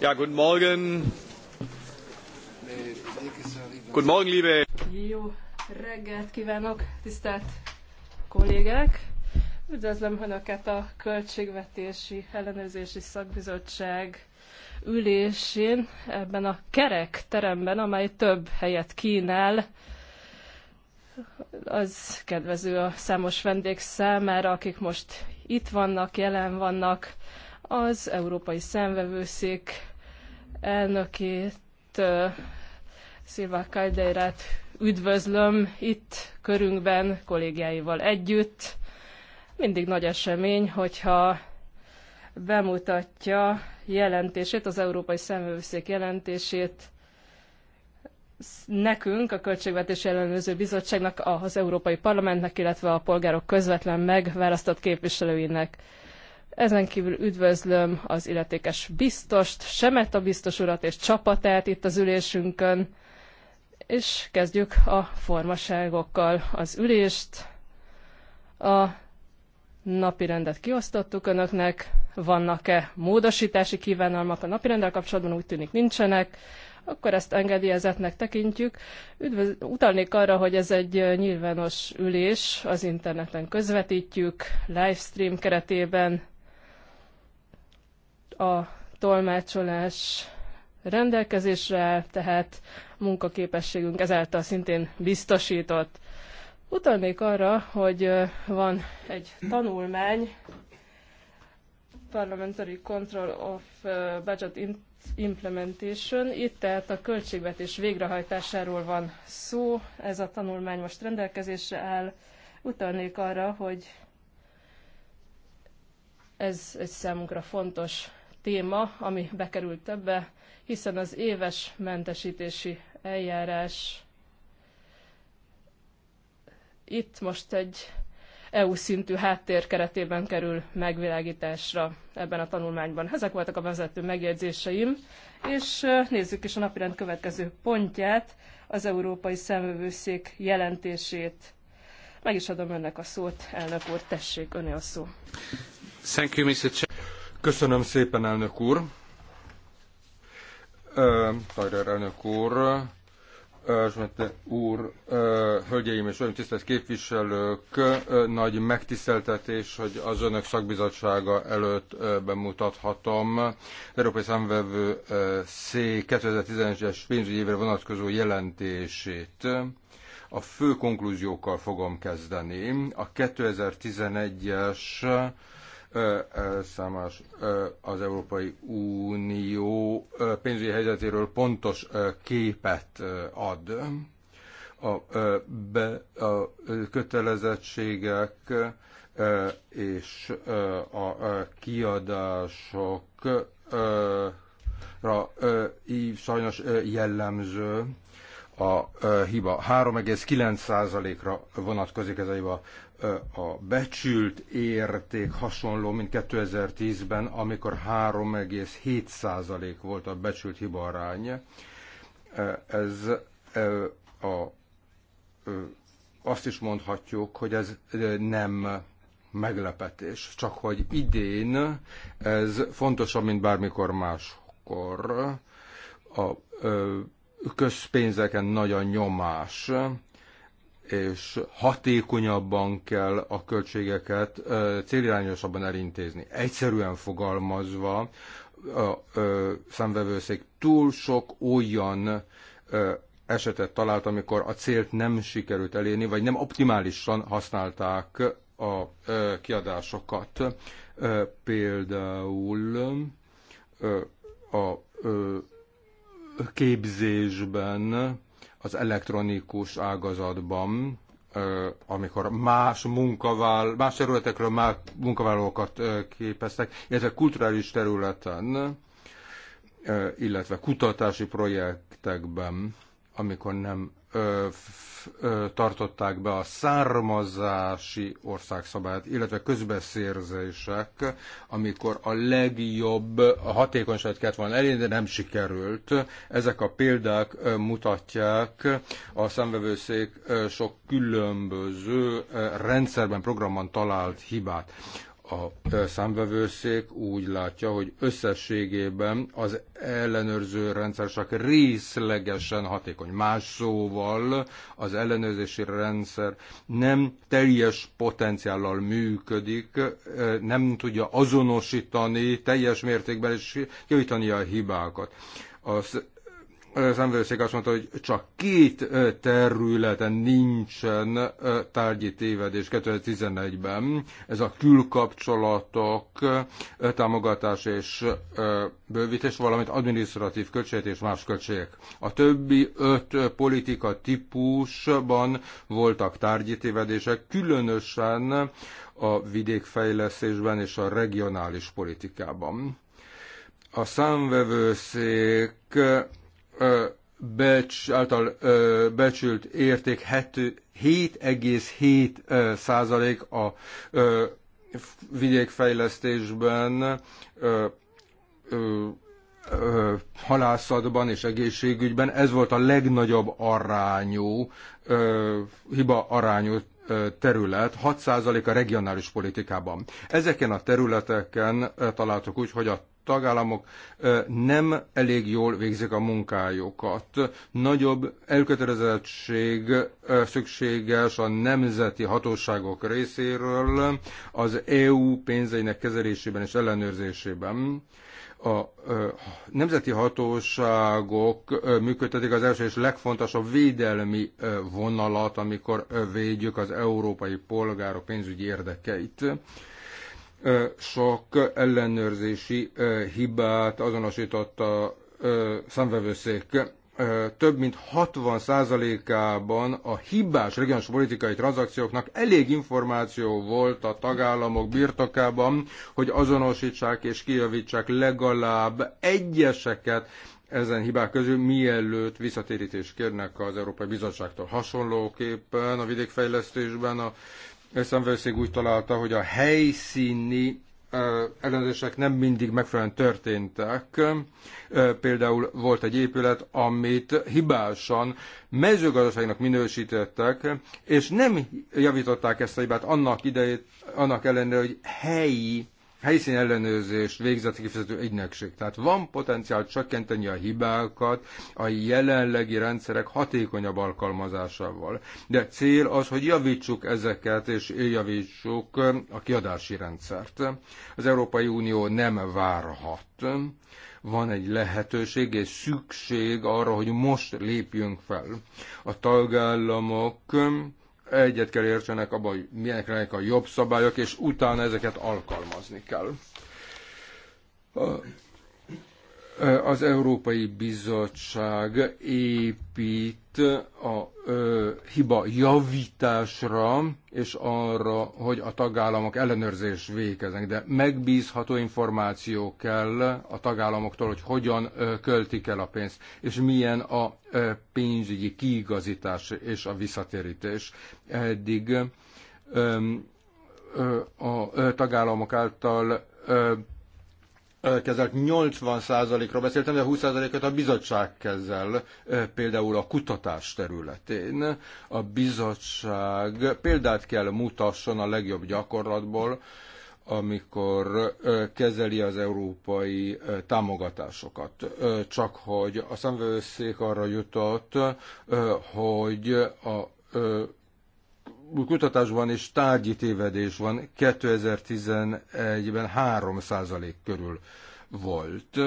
Ja, guten Morgen. Guten Morgen, liebe. Jó reggelt kívánok, tisztelt kollégák! Üdvözlöm Önöket a Költségvetési Ellenőrzési Szakbizottság ülésén, ebben a kerek teremben, amely több helyet kínál, az kedvező a számos vendég számára, akik most itt vannak, jelen vannak. Az Európai Szemvevőszék elnökét, Szilvá Kajdeirát üdvözlöm itt körünkben kollégiáival együtt. Mindig nagy esemény, hogyha bemutatja jelentését, az Európai Szemvevőszék jelentését nekünk, a Költségvetési Ellenőrző Bizottságnak, az Európai Parlamentnek, illetve a polgárok közvetlen megválasztott képviselőinek. Ezen kívül üdvözlöm az illetékes biztost, a biztos urat és csapatát itt az ülésünkön, és kezdjük a formaságokkal az ülést. A napirendet kiosztottuk önöknek, vannak-e módosítási kívánalmak a napirendel kapcsolatban, úgy tűnik nincsenek akkor ezt engedélyezetnek tekintjük. Üdvöz, utalnék arra, hogy ez egy nyilvános ülés, az interneten közvetítjük, livestream keretében a tolmácsolás rendelkezésre áll, tehát munkaképességünk ezáltal szintén biztosított. Utalnék arra, hogy van egy tanulmány, Parliamentary Control of Budget in implementation. Itt tehát a költségvetés végrehajtásáról van szó, ez a tanulmány most rendelkezésre áll. Utalnék arra, hogy ez egy számunkra fontos téma, ami bekerült ebbe, hiszen az éves mentesítési eljárás itt most egy EU szintű háttér keretében kerül megvilágításra ebben a tanulmányban. Ezek voltak a vezető megjegyzéseim, és nézzük is a napirend következő pontját, az Európai Szemövőszék jelentését. Meg is adom önnek a szót, elnök úr, tessék, öné a szó. Thank you, Mr. Köszönöm szépen, elnök úr. Tajrer elnök úr, Zsmete úr, hölgyeim és olyan tisztelt képviselők, nagy megtiszteltetés, hogy az önök szakbizottsága előtt bemutathatom Európai Számvevő C 2011-es pénzügyi évre vonatkozó jelentését. A fő konklúziókkal fogom kezdeni. A 2011-es számos az Európai Unió pénzügyi helyzetéről pontos képet ad. A, be, a kötelezettségek és a kiadásokra így sajnos jellemző a hiba. 3,9%-ra vonatkozik ez a hiba a becsült érték hasonló, mint 2010-ben, amikor 3,7% volt a becsült aránya. Ez a, azt is mondhatjuk, hogy ez nem meglepetés, csak hogy idén ez fontosabb, mint bármikor máskor. A közpénzeken nagy a nyomás, és hatékonyabban kell a költségeket célirányosabban elintézni. Egyszerűen fogalmazva, a szemvevőszék túl sok olyan esetet talált, amikor a célt nem sikerült elérni, vagy nem optimálisan használták a kiadásokat. Például a képzésben az elektronikus ágazatban, amikor más munkavál, más területekről más munkavállalókat képeztek, illetve kulturális területen, illetve kutatási projektekben, amikor nem tartották be a származási országszabályt, illetve közbeszérzések, amikor a legjobb a hatékonyságot kellett volna elérni, de nem sikerült. Ezek a példák mutatják a ö, sok különböző rendszerben, programban talált hibát a számvevőszék úgy látja, hogy összességében az ellenőrző rendszer csak részlegesen hatékony. Más szóval az ellenőrzési rendszer nem teljes potenciállal működik, nem tudja azonosítani teljes mértékben és javítani a hibákat. Az az emberiség azt mondta, hogy csak két területen nincsen tárgyi tévedés 2011-ben. Ez a külkapcsolatok támogatás és bővítés, valamint adminisztratív költségek és más költségek. A többi öt politika típusban voltak tárgyi tévedések, különösen a vidékfejlesztésben és a regionális politikában a számvevőszék becs, által ö, becsült érték 7,7 százalék a ö, vidékfejlesztésben, ö, ö, ö, halászatban és egészségügyben. Ez volt a legnagyobb arányú, ö, hiba arányú terület, 6% a regionális politikában. Ezeken a területeken találtuk úgy, hogy a tagállamok nem elég jól végzik a munkájukat. Nagyobb elkötelezettség szükséges a nemzeti hatóságok részéről az EU pénzeinek kezelésében és ellenőrzésében a nemzeti hatóságok működtetik az első és legfontosabb védelmi vonalat, amikor védjük az európai polgárok pénzügyi érdekeit sok ellenőrzési hibát azonosított a szemvevőszék. Több mint 60%-ában a hibás regionális politikai tranzakcióknak elég információ volt a tagállamok birtokában, hogy azonosítsák és kijavítsák legalább egyeseket ezen hibák közül, mielőtt visszatérítést kérnek az Európai Bizottságtól. Hasonlóképpen a vidékfejlesztésben a szemvőszék úgy találta, hogy a helyszíni ellenőrzések nem mindig megfelelően történtek. Például volt egy épület, amit hibásan mezőgazdaságnak minősítettek, és nem javították ezt a hibát annak idejét, annak ellenére, hogy helyi helyszín ellenőrzést végzett kifizető ügynökség. Tehát van potenciál csökkenteni a hibákat a jelenlegi rendszerek hatékonyabb alkalmazásával. De cél az, hogy javítsuk ezeket, és javítsuk a kiadási rendszert. Az Európai Unió nem várhat. Van egy lehetőség és szükség arra, hogy most lépjünk fel. A tagállamok egyet kell értsenek abban, hogy milyenek lennek a jobb szabályok, és utána ezeket alkalmazni kell. Az Európai Bizottság épít a ö, hiba javításra és arra, hogy a tagállamok ellenőrzés végeznek, de megbízható információ kell a tagállamoktól, hogy hogyan ö, költik el a pénzt, és milyen a ö, pénzügyi kiigazítás és a visszatérítés. Eddig ö, ö, a ö, tagállamok által ö, kezelt 80%-ról beszéltem, de 20%-ot a bizottság kezel, például a kutatás területén. A bizottság példát kell mutasson a legjobb gyakorlatból, amikor kezeli az európai támogatásokat. Csak hogy a szemvőszék arra jutott, hogy a kutatásban is tárgyi tévedés van, 2011-ben 3 körül volt.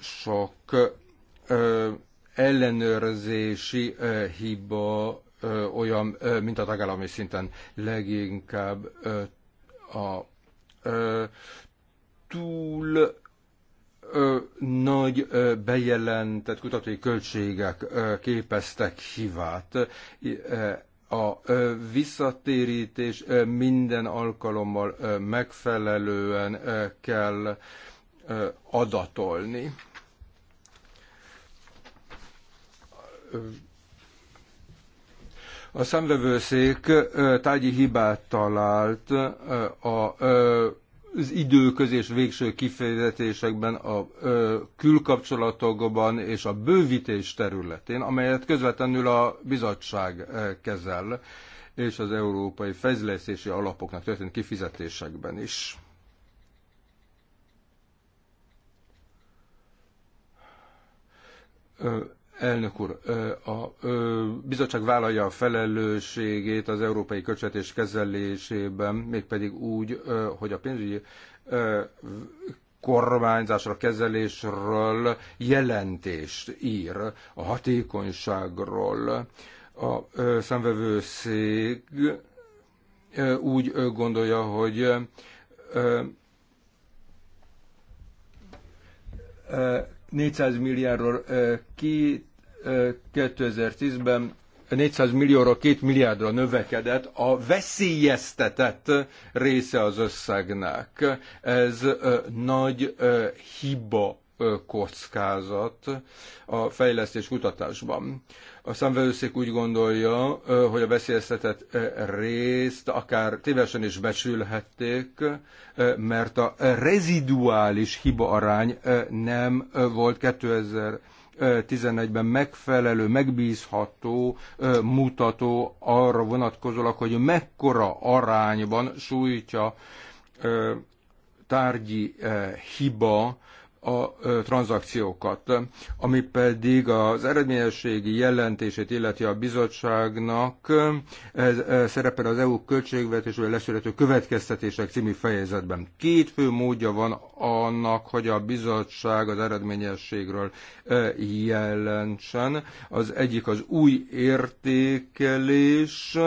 Sok ellenőrzési hiba olyan, mint a tagállami szinten leginkább a túl nagy bejelentett kutatói költségek képeztek hivát a visszatérítés minden alkalommal megfelelően kell adatolni. A szemvevőszék tárgyi hibát talált a az időköz és végső kifejezetésekben, a ö, külkapcsolatokban és a bővítés területén, amelyet közvetlenül a bizottság kezel, és az európai fejlesztési alapoknak történt kifizetésekben is. Ö, Elnök úr, a bizottság vállalja a felelősségét az európai köcsetés kezelésében, mégpedig úgy, hogy a pénzügyi kormányzásra, kezelésről jelentést ír, a hatékonyságról. A szemvevőszék úgy gondolja, hogy 400 milliárdról 2010-ben 400 millióról 2 milliárdra növekedett a veszélyeztetett része az összegnek. Ez nagy hiba kockázat a fejlesztés kutatásban. A számvevőszék úgy gondolja, hogy a veszélyeztetett részt akár tévesen is becsülhették, mert a reziduális hibaarány nem volt 2000 2011-ben megfelelő, megbízható mutató arra vonatkozólag, hogy mekkora arányban sújtja tárgyi hiba a tranzakciókat, ami pedig az eredményességi jelentését illeti a bizottságnak, ez szerepel az EU költségvetésből leszülető következtetések című fejezetben. Két fő módja van annak, hogy a bizottság az eredményességről jelentsen. Az egyik az új értékelés,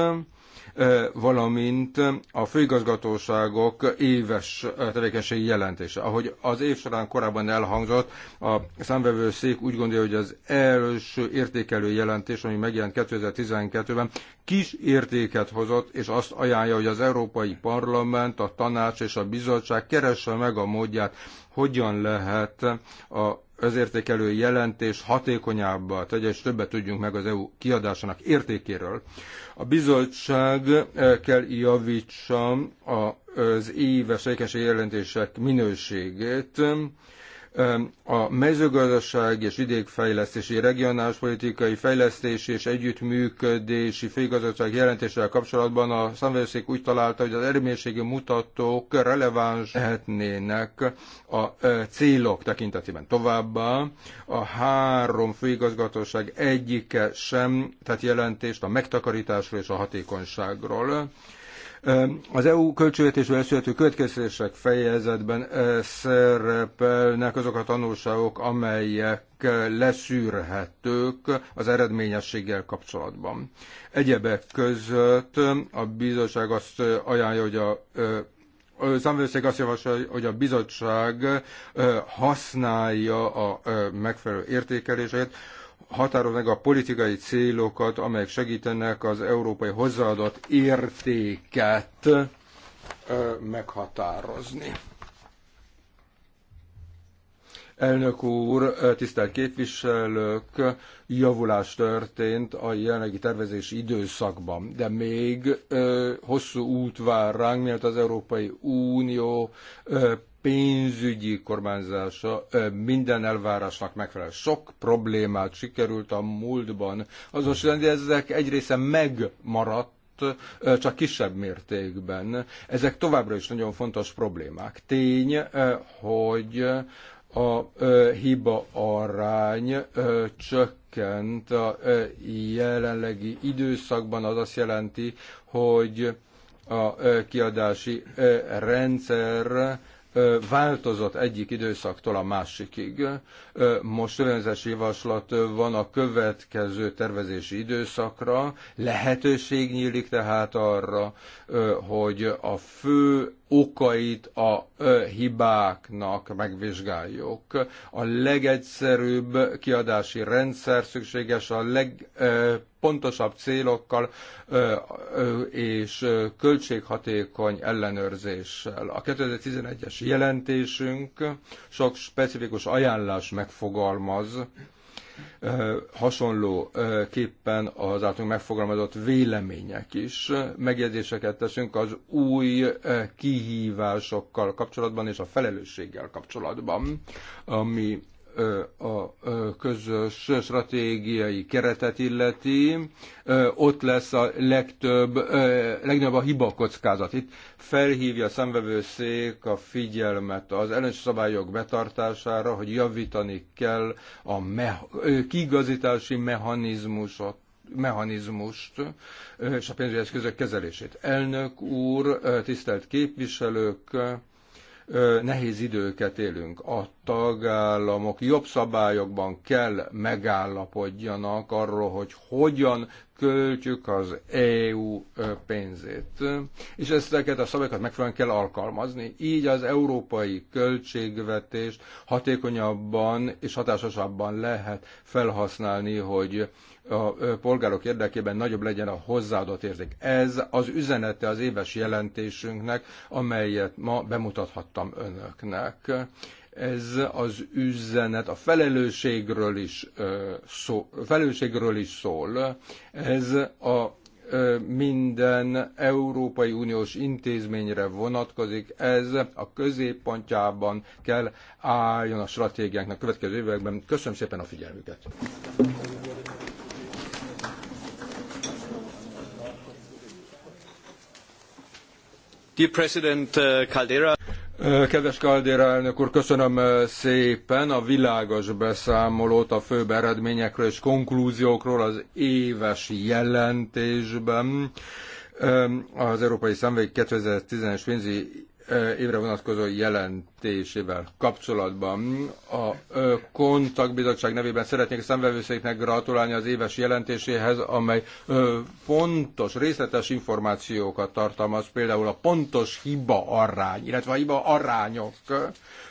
valamint a főigazgatóságok éves tevékenységi jelentése. Ahogy az év során korábban elhangzott, a számvevőszék úgy gondolja, hogy az első értékelő jelentés, ami megjelent 2012-ben, kis értéket hozott, és azt ajánlja, hogy az Európai Parlament, a Tanács és a Bizottság keresse meg a módját hogyan lehet a az értékelő jelentés hatékonyabbá tegye, és többet tudjunk meg az EU kiadásának értékéről. A bizottság eh, kell javítsa az éves ékenségi jelentések minőségét, a mezőgazdaság és vidékfejlesztési regionális politikai fejlesztési és együttműködési főigazgatóság jelentésével kapcsolatban a számvevőszék úgy találta, hogy az eredménységi mutatók releváns lehetnének a célok tekintetében. Továbbá a három főigazgatóság egyike sem tett jelentést a megtakarításról és a hatékonyságról az EU költségvetésből születő következtetések fejezetben szerepelnek azok a tanulságok, amelyek leszűrhetők az eredményességgel kapcsolatban. Egyebek között a bizottság azt ajánlja, hogy a számvevőszék azt javasolja, hogy a bizottság használja a megfelelő értékeléseket, határol meg a politikai célokat, amelyek segítenek az európai hozzáadott értéket meghatározni. Elnök úr, tisztelt képviselők, javulás történt a jelenlegi tervezési időszakban, de még hosszú út vár ránk, mielőtt az Európai Unió pénzügyi kormányzása minden elvárásnak megfelel. Sok problémát sikerült a múltban azonosítani, de ezek egy része megmaradt, csak kisebb mértékben. Ezek továbbra is nagyon fontos problémák. Tény, hogy a hiba arány csökkent a jelenlegi időszakban, az azt jelenti, hogy a kiadási rendszer változott egyik időszaktól a másikig. Most törvényezési javaslat van a következő tervezési időszakra, lehetőség nyílik tehát arra, hogy a fő okait a hibáknak megvizsgáljuk. A legegyszerűbb kiadási rendszer szükséges a legpontosabb célokkal és költséghatékony ellenőrzéssel. A 2011-es jelentésünk sok specifikus ajánlás megfogalmaz hasonlóképpen az általunk megfogalmazott vélemények is. Megjegyzéseket teszünk az új kihívásokkal kapcsolatban és a felelősséggel kapcsolatban, ami a közös stratégiai keretet illeti, ott lesz a legtöbb, legnagyobb a hiba kockázat. Itt felhívja a szemvevőszék a figyelmet az ellenes szabályok betartására, hogy javítani kell a meha, kigazítási mechanizmusot mechanizmust és a pénzügyi eszközök kezelését. Elnök úr, tisztelt képviselők, nehéz időket élünk. A tagállamok jobb szabályokban kell megállapodjanak arról, hogy hogyan költjük az EU pénzét. És ezeket a szabályokat megfelelően kell alkalmazni. Így az európai költségvetést hatékonyabban és hatásosabban lehet felhasználni, hogy a polgárok érdekében nagyobb legyen a hozzáadott érték. Ez az üzenete az éves jelentésünknek, amelyet ma bemutathattam önöknek. Ez az üzenet a felelősségről is, szó, felelősségről is szól. Ez a minden Európai Uniós intézményre vonatkozik. Ez a középpontjában kell álljon a stratégiánknak következő években. Köszönöm szépen a figyelmüket! Dear President uh, Caldera. Kedves Caldera elnök úr, köszönöm szépen a világos beszámolót a főbb eredményekről és konklúziókról az éves jelentésben. Az Európai Számvék 2010-es pénzügyi évre vonatkozó jelent jelentésével kapcsolatban a Kontaktbizottság nevében szeretnék szemvevőszéknek gratulálni az éves jelentéséhez, amely fontos, részletes információkat tartalmaz, például a pontos hiba arány, illetve a hiba arányok.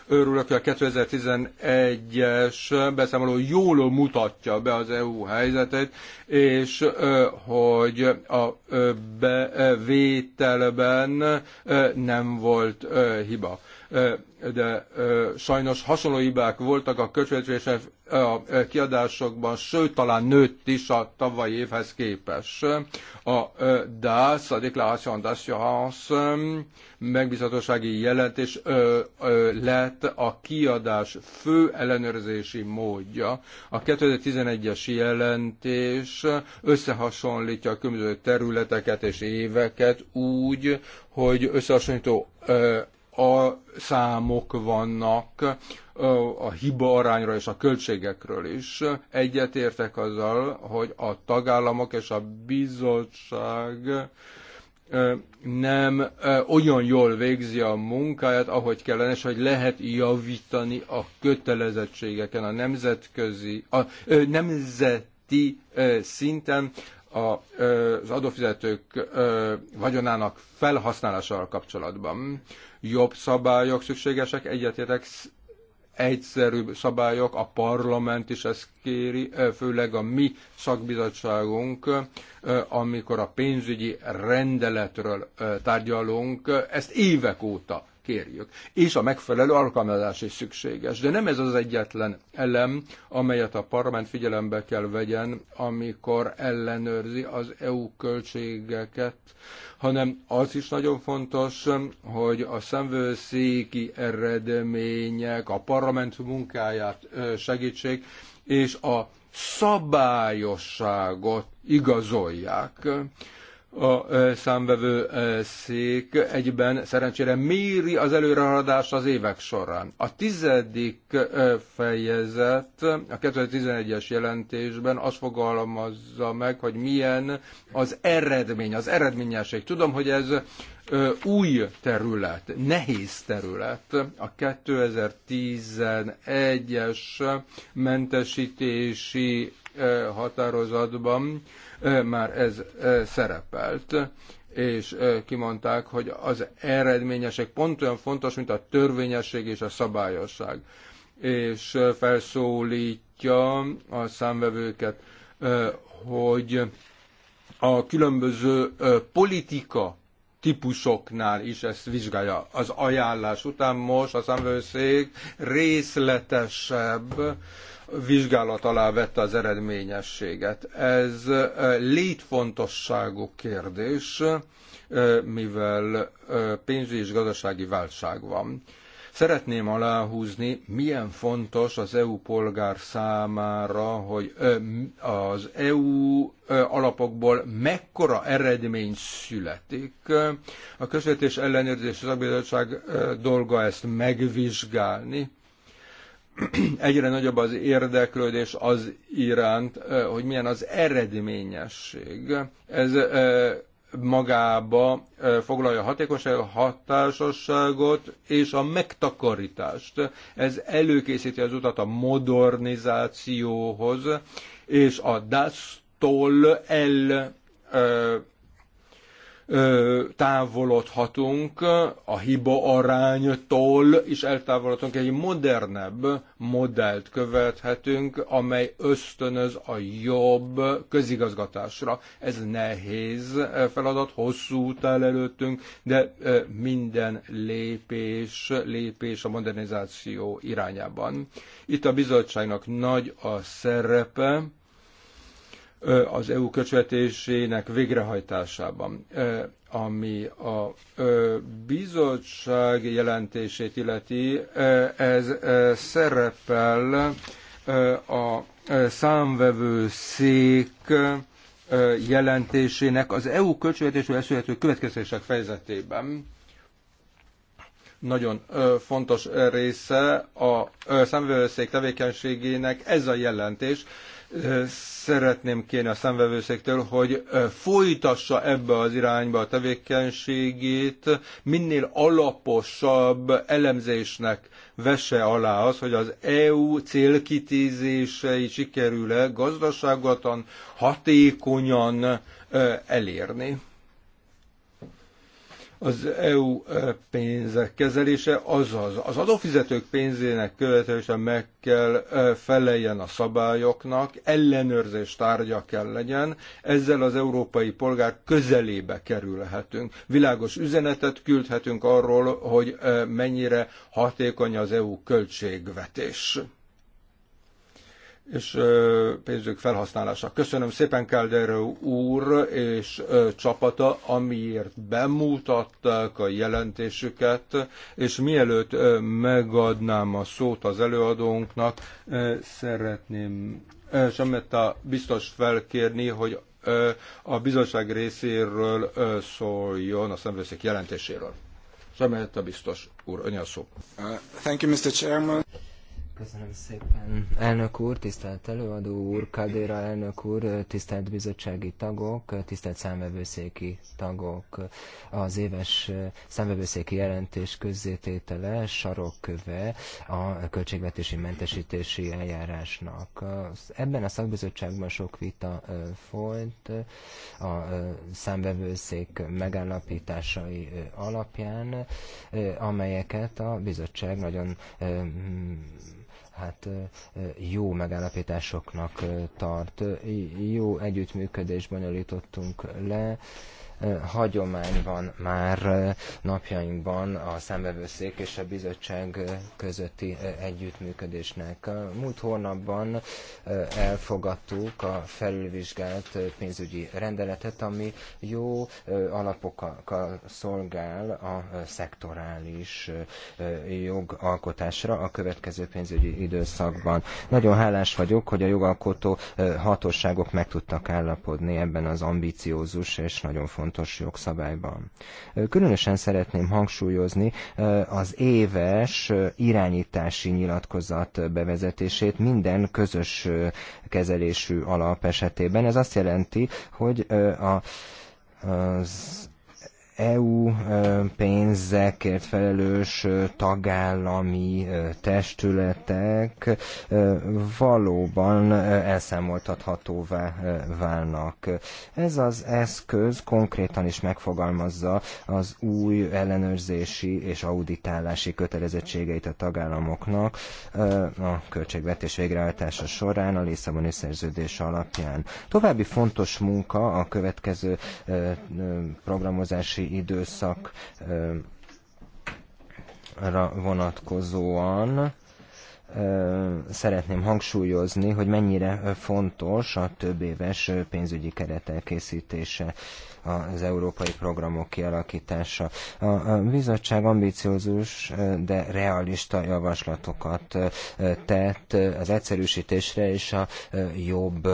Örülök, hogy a 2011-es beszámoló jól mutatja be az EU helyzetét, és hogy a bevételben nem volt hiba de sajnos hasonló hibák voltak a a kiadásokban, sőt, talán nőtt is a tavalyi évhez képest. A DAS, a Declaration d'Assurance megbízhatósági jelentés lett a kiadás fő ellenőrzési módja. A 2011-es jelentés összehasonlítja a különböző területeket és éveket úgy, hogy összehasonlító a számok vannak a hiba arányra és a költségekről is. Egyetértek azzal, hogy a tagállamok és a bizottság nem olyan jól végzi a munkáját, ahogy kellene, és hogy lehet javítani a kötelezettségeken, a nemzetközi, a nemzeti szinten az adófizetők vagyonának felhasználásával kapcsolatban. Jobb szabályok szükségesek, egyetértek egyszerűbb szabályok, a parlament is ezt kéri, főleg a mi szakbizottságunk, amikor a pénzügyi rendeletről tárgyalunk, ezt évek óta kérjük. És a megfelelő alkalmazás is szükséges. De nem ez az egyetlen elem, amelyet a parlament figyelembe kell vegyen, amikor ellenőrzi az EU költségeket, hanem az is nagyon fontos, hogy a szemvőszéki eredmények, a parlament munkáját segítsék, és a szabályosságot igazolják a számvevő szék egyben szerencsére méri az előrehaladást az évek során. A tizedik fejezet a 2011-es jelentésben azt fogalmazza meg, hogy milyen az eredmény, az eredményesség. Tudom, hogy ez új terület, nehéz terület. A 2011-es mentesítési E, határozatban e, már ez e, szerepelt, és kimondták, hogy az eredményesek pont olyan fontos, mint a törvényesség és a szabályosság. És felszólítja a számvevőket, hogy a különböző politika típusoknál is ezt vizsgálja. Az ajánlás után most a számvevőszék részletesebb vizsgálat alá vette az eredményességet. Ez létfontosságú kérdés, mivel pénzügyi és gazdasági válság van. Szeretném aláhúzni, milyen fontos az EU polgár számára, hogy az EU alapokból mekkora eredmény születik. A közvetés ellenőrzési szakbizottság dolga ezt megvizsgálni egyre nagyobb az érdeklődés az iránt, hogy milyen az eredményesség. Ez magába foglalja a hatékonyság, a hatásosságot és a megtakarítást. Ez előkészíti az utat a modernizációhoz, és a DAS-tól el távolodhatunk a hiba aránytól, és eltávolodhatunk egy modernebb modellt követhetünk, amely ösztönöz a jobb közigazgatásra. Ez nehéz feladat, hosszú utál előttünk, de minden lépés, lépés a modernizáció irányában. Itt a bizottságnak nagy a szerepe, az EU költségvetésének végrehajtásában. Ami a bizottság jelentését illeti, ez szerepel a számvevőszék jelentésének az EU költségvetésről eszülhető következtetések fejezetében nagyon fontos része a számvevőszék tevékenységének ez a jelentés, szeretném kérni a számvevőszéktől, hogy folytassa ebbe az irányba a tevékenységét, minél alaposabb elemzésnek vese alá az, hogy az EU célkitézései sikerül-e gazdaságotan, hatékonyan elérni az EU e, pénzek kezelése, azaz az adófizetők pénzének követelése meg kell e, feleljen a szabályoknak, ellenőrzés tárgya kell legyen, ezzel az európai polgár közelébe kerülhetünk. Világos üzenetet küldhetünk arról, hogy e, mennyire hatékony az EU költségvetés és pénzük felhasználása. Köszönöm szépen Calderó úr és csapata, amiért bemutatták a jelentésüket, és mielőtt megadnám a szót az előadónknak, szeretném a biztos felkérni, hogy a bizottság részéről szóljon a szemvőszék jelentéséről. a biztos úr, önnyi a szó. Uh, thank you, Mr. Chairman. Köszönöm szépen. Elnök úr, tisztelt előadó úr, Kadéra elnök úr, tisztelt bizottsági tagok, tisztelt számvevőszéki tagok. Az éves számvevőszéki jelentés közzététele sarokköve a költségvetési mentesítési eljárásnak. Ebben a szakbizottságban sok vita folyt a számvevőszék megállapításai alapján, amelyeket a bizottság nagyon hát jó megállapításoknak tart. Jó együttműködés bonyolítottunk le, hagyomány van már napjainkban a számbevőszék és a bizottság közötti együttműködésnek. Múlt hónapban elfogadtuk a felülvizsgált pénzügyi rendeletet, ami jó alapokkal szolgál a szektorális jogalkotásra a következő pénzügyi időszakban. Nagyon hálás vagyok, hogy a jogalkotó hatóságok meg tudtak állapodni ebben az ambiciózus és nagyon fontos fontos jogszabályban. Különösen szeretném hangsúlyozni az éves irányítási nyilatkozat bevezetését minden közös kezelésű alap esetében. Ez azt jelenti, hogy a az EU pénzekért felelős tagállami testületek valóban elszámoltathatóvá válnak. Ez az eszköz konkrétan is megfogalmazza az új ellenőrzési és auditálási kötelezettségeit a tagállamoknak a költségvetés végrehajtása során a Lisszaboni szerződés alapján. További fontos munka a következő programozási költségvetési időszakra vonatkozóan szeretném hangsúlyozni, hogy mennyire fontos a több éves pénzügyi keret az európai programok kialakítása. A bizottság ambiciózus, de realista javaslatokat tett az egyszerűsítésre és a jobb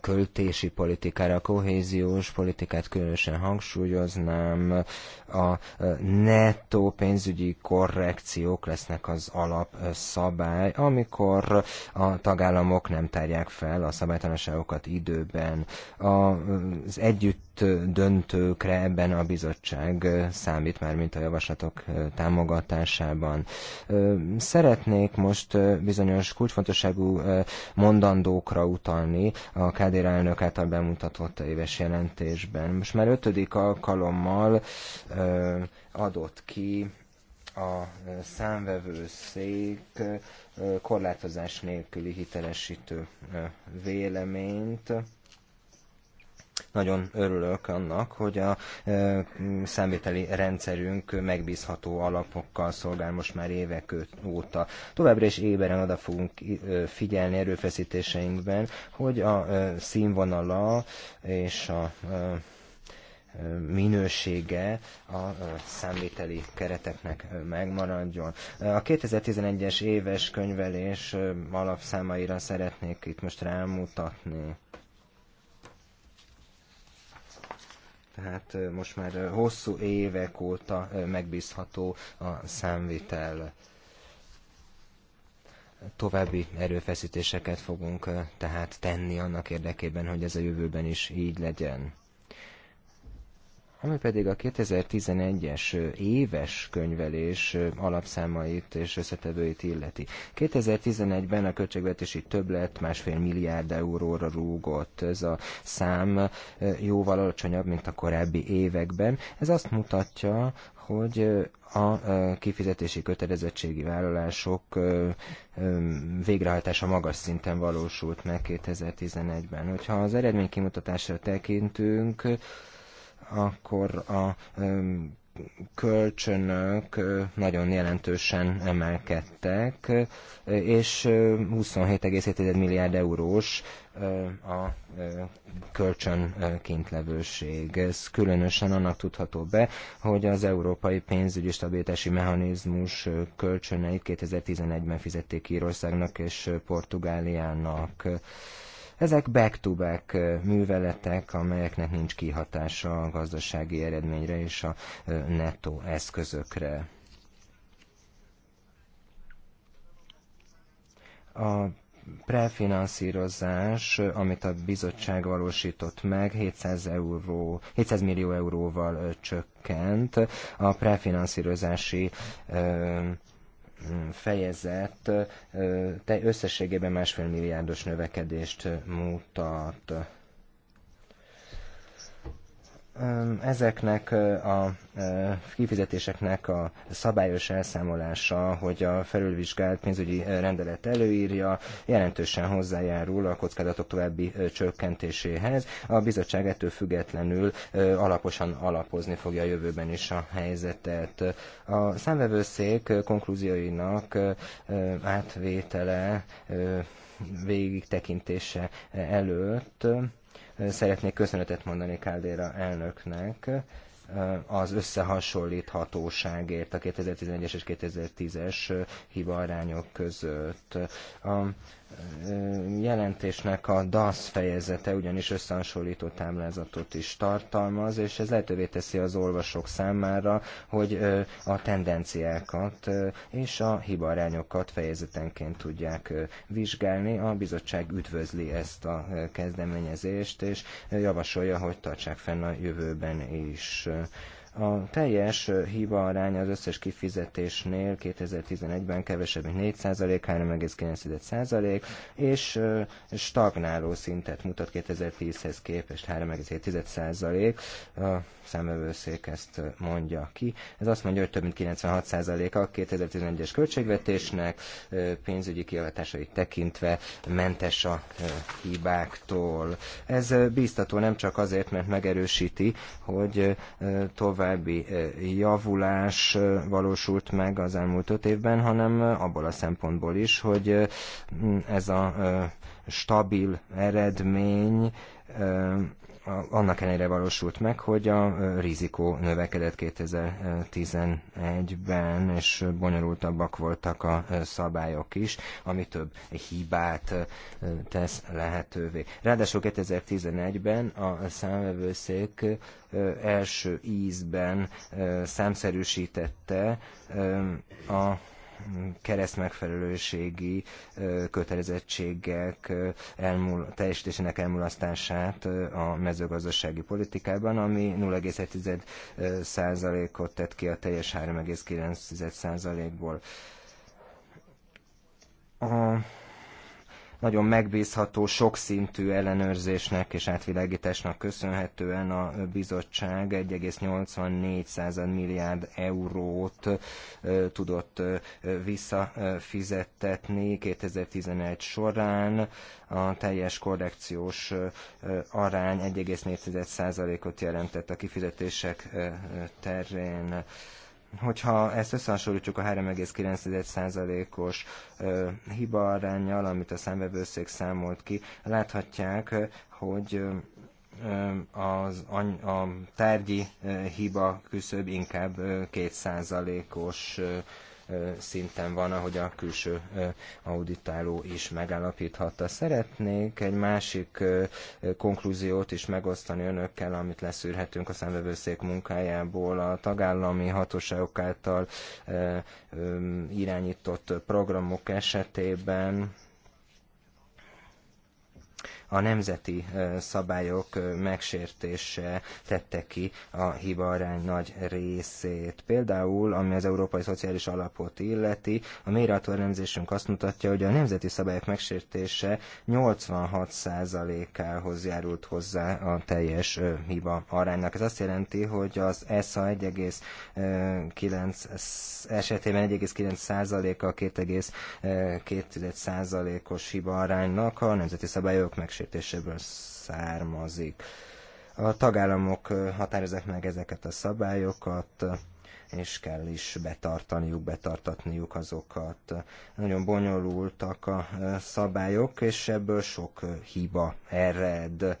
költési politikára, a kohéziós politikát különösen hangsúlyoznám, a nettó pénzügyi korrekciók lesznek az alapszabály, amikor a tagállamok nem tárják fel a szabálytalanságokat időben. Az együtt döntőkre ebben a bizottság számít már, mint a javaslatok támogatásában. Szeretnék most bizonyos kulcsfontosságú mondandókra utalni a Kádér elnök által bemutatott éves jelentésben. Most már ötödik alkalommal adott ki a számvevőszék korlátozás nélküli hitelesítő véleményt. Nagyon örülök annak, hogy a e, számviteli rendszerünk megbízható alapokkal szolgál most már évek óta. Továbbra is éberen oda fogunk figyelni erőfeszítéseinkben, hogy a e, színvonala és a e, minősége a számíteli kereteknek megmaradjon. A 2011-es éves könyvelés alapszámaira szeretnék itt most rámutatni. tehát most már hosszú évek óta megbízható a számvitel. További erőfeszítéseket fogunk tehát tenni annak érdekében, hogy ez a jövőben is így legyen. Ami pedig a 2011-es éves könyvelés alapszámait és összetevőit illeti. 2011-ben a költségvetési többlet másfél milliárd euróra rúgott. Ez a szám jóval alacsonyabb, mint a korábbi években. Ez azt mutatja, hogy a kifizetési kötelezettségi vállalások végrehajtása magas szinten valósult meg 2011-ben. Hogyha az eredménykimutatásra tekintünk, akkor a kölcsönök nagyon jelentősen emelkedtek, és 27,7 milliárd eurós a kintlevőség. Ez különösen annak tudható be, hogy az Európai Pénzügyi Stabilitási Mechanizmus kölcsöneit 2011-ben fizették Írországnak és Portugáliának. Ezek back-to-back -back műveletek, amelyeknek nincs kihatása a gazdasági eredményre és a nettó eszközökre. a prefinanszírozás, amit a bizottság valósított meg, 700, euró, 700 millió euróval csökkent. A prefinanszírozási ö, fejezet összességében másfél milliárdos növekedést mutat ezeknek a kifizetéseknek a szabályos elszámolása, hogy a felülvizsgált pénzügyi rendelet előírja, jelentősen hozzájárul a kockázatok további csökkentéséhez. A bizottság ettől függetlenül alaposan alapozni fogja a jövőben is a helyzetet. A számvevőszék konklúzióinak átvétele tekintése előtt Szeretnék köszönetet mondani Káldéra elnöknek eh, az összehasonlíthatóságért a 2011-es és 2010-es eh, hibaarányok között. A jelentésnek a DASZ fejezete ugyanis összehasonlító táblázatot is tartalmaz, és ez lehetővé teszi az olvasók számára, hogy a tendenciákat és a hibarányokat fejezetenként tudják vizsgálni. A bizottság üdvözli ezt a kezdeményezést, és javasolja, hogy tartsák fenn a jövőben is. A teljes hiba aránya az összes kifizetésnél 2011-ben kevesebb, mint 4%, 3,9%, és stagnáló szintet mutat 2010-hez képest 3,7%. A számövőszék ezt mondja ki. Ez azt mondja, hogy több mint 96% a 2011-es költségvetésnek pénzügyi kiadásait tekintve mentes a hibáktól. Ez bíztató nem csak azért, mert megerősíti, hogy tovább további javulás valósult meg az elmúlt öt évben, hanem abból a szempontból is, hogy ez a stabil eredmény annak ellenére valósult meg, hogy a rizikó növekedett 2011-ben, és bonyolultabbak voltak a szabályok is, ami több hibát tesz lehetővé. Ráadásul 2011-ben a számvevőszék első ízben számszerűsítette a megfelelőségi kötelezettségek elmúl, teljesítésének elmulasztását a mezőgazdasági politikában, ami 0,1%-ot tett ki a teljes 3,9%-ból. A nagyon megbízható, sokszintű ellenőrzésnek és átvilágításnak köszönhetően a bizottság 1,84 milliárd eurót tudott visszafizettetni 2011 során. A teljes korrekciós arány 1,4%-ot jelentett a kifizetések terén. Hogyha ezt összehasonlítjuk a 3,9%-os hiba arányjal, amit a számvevőszék számolt ki, láthatják, hogy az any, a tárgyi hiba küszöb inkább 2%-os szinten van, ahogy a külső auditáló is megállapíthatta. Szeretnék egy másik konklúziót is megosztani önökkel, amit leszűrhetünk a szemvevőszék munkájából. A tagállami hatóságok által irányított programok esetében a nemzeti szabályok megsértése tette ki a hibaarány nagy részét. Például, ami az Európai Szociális Alapot illeti, a mélyreható elemzésünk azt mutatja, hogy a nemzeti szabályok megsértése 86%-ához járult hozzá a teljes hiba aránynak. Ez azt jelenti, hogy az ESA 1,9 esetében 1,9%-a 2,2%-os hiba aránynak a nemzeti szabályok megsértése megsértéséből származik. A tagállamok határozzák meg ezeket a szabályokat, és kell is betartaniuk, betartatniuk azokat. Nagyon bonyolultak a szabályok, és ebből sok hiba ered.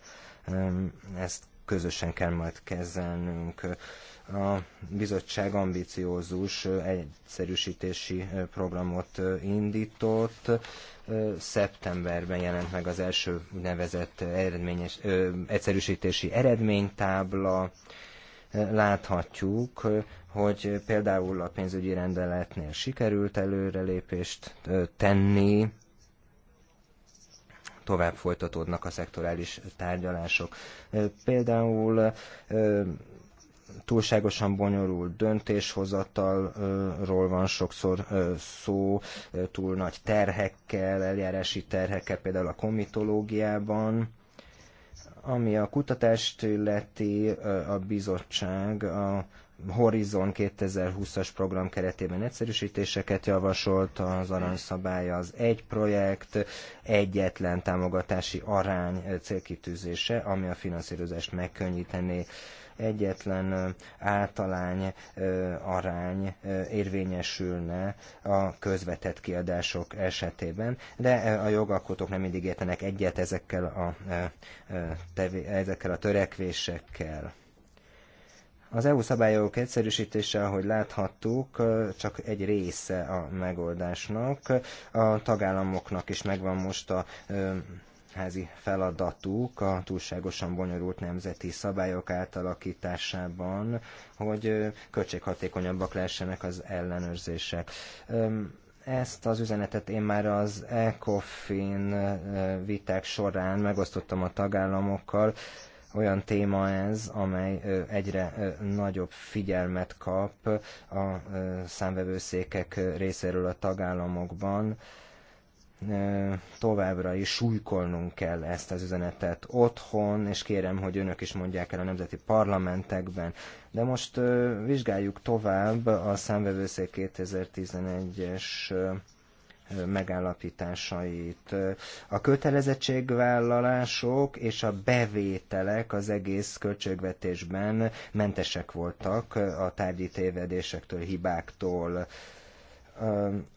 Ezt közösen kell majd kezelnünk a bizottság ambiciózus egyszerűsítési programot indított. Szeptemberben jelent meg az első úgynevezett eredményes, egyszerűsítési eredménytábla. Láthatjuk, hogy például a pénzügyi rendeletnél sikerült előrelépést tenni, tovább folytatódnak a szektorális tárgyalások. Például túlságosan bonyolult döntéshozatalról van sokszor szó, túl nagy terhekkel, eljárási terhekkel, például a komitológiában. Ami a kutatást illeti, a bizottság a Horizon 2020-as program keretében egyszerűsítéseket javasolt, az aranyszabály az egy projekt, egyetlen támogatási arány célkitűzése, ami a finanszírozást megkönnyítené egyetlen általány arány érvényesülne a közvetett kiadások esetében, de a jogalkotók nem mindig értenek egyet ezekkel a, ezekkel a törekvésekkel. Az EU szabályok egyszerűsítése, ahogy láthattuk, csak egy része a megoldásnak. A tagállamoknak is megvan most a házi feladatuk a túlságosan bonyolult nemzeti szabályok átalakításában, hogy költséghatékonyabbak lehessenek az ellenőrzések ezt az üzenetet én már az ECOFIN viták során megosztottam a tagállamokkal. Olyan téma ez, amely egyre nagyobb figyelmet kap a számvevőszékek részéről a tagállamokban továbbra is súlykolnunk kell ezt az üzenetet otthon, és kérem, hogy önök is mondják el a nemzeti parlamentekben. De most vizsgáljuk tovább a számvevőszék 2011-es megállapításait. A kötelezettségvállalások és a bevételek az egész költségvetésben mentesek voltak a tárgyi tévedésektől, hibáktól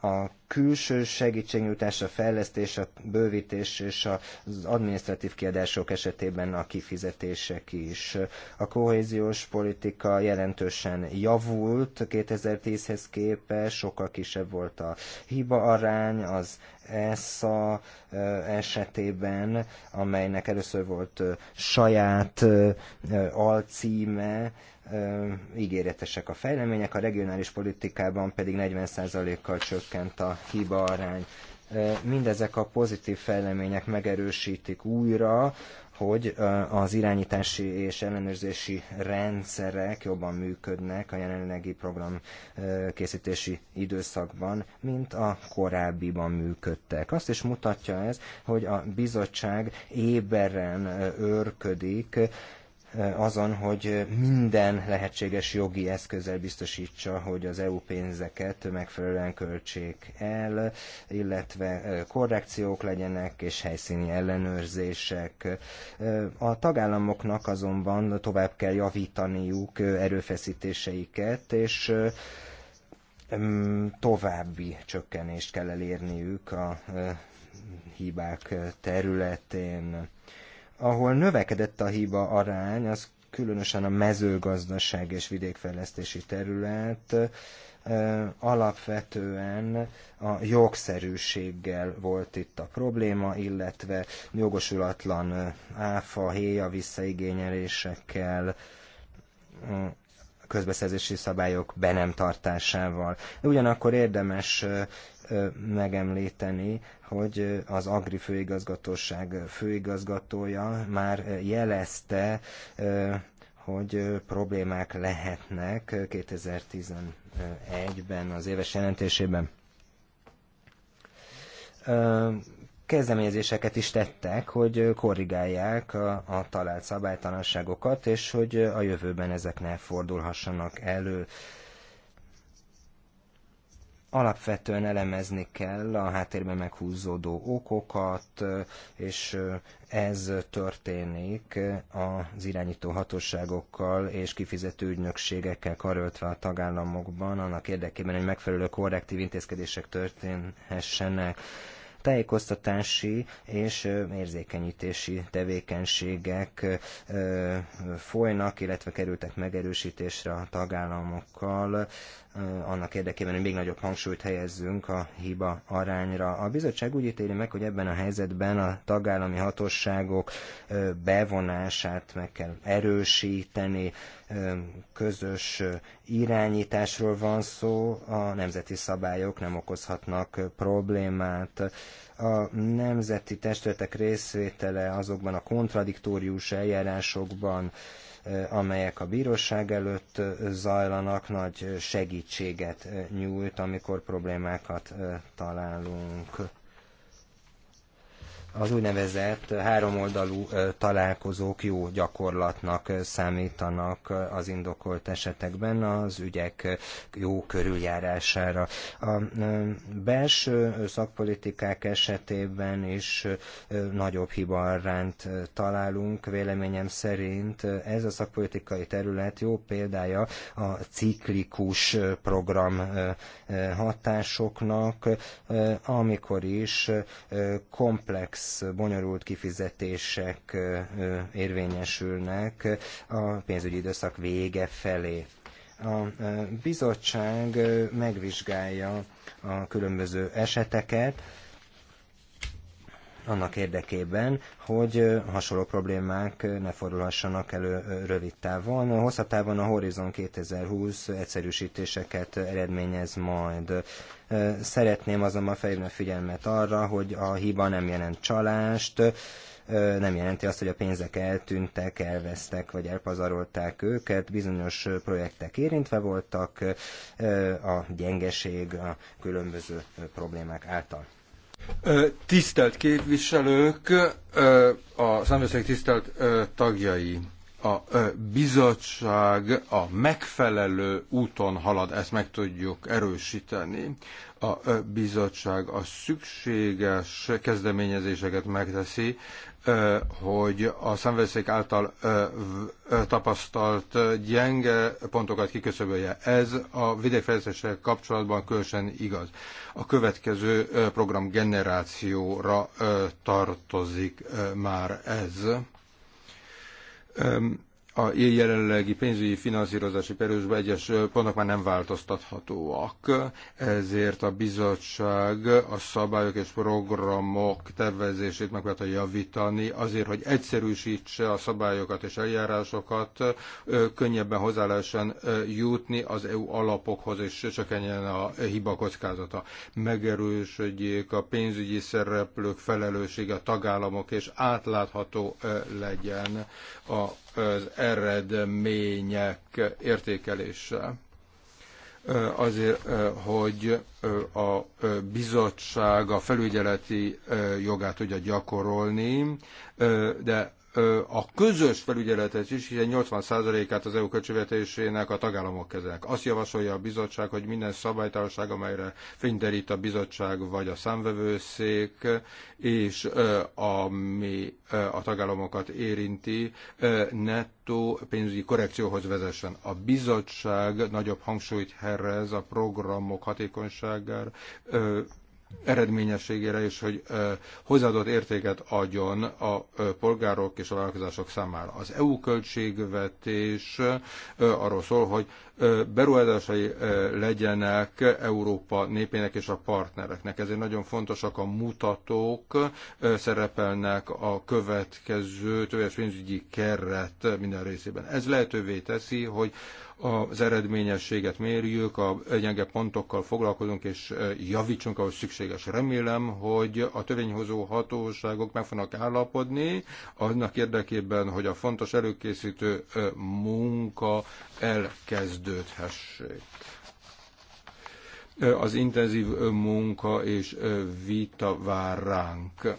a külső segítségnyújtás, a fejlesztés, a bővítés és az adminisztratív kiadások esetében a kifizetések is. A kohéziós politika jelentősen javult 2010-hez képest, sokkal kisebb volt a hiba arány, az ESSA esetében, amelynek először volt saját alcíme, ígéretesek a fejlemények, a regionális politikában pedig 40%-kal csökkent a hiba arány. Mindezek a pozitív fejlemények megerősítik újra, hogy az irányítási és ellenőrzési rendszerek jobban működnek a jelenlegi program készítési időszakban, mint a korábbiban működtek. Azt is mutatja ez, hogy a bizottság éberen örködik, Eh, azon, hogy minden lehetséges jogi eszközzel biztosítsa, hogy az EU pénzeket megfelelően költsék el, illetve eh, korrekciók legyenek és helyszíni ellenőrzések. Eh, a tagállamoknak azonban tovább kell javítaniuk erőfeszítéseiket, és további csökkenést kell elérniük a hibák területén ahol növekedett a hiba arány, az különösen a mezőgazdaság és vidékfejlesztési terület alapvetően a jogszerűséggel volt itt a probléma, illetve jogosulatlan áfa, héja visszaigényelésekkel, közbeszerzési szabályok be nem tartásával. De ugyanakkor érdemes megemlíteni, hogy az Agri főigazgatóság főigazgatója már jelezte, hogy problémák lehetnek 2011-ben az éves jelentésében kezdeményezéseket is tettek, hogy korrigálják a, a talált szabálytalanságokat, és hogy a jövőben ezek ne fordulhassanak elő alapvetően elemezni kell a háttérben meghúzódó okokat, és ez történik az irányító hatóságokkal és kifizető ügynökségekkel karöltve a tagállamokban, annak érdekében, hogy megfelelő korrektív intézkedések történhessenek tájékoztatási és érzékenyítési tevékenységek folynak, illetve kerültek megerősítésre a tagállamokkal, annak érdekében, hogy még nagyobb hangsúlyt helyezzünk a hiba arányra. A bizottság úgy ítéli meg, hogy ebben a helyzetben a tagállami hatóságok bevonását meg kell erősíteni, közös irányításról van szó, a nemzeti szabályok nem okozhatnak problémát. A nemzeti testületek részvétele azokban a kontradiktórius eljárásokban, amelyek a bíróság előtt zajlanak, nagy segítséget nyújt, amikor problémákat találunk az úgynevezett háromoldalú találkozók jó gyakorlatnak számítanak az indokolt esetekben az ügyek jó körüljárására. A belső szakpolitikák esetében is nagyobb hibaarrányt találunk. Véleményem szerint ez a szakpolitikai terület jó példája a ciklikus program hatásoknak, amikor is komplex bonyolult kifizetések érvényesülnek a pénzügyi időszak vége felé. A bizottság megvizsgálja a különböző eseteket, annak érdekében, hogy hasonló problémák ne fordulhassanak elő rövid távon. Hosszabb távon a Horizon 2020 egyszerűsítéseket eredményez majd. Szeretném azonban felhívni a figyelmet arra, hogy a hiba nem jelent csalást, nem jelenti azt, hogy a pénzek eltűntek, elvesztek, vagy elpazarolták őket, bizonyos projektek érintve voltak a gyengeség a különböző problémák által. Tisztelt képviselők, a számvészék tisztelt tagjai! a bizottság a megfelelő úton halad, ezt meg tudjuk erősíteni. A bizottság a szükséges kezdeményezéseket megteszi, hogy a szemveszék által tapasztalt gyenge pontokat kiköszöbölje. Ez a vidékfejlesztéssel kapcsolatban különösen igaz. A következő program generációra tartozik már ez um, a jelenlegi pénzügyi finanszírozási periódusban egyes pontok már nem változtathatóak, ezért a bizottság a szabályok és programok tervezését meg lehet javítani, azért, hogy egyszerűsítse a szabályokat és eljárásokat, könnyebben hozzá lehessen jutni az EU alapokhoz, és csökkenjen a hiba kockázata. Megerősödjék a pénzügyi szereplők felelőssége, a tagállamok, és átlátható legyen a az eredmények értékelése azért, hogy a bizottság a felügyeleti jogát tudja gyakorolni, de a közös felügyeletet is, hiszen 80%-át az EU költségvetésének a tagállamok kezelnek. Azt javasolja a bizottság, hogy minden szabálytalanság, amelyre fényderít a bizottság vagy a számvevőszék, és ami a tagállamokat érinti, nettó pénzügyi korrekcióhoz vezessen. A bizottság nagyobb hangsúlyt herrez a programok hatékonyságára, eredményességére, és hogy hozzáadott értéket adjon a polgárok és a vállalkozások számára. Az EU költségvetés arról szól, hogy beruházásai legyenek Európa népének és a partnereknek. Ezért nagyon fontosak a mutatók, szerepelnek a következő többes pénzügyi keret minden részében. Ez lehetővé teszi, hogy az eredményességet mérjük, a gyenge pontokkal foglalkozunk és javítsunk, ahol szükséges. Remélem, hogy a törvényhozó hatóságok meg fognak állapodni annak érdekében, hogy a fontos előkészítő munka elkezdődhessék az intenzív munka és vita vár ránk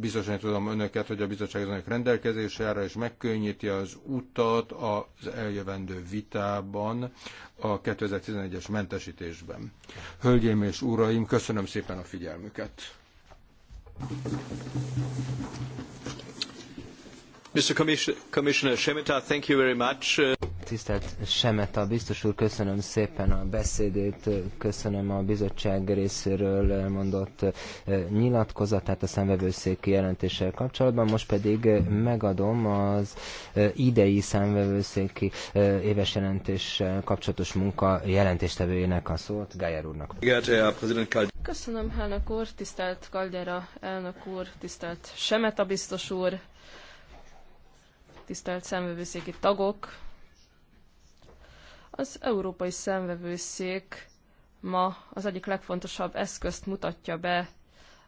biztosan tudom önöket, hogy a bizottság az önök rendelkezésére, és megkönnyíti az utat az eljövendő vitában a 2011-es mentesítésben. Hölgyeim és uraim, köszönöm szépen a figyelmüket. Mr. Commissioner Shemeta, thank you very much. Tisztelt Semeta, biztos úr, köszönöm szépen a beszédét, köszönöm a bizottság részéről elmondott nyilatkozatát a számvevőszéki jelentéssel kapcsolatban, most pedig megadom az idei számvevőszéki éves jelentéssel kapcsolatos munka jelentéstevőjének a szót, Gájer úrnak. Köszönöm, elnök úr, tisztelt Kaldera elnök úr, tisztelt Semeta biztos úr, tisztelt számvevőszéki tagok, az Európai Szemvevőszék ma az egyik legfontosabb eszközt mutatja be,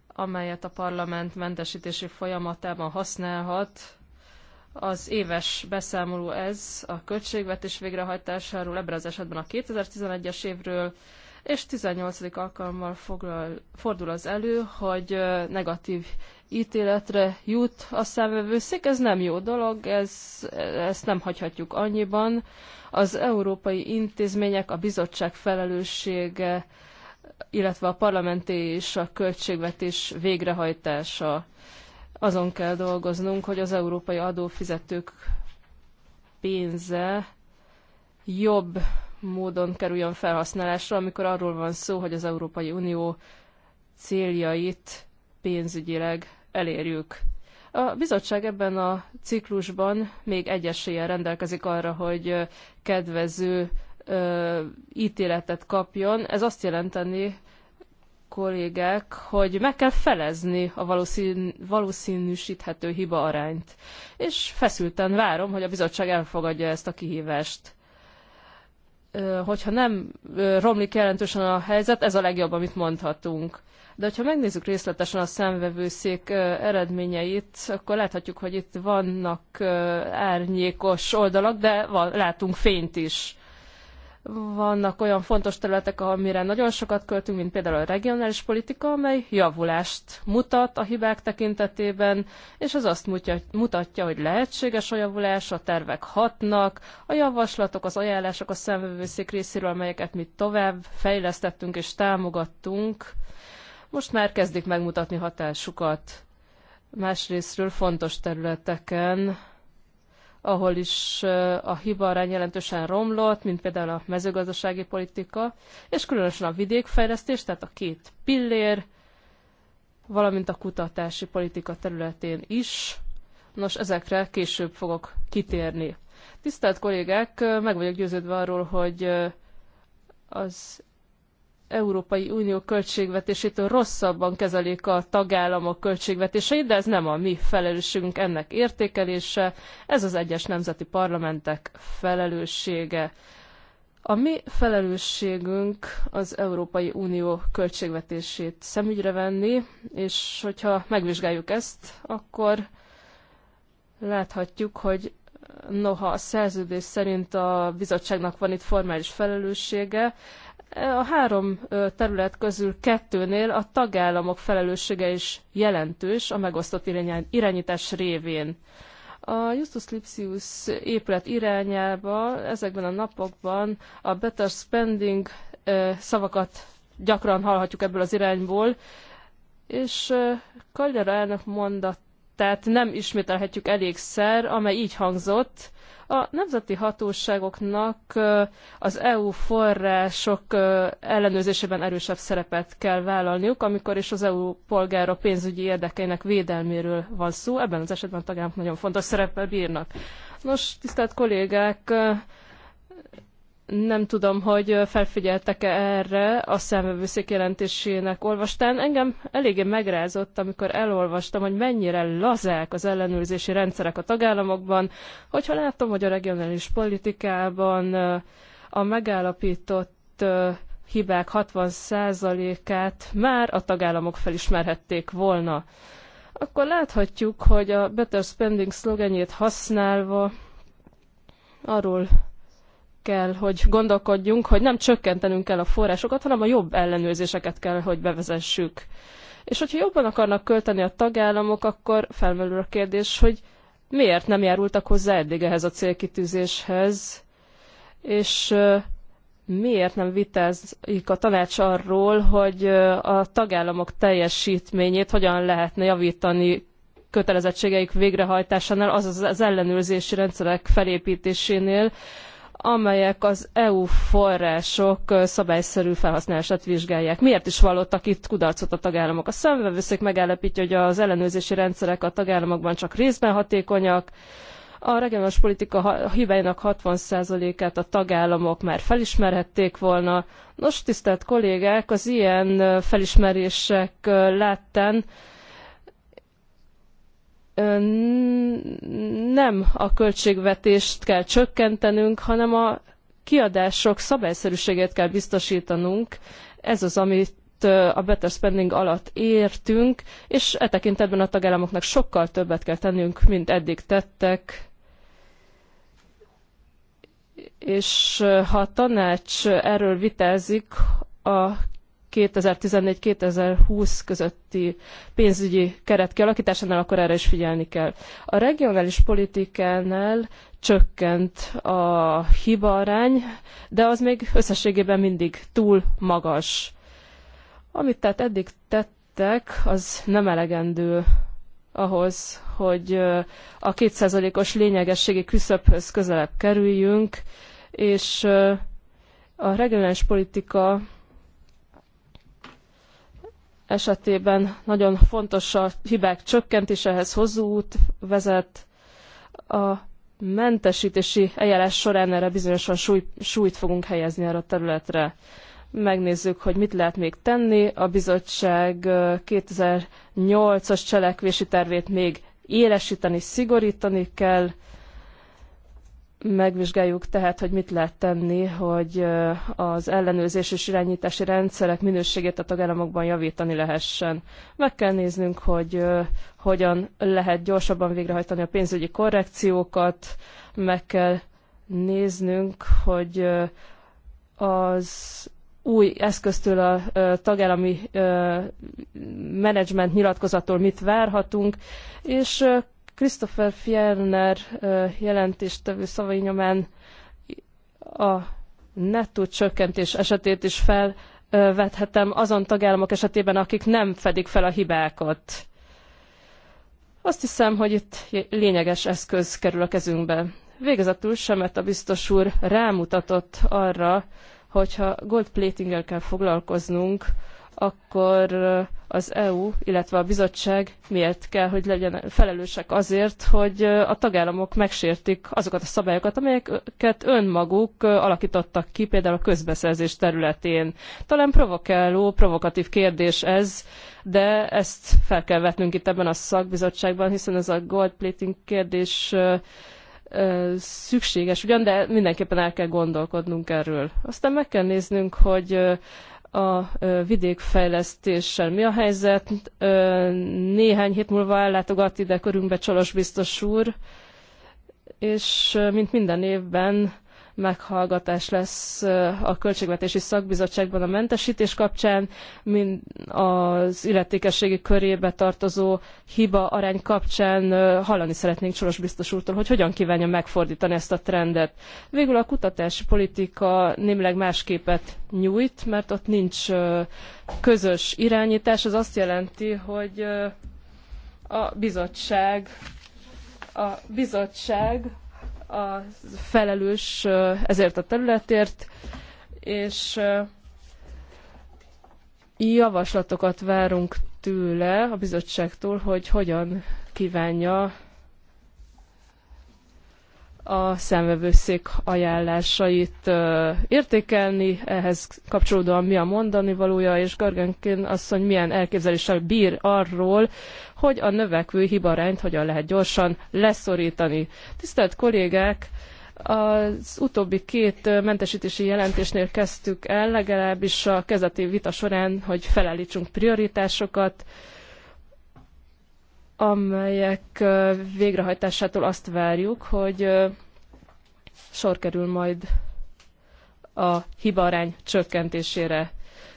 amelyet a parlament mentesítési folyamatában használhat. Az éves beszámoló ez a költségvetés végrehajtásáról, ebben az esetben a 2011-es évről, és 18. alkalommal foglal, fordul az elő, hogy negatív ítéletre jut a számvevőszék. Ez nem jó dolog, ez, ezt nem hagyhatjuk annyiban. Az európai intézmények, a bizottság felelőssége, illetve a parlamenti és a költségvetés végrehajtása. Azon kell dolgoznunk, hogy az európai adófizetők pénze jobb módon kerüljön felhasználásra, amikor arról van szó, hogy az Európai Unió céljait pénzügyileg elérjük. A bizottság ebben a ciklusban még egy rendelkezik arra, hogy kedvező ö, ítéletet kapjon. Ez azt jelenteni, kollégák, hogy meg kell felezni a valószín, valószínűsíthető hiba arányt. És feszülten várom, hogy a bizottság elfogadja ezt a kihívást hogyha nem romlik jelentősen a helyzet, ez a legjobb, amit mondhatunk. De hogyha megnézzük részletesen a szemvevőszék eredményeit, akkor láthatjuk, hogy itt vannak árnyékos oldalak, de látunk fényt is. Vannak olyan fontos területek, amire nagyon sokat költünk, mint például a regionális politika, amely javulást mutat a hibák tekintetében, és ez azt mutatja, hogy lehetséges a javulás, a tervek hatnak, a javaslatok, az ajánlások a szemvevőszék részéről, amelyeket mi tovább fejlesztettünk és támogattunk, most már kezdik megmutatni hatásukat. Másrésztről fontos területeken, ahol is a arány jelentősen romlott, mint például a mezőgazdasági politika, és különösen a vidékfejlesztés, tehát a két pillér, valamint a kutatási politika területén is. Nos, ezekre később fogok kitérni. Tisztelt kollégák, meg vagyok győződve arról, hogy az Európai Unió költségvetésétől rosszabban kezelik a tagállamok költségvetéseit, de ez nem a mi felelősségünk ennek értékelése, ez az egyes nemzeti parlamentek felelőssége. A mi felelősségünk az Európai Unió költségvetését szemügyre venni, és hogyha megvizsgáljuk ezt, akkor láthatjuk, hogy noha a szerződés szerint a bizottságnak van itt formális felelőssége, a három terület közül kettőnél a tagállamok felelőssége is jelentős a megosztott irányítás révén. A Justus Lipsius épület irányába ezekben a napokban a better spending szavakat gyakran hallhatjuk ebből az irányból, és Kallera elnök mondat, tehát nem ismételhetjük elégszer, amely így hangzott, a nemzeti hatóságoknak az EU források ellenőrzésében erősebb szerepet kell vállalniuk, amikor is az EU polgára pénzügyi érdekeinek védelméről van szó. Ebben az esetben a tagállamok nagyon fontos szerepet bírnak. Nos, tisztelt kollégák, nem tudom, hogy felfigyeltek-e erre a számvevőszék jelentésének olvastán. Engem eléggé megrázott, amikor elolvastam, hogy mennyire lazák az ellenőrzési rendszerek a tagállamokban, hogyha látom, hogy a regionális politikában a megállapított hibák 60%-át már a tagállamok felismerhették volna. Akkor láthatjuk, hogy a Better Spending szlogenjét használva arról kell, hogy gondolkodjunk, hogy nem csökkentenünk kell a forrásokat, hanem a jobb ellenőrzéseket kell, hogy bevezessük. És hogyha jobban akarnak költeni a tagállamok, akkor felmerül a kérdés, hogy miért nem járultak hozzá eddig ehhez a célkitűzéshez, és miért nem vitázik a tanács arról, hogy a tagállamok teljesítményét hogyan lehetne javítani kötelezettségeik végrehajtásánál, azaz az ellenőrzési rendszerek felépítésénél, amelyek az EU források szabályszerű felhasználását vizsgálják. Miért is vallottak itt kudarcot a tagállamok? A szemvevőszék megállapítja, hogy az ellenőrzési rendszerek a tagállamokban csak részben hatékonyak, a regionális politika hibáinak 60%-át a tagállamok már felismerhették volna. Nos, tisztelt kollégák, az ilyen felismerések láttán nem a költségvetést kell csökkentenünk, hanem a kiadások szabályszerűségét kell biztosítanunk. Ez az, amit a better spending alatt értünk, és e tekintetben a tagállamoknak sokkal többet kell tennünk, mint eddig tettek. És ha a tanács erről vitázik, a 2014-2020 közötti pénzügyi keret kialakításánál, akkor erre is figyelni kell. A regionális politikánál csökkent a hibaarány, de az még összességében mindig túl magas. Amit tehát eddig tettek, az nem elegendő ahhoz, hogy a kétszázalékos lényegességi küszöbhöz közelebb kerüljünk, és a regionális politika esetében nagyon fontos a hibák csökkentése, ehhez út vezet. A mentesítési eljárás során erre bizonyosan súly, súlyt fogunk helyezni erre a területre. Megnézzük, hogy mit lehet még tenni. A bizottság 2008-as cselekvési tervét még élesíteni, szigorítani kell. Megvizsgáljuk tehát, hogy mit lehet tenni, hogy az ellenőrzés és irányítási rendszerek minőségét a tagállamokban javítani lehessen. Meg kell néznünk, hogy hogyan lehet gyorsabban végrehajtani a pénzügyi korrekciókat, meg kell néznünk, hogy az új eszköztől a tagállami menedzsment nyilatkozattól mit várhatunk, és Christopher Fjellner jelentéstevő szavai nyomán a nettó csökkentés esetét is felvethetem azon tagállamok esetében, akik nem fedik fel a hibákat. Azt hiszem, hogy itt lényeges eszköz kerül a kezünkbe. Végezetül Semet a biztos úr rámutatott arra, hogyha gold plating kell foglalkoznunk, akkor az EU, illetve a bizottság miért kell, hogy legyen felelősek azért, hogy a tagállamok megsértik azokat a szabályokat, amelyeket önmaguk alakítottak ki, például a közbeszerzés területén. Talán provokáló, provokatív kérdés ez, de ezt fel kell vetnünk itt ebben a szakbizottságban, hiszen ez a gold plating kérdés szükséges ugyan, de mindenképpen el kell gondolkodnunk erről. Aztán meg kell néznünk, hogy a vidékfejlesztéssel mi a helyzet. Néhány hét múlva ellátogat ide körünkbe Csolos biztos úr, és mint minden évben meghallgatás lesz a Költségvetési Szakbizottságban a mentesítés kapcsán, mind az illetékességi körébe tartozó hiba arány kapcsán hallani szeretnénk Soros biztos úrtól, hogy hogyan kívánja megfordítani ezt a trendet. Végül a kutatási politika némileg más képet nyújt, mert ott nincs közös irányítás, ez azt jelenti, hogy a bizottság a bizottság a felelős ezért a területért, és javaslatokat várunk tőle a bizottságtól, hogy hogyan kívánja a számvevőszék ajánlásait értékelni, ehhez kapcsolódóan mi a mondani valója, és Gargenkin asszony milyen elképzeléssel bír arról, hogy a növekvő hibarányt hogyan lehet gyorsan leszorítani. Tisztelt kollégák, az utóbbi két mentesítési jelentésnél kezdtük el, legalábbis a kezdeti vita során, hogy felállítsunk prioritásokat, amelyek végrehajtásától azt várjuk, hogy sor kerül majd a hibaarány csökkentésére.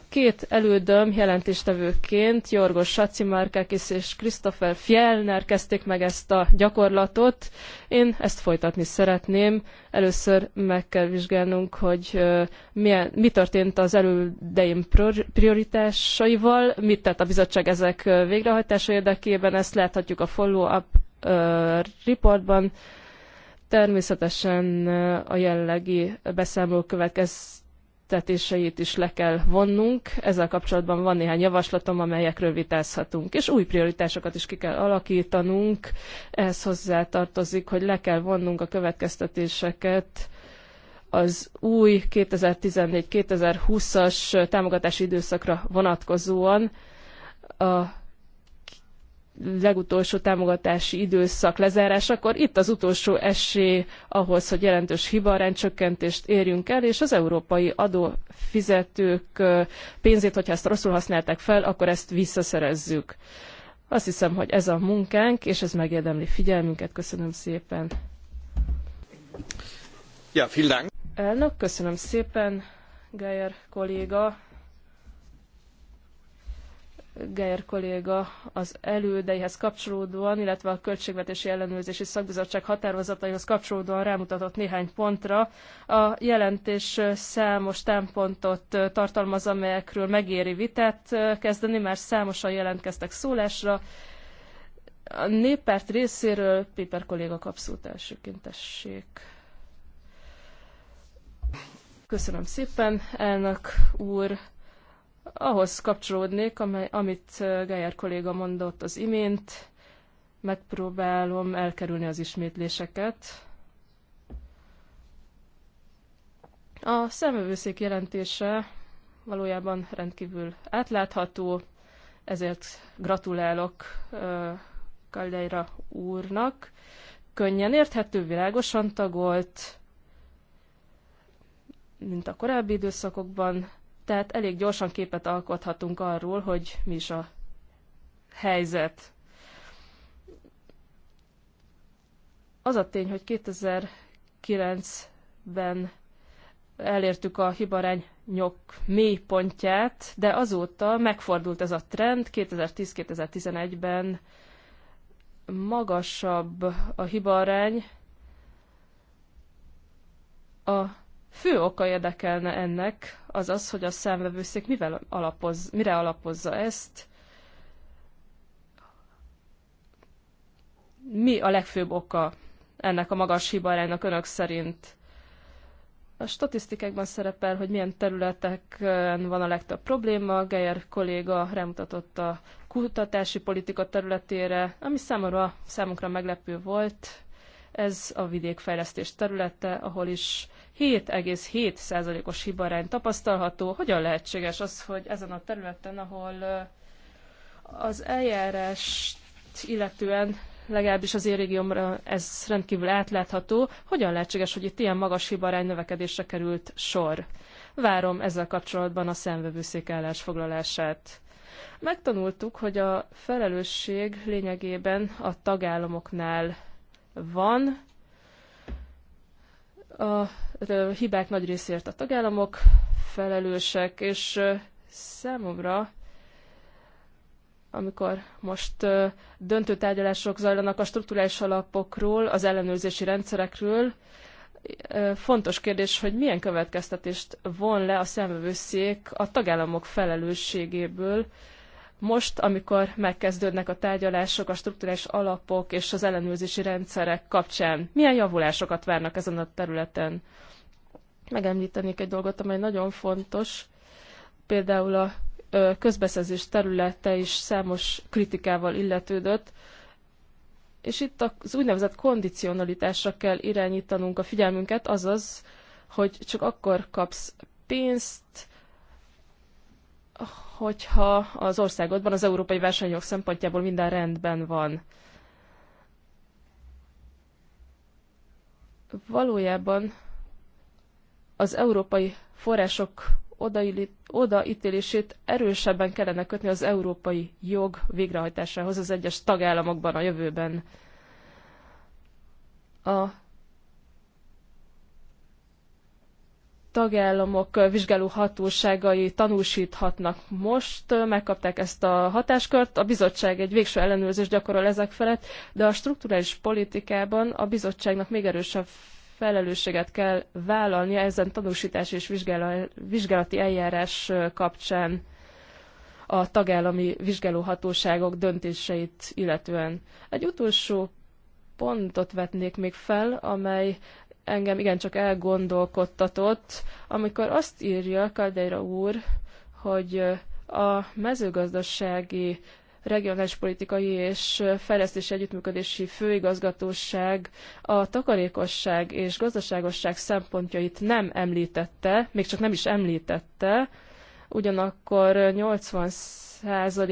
Két elődöm jelentéstevőként, Jorgos Sacimárkákis és Christopher Fjellner kezdték meg ezt a gyakorlatot. Én ezt folytatni szeretném. Először meg kell vizsgálnunk, hogy milyen, mi történt az elődeim prioritásaival, mit tett a bizottság ezek végrehajtása érdekében, ezt láthatjuk a follow-up reportban. Természetesen a jellegi beszámoló következ következtetéseit is le kell vonnunk. Ezzel kapcsolatban van néhány javaslatom, amelyekről vitázhatunk, és új prioritásokat is ki kell alakítanunk. Ehhez hozzá tartozik, hogy le kell vonnunk a következtetéseket az új 2014-2020-as támogatási időszakra vonatkozóan a legutolsó támogatási időszak lezárásakor itt az utolsó esély ahhoz, hogy jelentős hibarány érjünk el, és az európai adófizetők pénzét, hogyha ezt rosszul használták fel, akkor ezt visszaszerezzük. Azt hiszem, hogy ez a munkánk, és ez megérdemli figyelmünket. Köszönöm szépen. Ja, vielen Dank. Elnök, köszönöm szépen, Geyer kolléga. Geyer kolléga az elődeihez kapcsolódóan, illetve a Költségvetési Ellenőrzési Szakbizottság határozataihoz kapcsolódóan rámutatott néhány pontra. A jelentés számos támpontot tartalmaz, amelyekről megéri vitát kezdeni, mert számosan jelentkeztek szólásra. A néppárt részéről Piper kolléga kapszót elsőként tessék. Köszönöm szépen, elnök úr ahhoz kapcsolódnék, amely, amit Gájár kolléga mondott az imént. Megpróbálom elkerülni az ismétléseket. A szemövőszék jelentése valójában rendkívül átlátható, ezért gratulálok Kaldeira úrnak. Könnyen érthető, világosan tagolt, mint a korábbi időszakokban, tehát elég gyorsan képet alkothatunk arról, hogy mi is a helyzet. Az a tény, hogy 2009-ben elértük a hibarány nyok mély pontját, de azóta megfordult ez a trend, 2010-2011-ben magasabb a hibarány, a Fő oka érdekelne ennek az az, hogy a számvevőszék mivel alapoz, mire alapozza ezt, mi a legfőbb oka ennek a magas hibaránynak önök szerint? A statisztikákban szerepel, hogy milyen területeken van a legtöbb probléma. Geyer kolléga rámutatott a kutatási politika területére, ami számomra, számunkra meglepő volt. Ez a vidékfejlesztés területe, ahol is 7,7%-os hibarány tapasztalható. Hogyan lehetséges az, hogy ezen a területen, ahol az eljárás illetően legalábbis az érégiumra ez rendkívül átlátható, hogyan lehetséges, hogy itt ilyen magas hibarány növekedésre került sor? Várom ezzel kapcsolatban a szemvevőszék állásfoglalását. Megtanultuk, hogy a felelősség lényegében a tagállamoknál van, a hibák nagy részért a tagállamok felelősek, és számomra amikor most döntő tárgyalások zajlanak a strukturális alapokról, az ellenőrzési rendszerekről. Fontos kérdés, hogy milyen következtetést von le a számvevőszék a tagállamok felelősségéből, most, amikor megkezdődnek a tárgyalások a strukturális alapok és az ellenőrzési rendszerek kapcsán, milyen javulásokat várnak ezen a területen? Megemlítenék egy dolgot, amely nagyon fontos, például a közbeszerzés területe is számos kritikával illetődött, és itt az úgynevezett kondicionalitásra kell irányítanunk a figyelmünket, azaz, hogy csak akkor kapsz pénzt, hogyha az országodban az európai versenyjog szempontjából minden rendben van. Valójában az európai források odaítélését erősebben kellene kötni az európai jog végrehajtásához az egyes tagállamokban a jövőben. A tagállamok vizsgáló hatóságai tanúsíthatnak most, megkapták ezt a hatáskört, a bizottság egy végső ellenőrzést gyakorol ezek felett, de a strukturális politikában a bizottságnak még erősebb felelősséget kell vállalnia ezen tanúsítás és vizsgálati eljárás kapcsán a tagállami vizsgálóhatóságok döntéseit illetően. Egy utolsó pontot vetnék még fel, amely engem igencsak elgondolkodtatott, amikor azt írja Kaldeira úr, hogy a mezőgazdasági regionális politikai és fejlesztési együttműködési főigazgatóság a takarékosság és gazdaságosság szempontjait nem említette, még csak nem is említette, ugyanakkor 80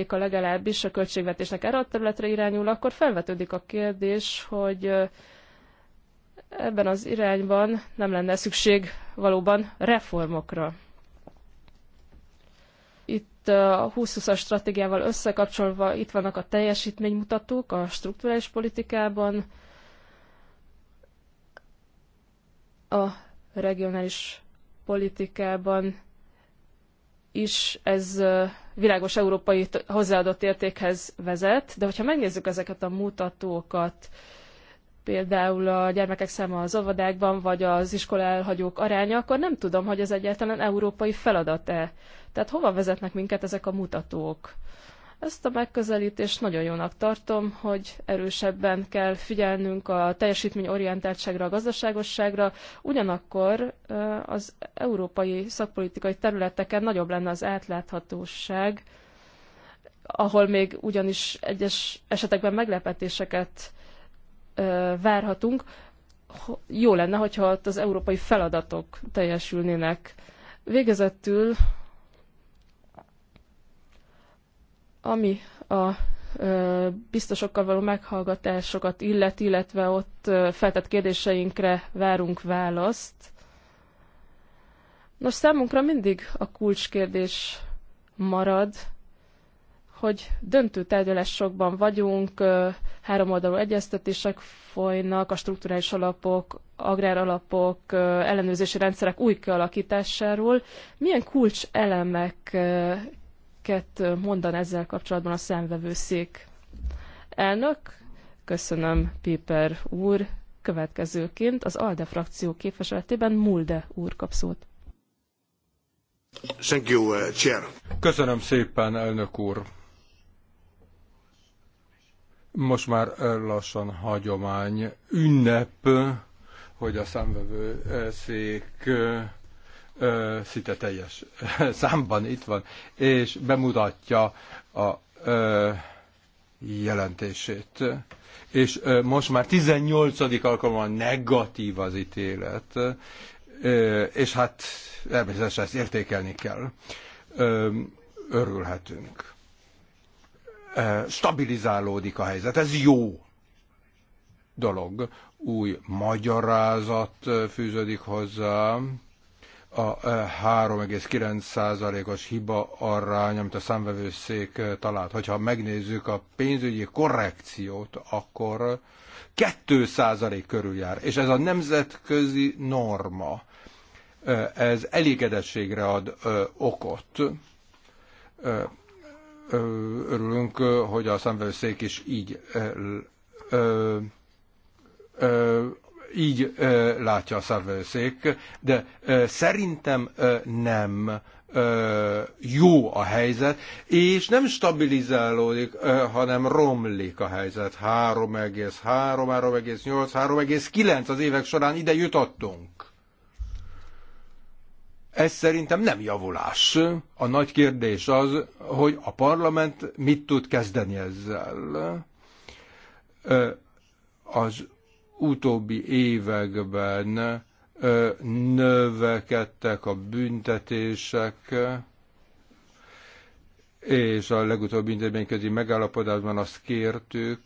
a legalábbis a költségvetésnek erre a területre irányul, akkor felvetődik a kérdés, hogy Ebben az irányban nem lenne szükség valóban reformokra. Itt a 2020-as stratégiával összekapcsolva itt vannak a teljesítménymutatók a strukturális politikában, a regionális politikában is ez világos európai hozzáadott értékhez vezet, de hogyha megnézzük ezeket a mutatókat, például a gyermekek száma az óvodákban, vagy az iskola elhagyók aránya, akkor nem tudom, hogy ez egyáltalán európai feladat-e. Tehát hova vezetnek minket ezek a mutatók? Ezt a megközelítést nagyon jónak tartom, hogy erősebben kell figyelnünk a teljesítményorientáltságra, a gazdaságosságra, ugyanakkor az európai szakpolitikai területeken nagyobb lenne az átláthatóság, ahol még ugyanis egyes esetekben meglepetéseket várhatunk. Jó lenne, hogyha ott az európai feladatok teljesülnének. Végezetül, ami a biztosokkal való meghallgatásokat illet, illetve ott feltett kérdéseinkre várunk választ. Nos, számunkra mindig a kulcskérdés marad, hogy döntő tárgyalásokban vagyunk, oldalú egyeztetések folynak, a strukturális alapok, agráralapok, ellenőrzési rendszerek új kialakításáról. Milyen kulcs elemeket mondan ezzel kapcsolatban a szemvevőszék? Elnök, köszönöm Péper úr. Következőként az ALDE frakció képviseletében Mulde úr kap szót. Thank you, uh, Chair. Köszönöm szépen, elnök úr. Most már lassan hagyomány ünnep, hogy a számvevő szék szinte teljes számban itt van, és bemutatja a jelentését. És most már 18. alkalommal negatív az ítélet, és hát természetesen ezt értékelni kell. örülhetünk stabilizálódik a helyzet. Ez jó dolog. Új magyarázat fűződik hozzá a 3,9%-os hiba arány, amit a számvevőszék talált. Hogyha megnézzük a pénzügyi korrekciót, akkor 2% körül jár, és ez a nemzetközi norma. Ez elégedettségre ad okot örülünk, hogy a számvevőszék is így így látja a számvevőszék, de szerintem nem jó a helyzet, és nem stabilizálódik, hanem romlik a helyzet. 3,3, 3,8, 3,9 az évek során ide jutottunk. Ez szerintem nem javulás. A nagy kérdés az, hogy a parlament mit tud kezdeni ezzel. Az utóbbi években növekedtek a büntetések, és a legutóbbi intézményközi megállapodásban azt kértük,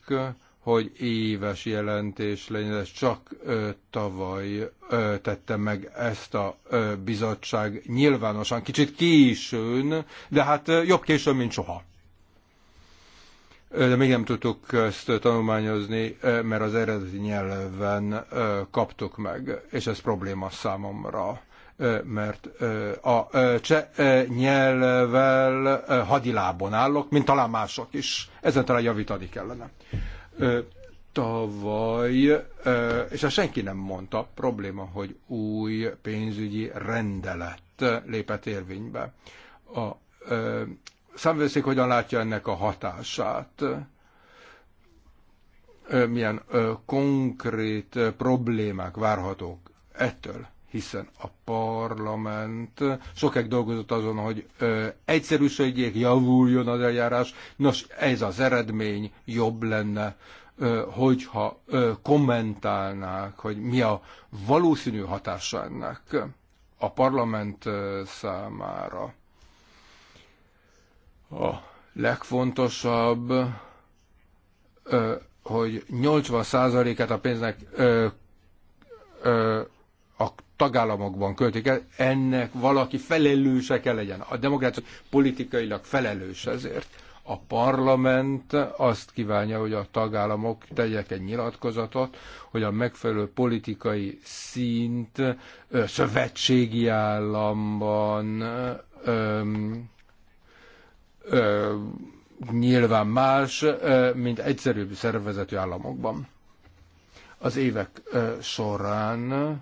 hogy éves jelentés legyen, ez csak ö, tavaly ö, tette meg ezt a ö, bizottság nyilvánosan, kicsit későn, de hát ö, jobb későn, mint soha. De még nem tudtuk ezt tanulmányozni, mert az eredeti nyelven kaptuk meg, és ez probléma számomra mert a cseh nyelvvel hadilábon állok, mint talán mások is. Ezen talán javítani kellene tavaly, és ezt senki nem mondta, probléma, hogy új pénzügyi rendelet lépett érvénybe. A számvőszék hogyan látja ennek a hatását? Milyen konkrét problémák várhatók ettől? hiszen a parlament sokáig dolgozott azon, hogy ö, egyszerűsödjék, javuljon az eljárás. Nos, ez az eredmény jobb lenne, ö, hogyha ö, kommentálnák, hogy mi a valószínű hatása ennek a parlament ö, számára. A legfontosabb, ö, hogy 80%-át a pénznek ö, ö, a tagállamokban költik el, ennek valaki felelőse kell legyen. A demokrácia politikailag felelős ezért. A parlament azt kívánja, hogy a tagállamok tegyek egy nyilatkozatot, hogy a megfelelő politikai szint ö, szövetségi államban ö, ö, nyilván más, mint egyszerűbb szervezetű államokban. Az évek során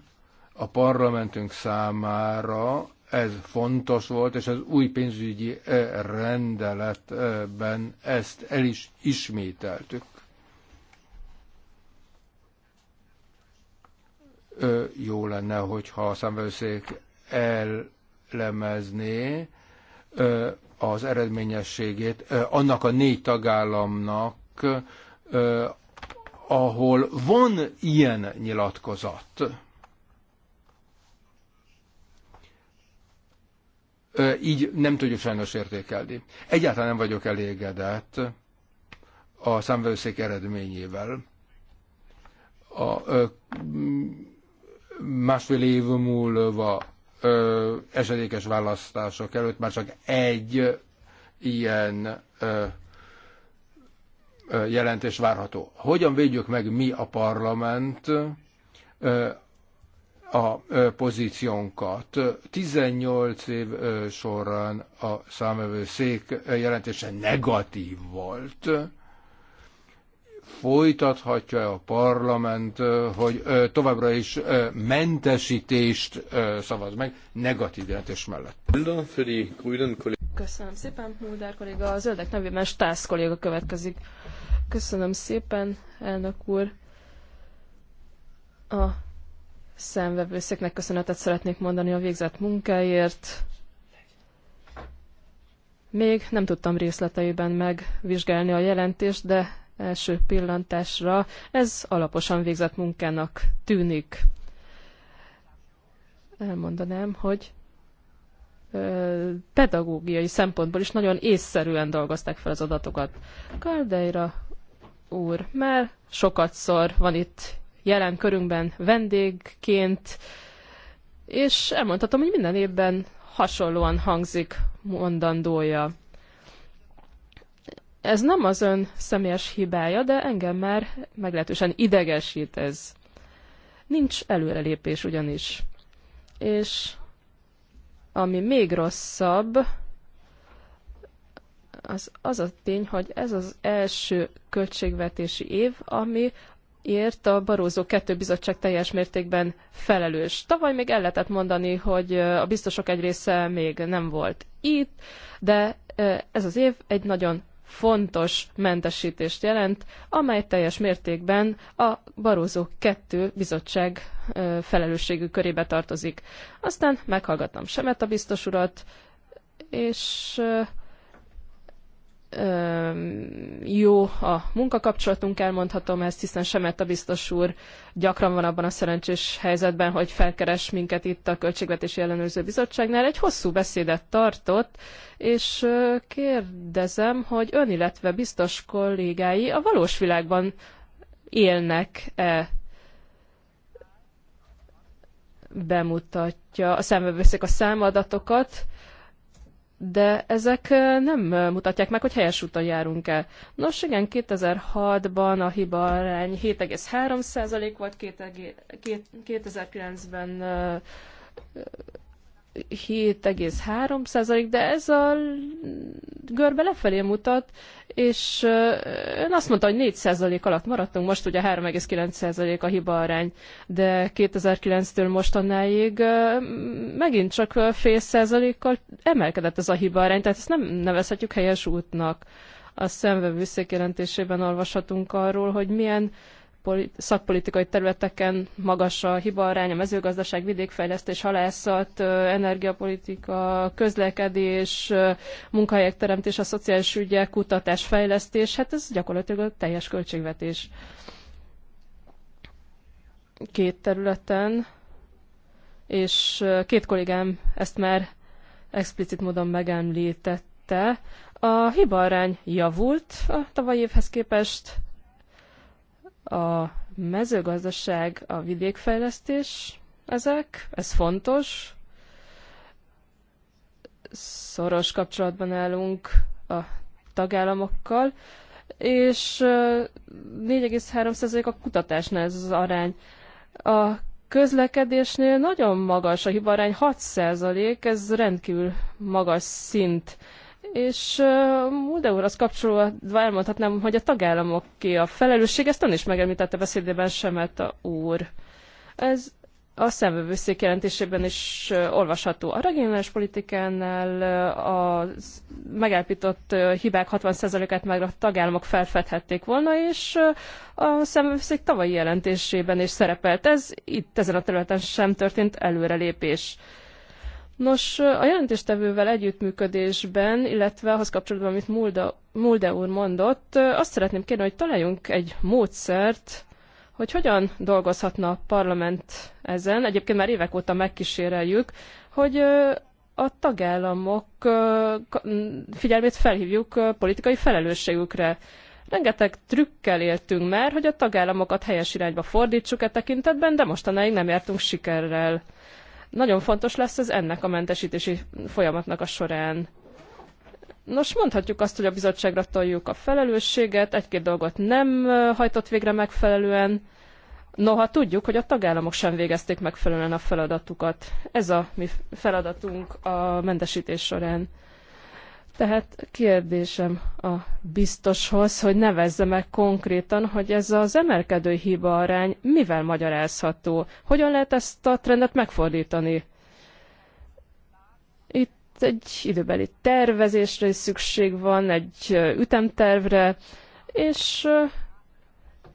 a parlamentünk számára ez fontos volt, és az új pénzügyi eh, rendeletben ezt el is ismételtük. Jó lenne, hogyha a számvevőszék ellemezné az eredményességét annak a négy tagállamnak, ahol van ilyen nyilatkozat így nem tudjuk sajnos értékelni. Egyáltalán nem vagyok elégedett a számvevőszék eredményével. A másfél év múlva esedékes választások előtt már csak egy ilyen jelentés várható. Hogyan védjük meg mi a parlament a pozíciónkat. 18 év során a számövőszék jelentése negatív volt. Folytathatja a parlament, hogy továbbra is mentesítést szavaz meg negatív jelentés mellett. Köszönöm szépen, Mulder kolléga. A zöldek nevében Stász kolléga következik. Köszönöm szépen, elnök úr. A szemvevőszéknek köszönetet szeretnék mondani a végzett munkáért. Még nem tudtam részleteiben megvizsgálni a jelentést, de első pillantásra ez alaposan végzett munkának tűnik. Elmondanám, hogy pedagógiai szempontból is nagyon észszerűen dolgozták fel az adatokat. Kaldeira úr, már sokat szor van itt jelen körünkben vendégként, és elmondhatom, hogy minden évben hasonlóan hangzik mondandója. Ez nem az ön személyes hibája, de engem már meglehetősen idegesít ez. Nincs előrelépés ugyanis. És ami még rosszabb, az, az a tény, hogy ez az első költségvetési év, ami ért a Barózó 2 bizottság teljes mértékben felelős. Tavaly még el lehetett mondani, hogy a biztosok egy része még nem volt itt, de ez az év egy nagyon fontos mentesítést jelent, amely teljes mértékben a Barózó 2 bizottság felelősségű körébe tartozik. Aztán meghallgattam Semet a biztos urat, és jó a munkakapcsolatunk, elmondhatom ezt, hiszen Semeta biztos úr gyakran van abban a szerencsés helyzetben, hogy felkeres minket itt a Költségvetési Ellenőrző Bizottságnál. Egy hosszú beszédet tartott, és kérdezem, hogy ön, illetve biztos kollégái a valós világban élnek-e bemutatja, a számba a számadatokat, de ezek nem mutatják meg, hogy helyes úton járunk el. Nos, igen, 2006-ban a hiba arány 7,3% volt, 2009-ben 7,3 de ez a görbe lefelé mutat, és ön azt mondta, hogy 4 alatt maradtunk, most ugye 3,9 a hiba arány, de 2009-től mostanáig megint csak fél százalékkal emelkedett ez a hiba arány, tehát ezt nem nevezhetjük helyes útnak. A szemvevőszék jelentésében olvashatunk arról, hogy milyen szakpolitikai területeken magas a hibaarány, a mezőgazdaság, vidékfejlesztés, halászat, energiapolitika, közlekedés, munkahelyek teremtés, a szociális ügyek, kutatás, fejlesztés, hát ez gyakorlatilag a teljes költségvetés. Két területen, és két kollégám ezt már explicit módon megemlítette, a hibarány javult a tavalyi évhez képest, a mezőgazdaság, a vidékfejlesztés, ezek, ez fontos. Szoros kapcsolatban állunk a tagállamokkal, és 4,3% a kutatásnál ez az arány. A közlekedésnél nagyon magas a hibarány, 6 százalék, ez rendkívül magas szint és Mulde az kapcsolódva elmondhatnám, hogy a tagállamok ki a felelősség, ezt ön is megemlítette beszédében a úr. Ez a szemvevőszék jelentésében is olvasható. A regionális politikánál a megállapított hibák 60%-át már a tagállamok felfedhették volna, és a szemvevőszék tavalyi jelentésében is szerepelt. Ez itt ezen a területen sem történt előrelépés. Nos, a jelentéstevővel együttműködésben, illetve ahhoz kapcsolatban, amit Mulda, Mulde úr mondott, azt szeretném kérni, hogy találjunk egy módszert, hogy hogyan dolgozhatna a parlament ezen. Egyébként már évek óta megkíséreljük, hogy a tagállamok figyelmét felhívjuk politikai felelősségükre. Rengeteg trükkel éltünk már, hogy a tagállamokat helyes irányba fordítsuk e tekintetben, de mostanáig nem értünk sikerrel nagyon fontos lesz ez ennek a mentesítési folyamatnak a során. Nos, mondhatjuk azt, hogy a bizottságra toljuk a felelősséget, egy-két dolgot nem hajtott végre megfelelően. Noha tudjuk, hogy a tagállamok sem végezték megfelelően a feladatukat. Ez a mi feladatunk a mentesítés során. Tehát kérdésem a biztoshoz, hogy nevezze meg konkrétan, hogy ez az emelkedő hiba arány mivel magyarázható? Hogyan lehet ezt a trendet megfordítani? Itt egy időbeli tervezésre is szükség van, egy ütemtervre, és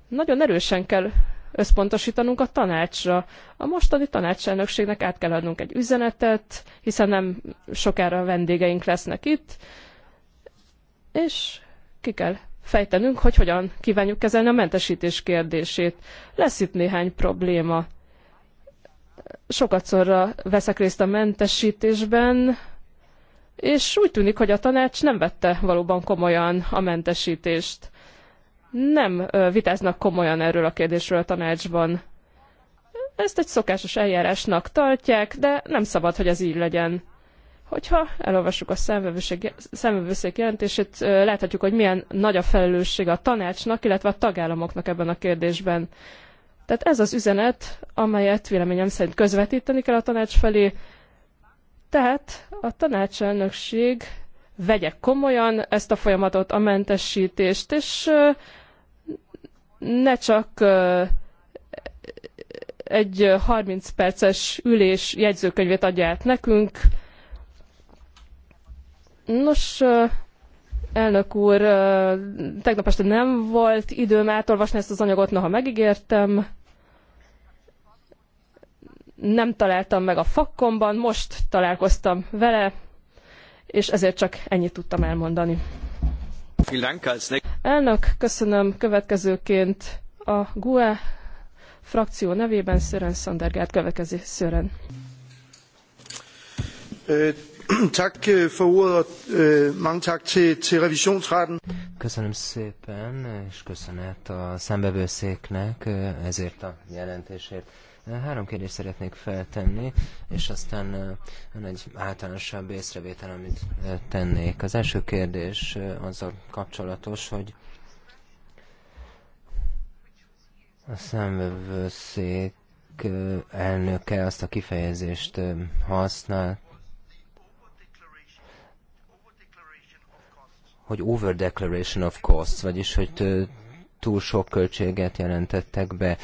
nagyon erősen kell összpontosítanunk a tanácsra. A mostani tanácselnökségnek át kell adnunk egy üzenetet, hiszen nem sokára vendégeink lesznek itt, és ki kell fejtenünk, hogy hogyan kívánjuk kezelni a mentesítés kérdését. Lesz itt néhány probléma. Sokat szorra veszek részt a mentesítésben, és úgy tűnik, hogy a tanács nem vette valóban komolyan a mentesítést nem vitáznak komolyan erről a kérdésről a tanácsban. Ezt egy szokásos eljárásnak tartják, de nem szabad, hogy ez így legyen. Hogyha elolvassuk a szemvevőszék jelentését, láthatjuk, hogy milyen nagy a felelősség a tanácsnak, illetve a tagállamoknak ebben a kérdésben. Tehát ez az üzenet, amelyet véleményem szerint közvetíteni kell a tanács felé. Tehát a tanácselnökség vegye komolyan ezt a folyamatot, a mentesítést, és ne csak egy 30 perces ülés jegyzőkönyvet adja át nekünk. Nos, elnök úr, tegnap este nem volt időm átolvasni ezt az anyagot, noha megígértem. Nem találtam meg a fakkomban, most találkoztam vele, és ezért csak ennyit tudtam elmondani. Elnök, köszönöm. Következőként a GUE frakció nevében Sören Sandergaard következő Sören. Øh, øh, øh, köszönöm szépen, és köszönet a szembevőszéknek ezért a jelentésért. Három kérdést szeretnék feltenni, és aztán van egy általánosabb észrevétel, amit tennék. Az első kérdés azzal kapcsolatos, hogy a szemvevőszék elnöke azt a kifejezést használt, hogy over declaration of costs, vagyis hogy túl sok költséget jelentettek be. Uh,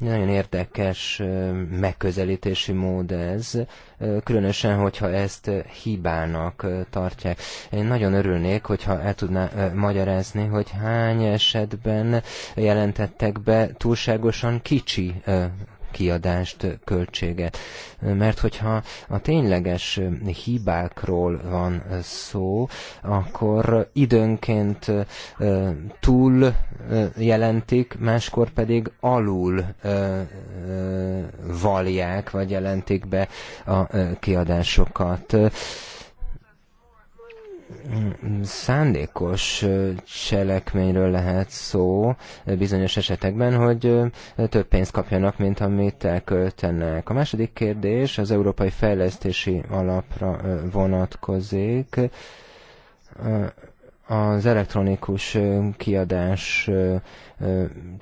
nagyon érdekes megközelítési mód ez, különösen, hogyha ezt hibának tartják. Én nagyon örülnék, hogyha el tudná magyarázni, hogy hány esetben jelentettek be túlságosan kicsi kiadást, költséget. Mert hogyha a tényleges hibákról van szó, akkor időnként túl jelentik, máskor pedig alul valják, vagy jelentik be a kiadásokat szándékos cselekményről lehet szó bizonyos esetekben, hogy több pénzt kapjanak, mint amit elköltenek. A második kérdés az Európai Fejlesztési Alapra vonatkozik. Az elektronikus kiadás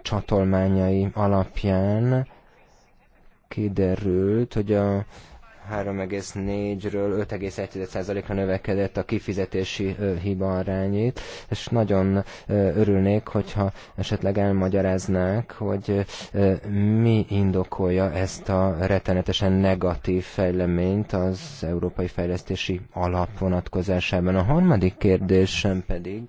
csatolmányai alapján kiderült, hogy a 3,4-ről 5,1%-ra növekedett a kifizetési hiba arányét, és nagyon örülnék, hogyha esetleg elmagyaráznák, hogy mi indokolja ezt a rettenetesen negatív fejleményt az Európai Fejlesztési Alap vonatkozásában. A harmadik kérdésem pedig,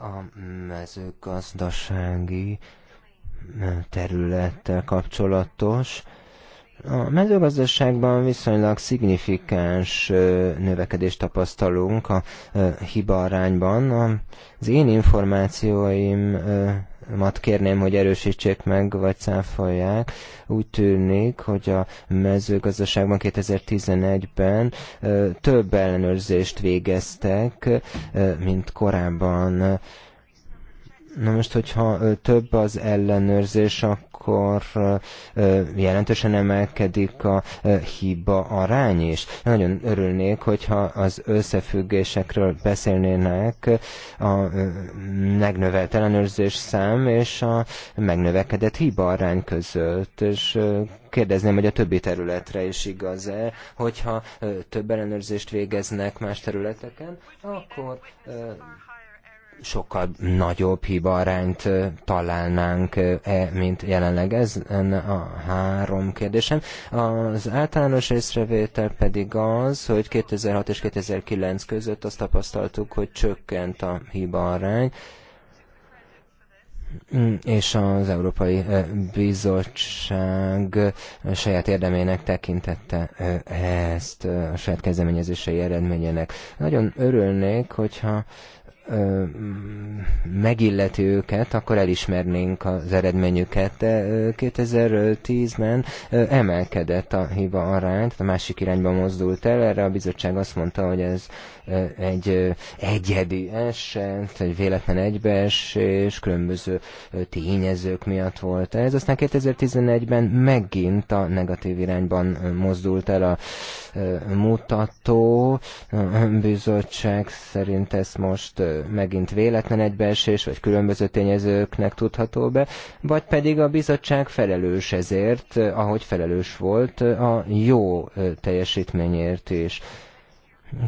a mezőgazdasági területtel kapcsolatos. A mezőgazdaságban viszonylag szignifikáns növekedést tapasztalunk a arányban. Az én információimat kérném, hogy erősítsék meg, vagy cáfolják. Úgy tűnik, hogy a mezőgazdaságban 2011-ben több ellenőrzést végeztek, mint korábban Na most, hogyha több az ellenőrzés, akkor jelentősen emelkedik a hiba arány is. Nagyon örülnék, hogyha az összefüggésekről beszélnének a megnövelt ellenőrzés szám és a megnövekedett hiba arány között, és kérdezném, hogy a többi területre is igaz-e, hogyha több ellenőrzést végeznek más területeken, akkor sokkal nagyobb hibarányt találnánk, -e, mint jelenleg. Ez lenne a három kérdésem. Az általános észrevétel pedig az, hogy 2006 és 2009 között azt tapasztaltuk, hogy csökkent a arány, mm, és az Európai Bizottság saját érdemének tekintette ezt a saját kezdeményezései eredményének. Nagyon örülnék, hogyha megilleti őket, akkor elismernénk az eredményüket, de 2010-ben emelkedett a hiba arány, a másik irányba mozdult el, erre a bizottság azt mondta, hogy ez egy egyedi eset, egy véletlen egybeesés, különböző tényezők miatt volt ez. Aztán 2011-ben megint a negatív irányban mozdult el a mutató. A bizottság szerint ezt most megint véletlen egybeesés, vagy különböző tényezőknek tudható be, vagy pedig a bizottság felelős ezért, ahogy felelős volt a jó teljesítményért is.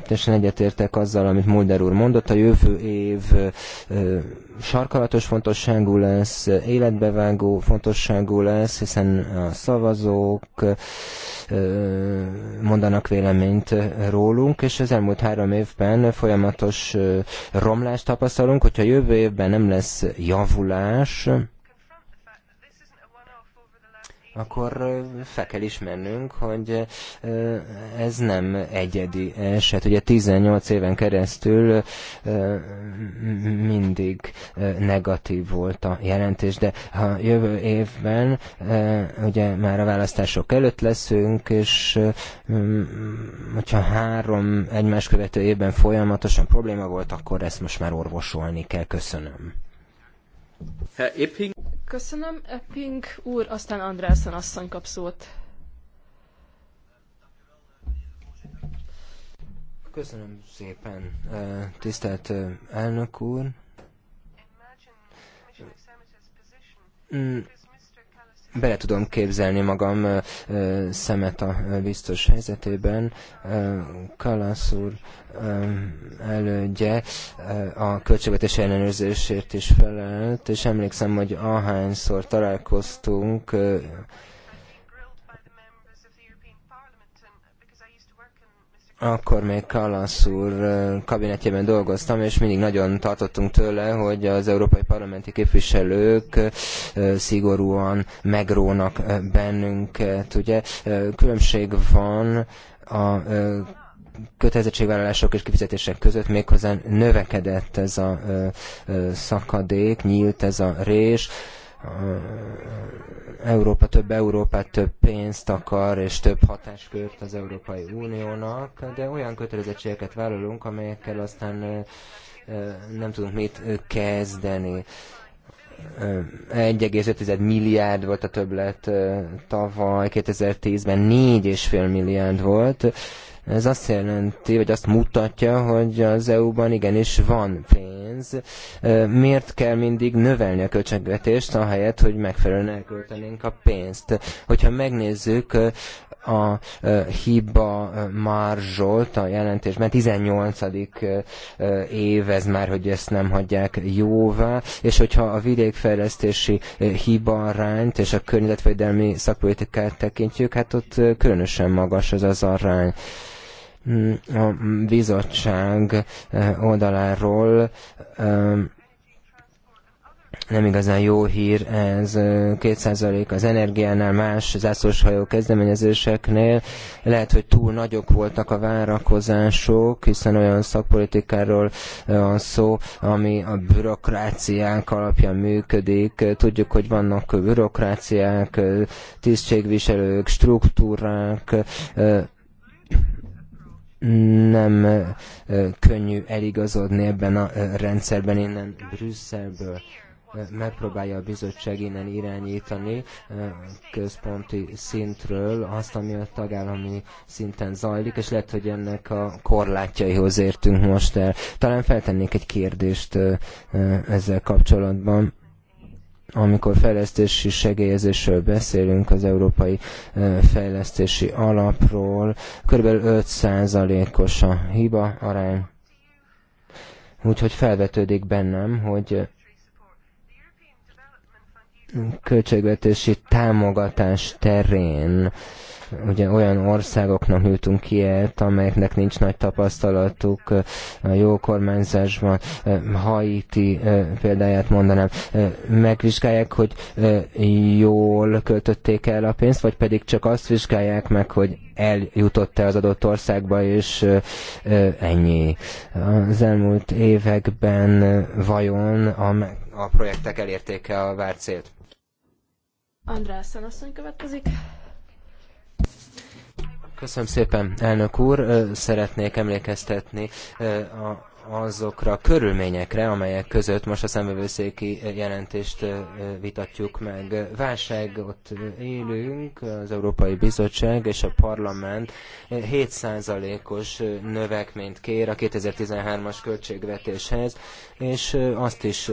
Teljesen egyetértek azzal, amit Mulder úr mondott, a jövő év sarkalatos fontosságú lesz, életbevágó fontosságú lesz, hiszen a szavazók mondanak véleményt rólunk, és az elmúlt három évben folyamatos romlást tapasztalunk, hogyha jövő évben nem lesz javulás, akkor fel kell ismernünk, hogy ez nem egyedi eset. Ugye 18 éven keresztül mindig negatív volt a jelentés, de ha jövő évben ugye már a választások előtt leszünk, és hogyha három egymás követő évben folyamatosan probléma volt, akkor ezt most már orvosolni kell. Köszönöm. Herr Epping. Köszönöm, Epping úr, aztán Andrásen asszony kap szót. Köszönöm szépen, tisztelt elnök úr bele tudom képzelni magam szemet a biztos helyzetében. Kalasz úr elődje a költségvetés ellenőrzésért is felelt, és emlékszem, hogy ahányszor találkoztunk akkor még Kallas úr kabinetjében dolgoztam, és mindig nagyon tartottunk tőle, hogy az európai parlamenti képviselők szigorúan megrónak bennünket. Ugye különbség van a kötelezettségvállalások és kifizetések között méghozzá növekedett ez a szakadék, nyílt ez a rés. Európa több Európát, több pénzt akar, és több hatáskört az Európai Uniónak, de olyan kötelezettségeket vállalunk, amelyekkel aztán nem tudunk mit kezdeni. 1,5 milliárd volt a többlet tavaly, 2010-ben 4,5 milliárd volt ez azt jelenti, vagy azt mutatja, hogy az EU-ban igenis van pénz. Miért kell mindig növelni a költségvetést, ahelyett, hogy megfelelően elköltenénk a pénzt? Hogyha megnézzük a hiba marzsolt a jelentésben, 18. év ez már, hogy ezt nem hagyják jóvá, és hogyha a vidékfejlesztési hibarányt és a környezetvédelmi szakpolitikát tekintjük, hát ott különösen magas ez az arány a bizottság e, oldaláról e, nem igazán jó hír ez 2% e, az energiánál, más zászlóshajó kezdeményezéseknél. Lehet, hogy túl nagyok voltak a várakozások, hiszen olyan szakpolitikáról van szó, ami a bürokráciák alapján működik. Tudjuk, hogy vannak bürokráciák, tisztségviselők, struktúrák, nem könnyű eligazodni ebben a rendszerben innen Brüsszelből megpróbálja a bizottság innen irányítani központi szintről azt, ami a tagállami szinten zajlik, és lehet, hogy ennek a korlátjaihoz értünk most el. Talán feltennék egy kérdést ezzel kapcsolatban amikor fejlesztési segélyezésről beszélünk, az Európai Fejlesztési Alapról, kb. 5%-os a hiba arány. Úgyhogy felvetődik bennem, hogy költségvetési támogatás terén ugye olyan országoknak jutunk ki ilyet, amelyeknek nincs nagy tapasztalatuk a jó kormányzásban. Haiti példáját mondanám. Megvizsgálják, hogy jól költötték el a pénzt, vagy pedig csak azt vizsgálják meg, hogy eljutott-e az adott országba, és ennyi. Az elmúlt években vajon a, a projektek elérték-e a várt célt? András asszony következik. Köszönöm szépen, elnök úr. Szeretnék emlékeztetni a azokra a körülményekre, amelyek között most a szembevőszéki jelentést vitatjuk meg. Válságot élünk, az Európai Bizottság és a Parlament 7%-os növekményt kér a 2013-as költségvetéshez és azt is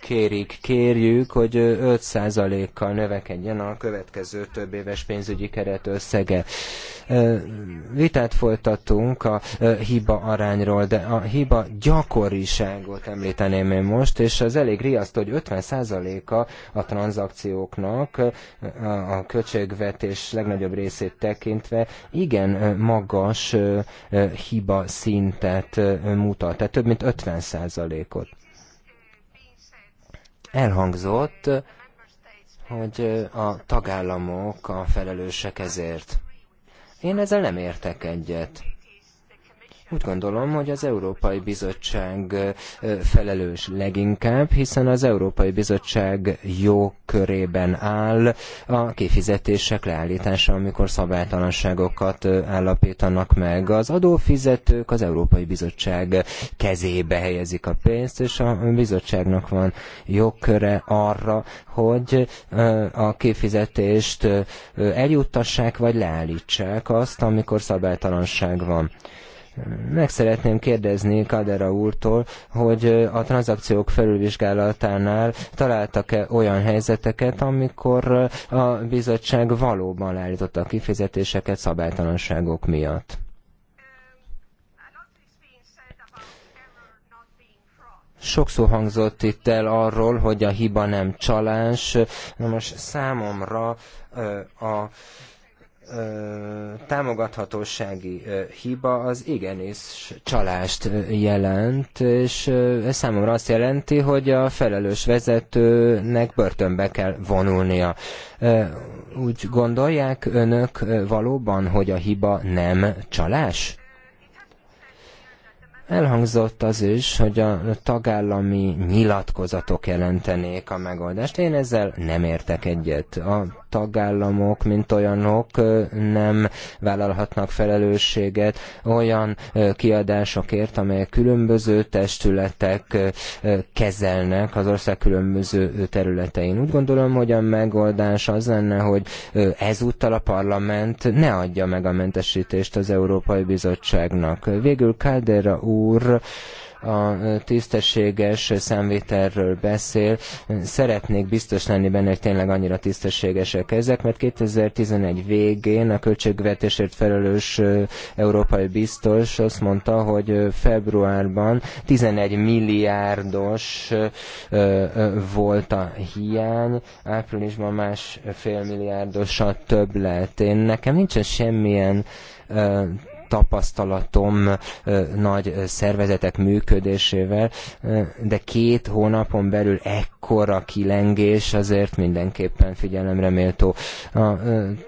kérik, kérjük, hogy 5%-kal növekedjen a következő több éves pénzügyi keret összege. Vitát folytatunk a hiba arányról, de a hiba gyakoriságot említeném én most, és az elég riasztó, hogy 50%-a a tranzakcióknak a költségvetés legnagyobb részét tekintve igen magas hiba szintet mutat, tehát több mint 50%-ot százalékot. Elhangzott, hogy a tagállamok a felelősek ezért. Én ezzel nem értek egyet. Úgy gondolom, hogy az Európai Bizottság felelős leginkább, hiszen az Európai Bizottság jó körében áll a kifizetések leállítása, amikor szabálytalanságokat állapítanak meg. Az adófizetők az Európai Bizottság kezébe helyezik a pénzt, és a bizottságnak van jogköre arra, hogy a kifizetést eljuttassák vagy leállítsák azt, amikor szabálytalanság van. Meg szeretném kérdezni Kadera úrtól, hogy a tranzakciók felülvizsgálatánál találtak-e olyan helyzeteket, amikor a bizottság valóban állította a kifizetéseket szabálytalanságok miatt? Sokszor hangzott itt el arról, hogy a hiba nem csalás. Na most számomra a támogathatósági hiba az igenis csalást jelent, és ez számomra azt jelenti, hogy a felelős vezetőnek börtönbe kell vonulnia. Úgy gondolják önök valóban, hogy a hiba nem csalás? Elhangzott az is, hogy a tagállami nyilatkozatok jelentenék a megoldást. Én ezzel nem értek egyet. A tagállamok, mint olyanok nem vállalhatnak felelősséget olyan kiadásokért, amelyek különböző testületek kezelnek az ország különböző területein. Úgy gondolom, hogy a megoldás az lenne, hogy ezúttal a parlament ne adja meg a mentesítést az Európai Bizottságnak. Végül Caldera úr úr a tisztességes számvételről beszél. Szeretnék biztos lenni benne, hogy tényleg annyira tisztességesek ezek, mert 2011 végén a költségvetésért felelős európai biztos azt mondta, hogy februárban 11 milliárdos volt a hiány, áprilisban másfél milliárdos a többlet. Én nekem nincsen semmilyen tapasztalatom nagy szervezetek működésével, de két hónapon belül ekkora kilengés azért mindenképpen figyelemre méltó. A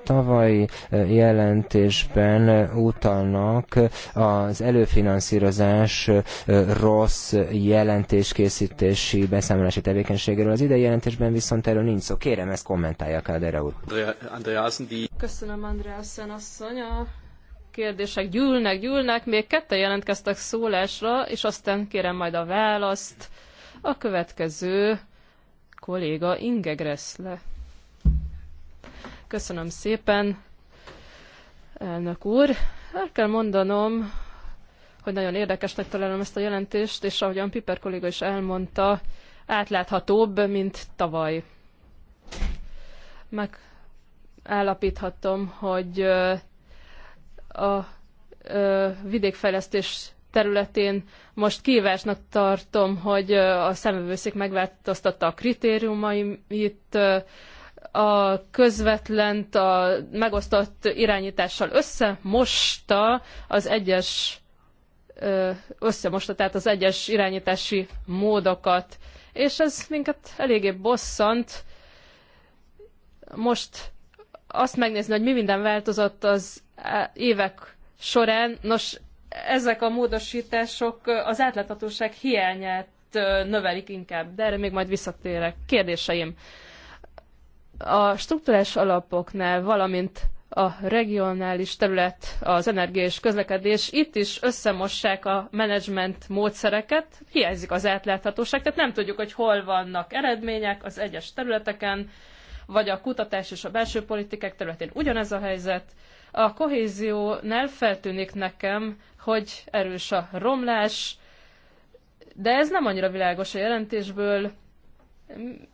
tavalyi jelentésben utalnak az előfinanszírozás rossz jelentéskészítési beszámolási tevékenységéről. Az idei jelentésben viszont erről nincs szó. Kérem, ezt kommentálja Kádere úr. Köszönöm, Andreasen asszony. A kérdések gyűlnek, gyűlnek, még ketten jelentkeztek szólásra, és aztán kérem majd a választ. A következő kolléga Inge Gressle. Köszönöm szépen, elnök úr. El kell mondanom, hogy nagyon érdekesnek találom ezt a jelentést, és ahogyan Piper kolléga is elmondta, átláthatóbb, mint tavaly. Megállapíthatom, hogy a ö, vidékfejlesztés területén most kívásnak tartom, hogy a szemövőszék megváltoztatta a kritériumait, a közvetlent, a megosztott irányítással összemosta az egyes összemosta, tehát az egyes irányítási módokat. És ez minket eléggé bosszant. Most azt megnézni, hogy mi minden változott az Eh, évek során. Nos, ezek a módosítások az átláthatóság hiányát eh, növelik inkább, de erre még majd visszatérek. Kérdéseim. A struktúrás alapoknál, valamint a regionális terület, az energia és közlekedés, itt is összemossák a menedzsment módszereket, hiányzik az átláthatóság, tehát nem tudjuk, hogy hol vannak eredmények az egyes területeken, vagy a kutatás és a belső politikák területén ugyanez a helyzet. A kohéziónál feltűnik nekem, hogy erős a romlás, de ez nem annyira világos a jelentésből,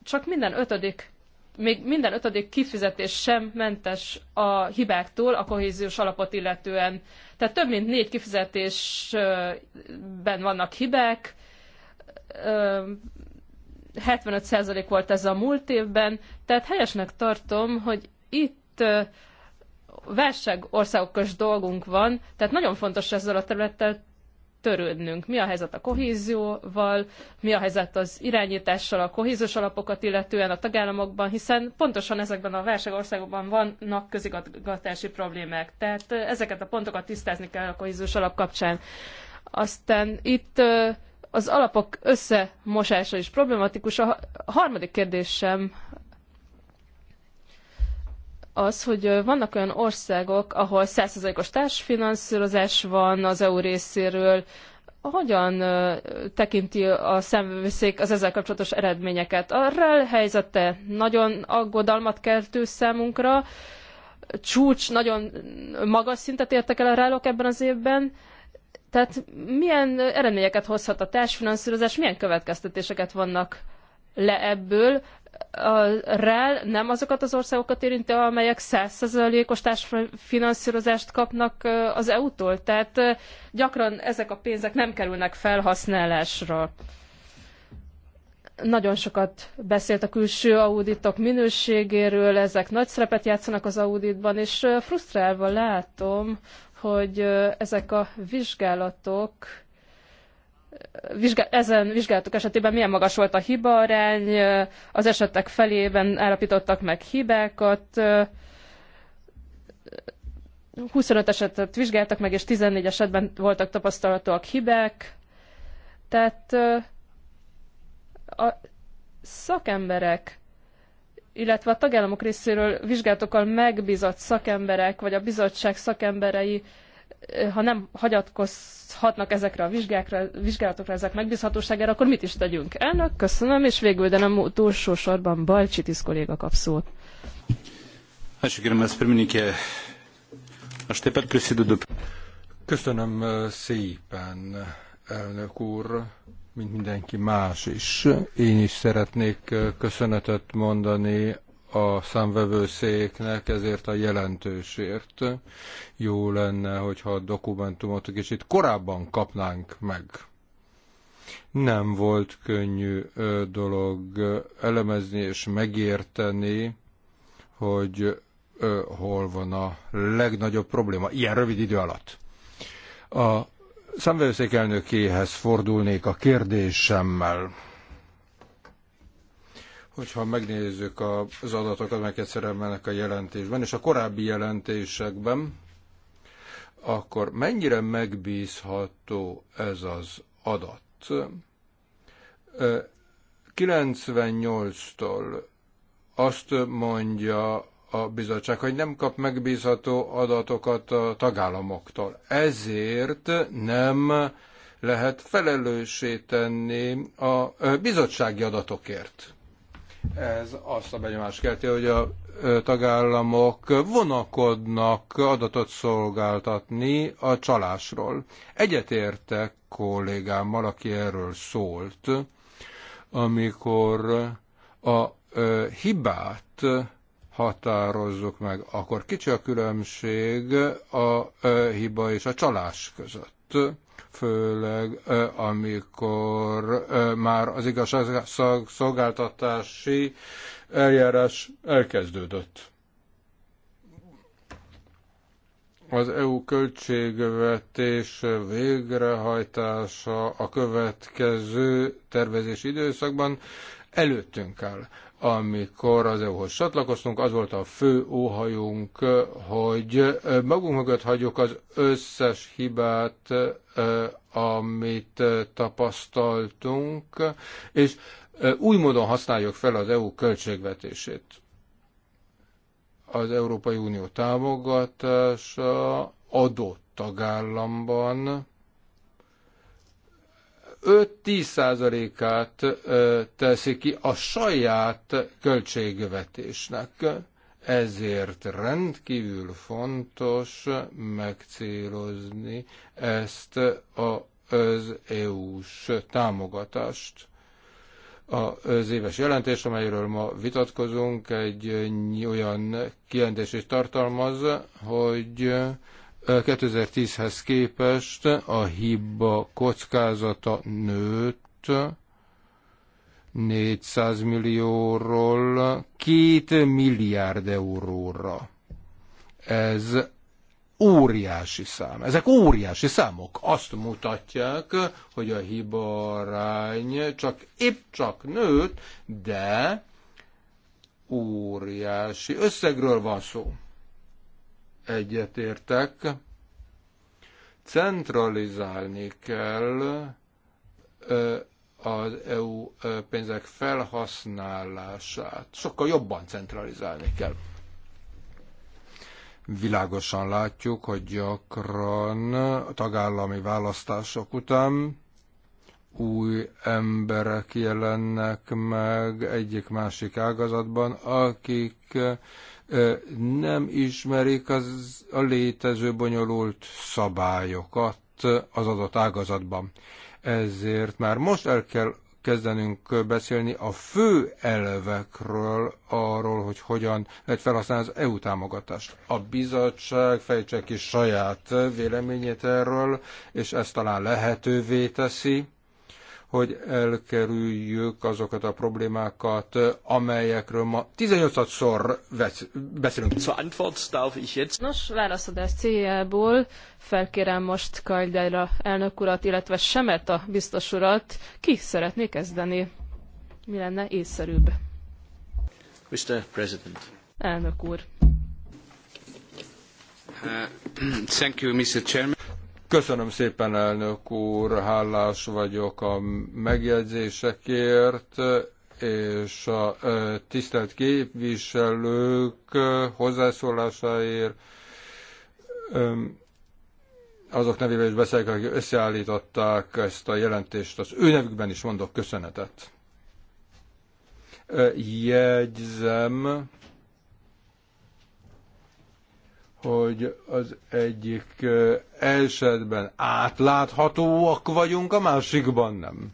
csak minden ötödik még minden ötödik kifizetés sem mentes a hibáktól a kohéziós alapot illetően. Tehát több mint négy kifizetésben vannak hibák, 75% volt ez a múlt évben, tehát helyesnek tartom, hogy itt válság országokos dolgunk van, tehát nagyon fontos ezzel a területtel törődnünk. Mi a helyzet a kohézióval, mi a helyzet az irányítással, a kohéziós alapokat illetően a tagállamokban, hiszen pontosan ezekben a országokban vannak közigazgatási problémák. Tehát ezeket a pontokat tisztázni kell a kohéziós alap kapcsán. Aztán itt az alapok összemosása is problematikus. A harmadik kérdésem az, hogy vannak olyan országok, ahol 100%-os társfinanszírozás van az EU részéről, hogyan tekinti a szemvőszék az ezzel kapcsolatos eredményeket? A REL helyzete nagyon aggodalmat keltő számunkra, csúcs, nagyon magas szintet értek el a rálok ebben az évben, tehát milyen eredményeket hozhat a társfinanszírozás, milyen következtetéseket vannak le ebből, a REL nem azokat az országokat érinti, amelyek 100%-os társfinanszírozást kapnak az EU-tól. Tehát gyakran ezek a pénzek nem kerülnek felhasználásra. Nagyon sokat beszélt a külső auditok minőségéről, ezek nagy szerepet játszanak az auditban, és frusztrálva látom, hogy ezek a vizsgálatok ezen vizsgálatok esetében milyen magas volt a arány, az esetek felében állapítottak meg hibákat, 25 esetet vizsgáltak meg, és 14 esetben voltak tapasztalatok hibák. Tehát a szakemberek, illetve a tagállamok részéről vizsgálatokkal megbízott szakemberek, vagy a bizottság szakemberei ha nem hagyatkozhatnak ezekre a vizsgákra, vizsgálatokra, ezek megbízhatóságára, akkor mit is tegyünk? Elnök, köszönöm, és végül, de nem utolsó sorban Balcsi tíz kolléga kap szót. Köszönöm szépen, elnök úr, mint mindenki más is. Én is szeretnék köszönetet mondani a számvevőszéknek ezért a jelentősért. Jó lenne, hogyha a dokumentumot egy kicsit korábban kapnánk meg. Nem volt könnyű dolog elemezni és megérteni, hogy hol van a legnagyobb probléma ilyen rövid idő alatt. A számvevőszék elnökéhez fordulnék a kérdésemmel hogyha megnézzük az adatokat, amelyeket szerepelnek a jelentésben, és a korábbi jelentésekben, akkor mennyire megbízható ez az adat? 98-tól azt mondja a bizottság, hogy nem kap megbízható adatokat a tagállamoktól. Ezért nem lehet felelőssé tenni a bizottsági adatokért. Ez azt a benyomást kelti, hogy a tagállamok vonakodnak adatot szolgáltatni a csalásról. Egyetértek kollégámmal, aki erről szólt, amikor a hibát határozzuk meg, akkor kicsi a különbség a hiba és a csalás között főleg amikor már az igazságszolgáltatási eljárás elkezdődött. Az EU költségvetés végrehajtása a következő tervezési időszakban előttünk áll amikor az EU-hoz csatlakoztunk, az volt a fő óhajunk, hogy magunk mögött hagyjuk az összes hibát, amit tapasztaltunk, és új módon használjuk fel az EU költségvetését. Az Európai Unió támogatása adott tagállamban 5-10%-át teszi ki a saját költségvetésnek. Ezért rendkívül fontos megcélozni ezt az EU-s támogatást az éves jelentés, amelyről ma vitatkozunk, egy olyan kijelentést tartalmaz, hogy 2010-hez képest a hiba kockázata nőtt 400 millióról 2 milliárd euróra. Ez óriási szám. Ezek óriási számok. Azt mutatják, hogy a hiba arány csak épp csak nőtt, de óriási összegről van szó. Egyetértek. Centralizálni kell az EU pénzek felhasználását. Sokkal jobban centralizálni kell. Világosan látjuk, hogy gyakran a tagállami választások után új emberek jelennek meg egyik-másik ágazatban, akik nem ismerik az, a létező bonyolult szabályokat az adott ágazatban. Ezért már most el kell kezdenünk beszélni a fő elvekről, arról, hogy hogyan lehet felhasználni az EU támogatást. A bizottság fejtse ki saját véleményét erről, és ezt talán lehetővé teszi, hogy elkerüljük azokat a problémákat, amelyekről ma 18-szor beszélünk. Nos, válaszadás céljából felkérem most Kajdára elnök urat, illetve Semet a biztos urat. Ki szeretné kezdeni? Mi lenne észszerűbb? Mr. President. Elnök úr. Uh, thank you, Mr. Chairman. Köszönöm szépen, elnök úr, hálás vagyok a megjegyzésekért, és a tisztelt képviselők hozzászólásáért azok nevében is beszéljek, akik összeállították ezt a jelentést, az ő nevükben is mondok köszönetet. Jegyzem, hogy az egyik eh, esetben átláthatóak vagyunk, a másikban nem.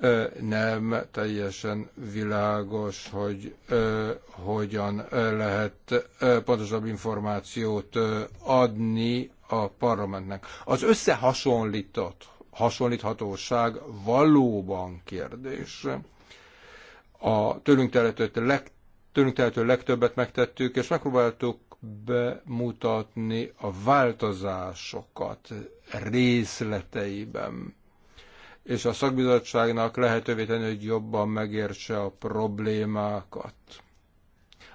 Eh, nem teljesen világos, hogy eh, hogyan lehet pontosabb információt adni a parlamentnek. Az összehasonlított hasonlíthatóság valóban kérdés. A tőlünk teletőt leg, legtöbbet megtettük, és megpróbáltuk bemutatni a változásokat részleteiben, és a szakbizottságnak lehetővé tenni, hogy jobban megértse a problémákat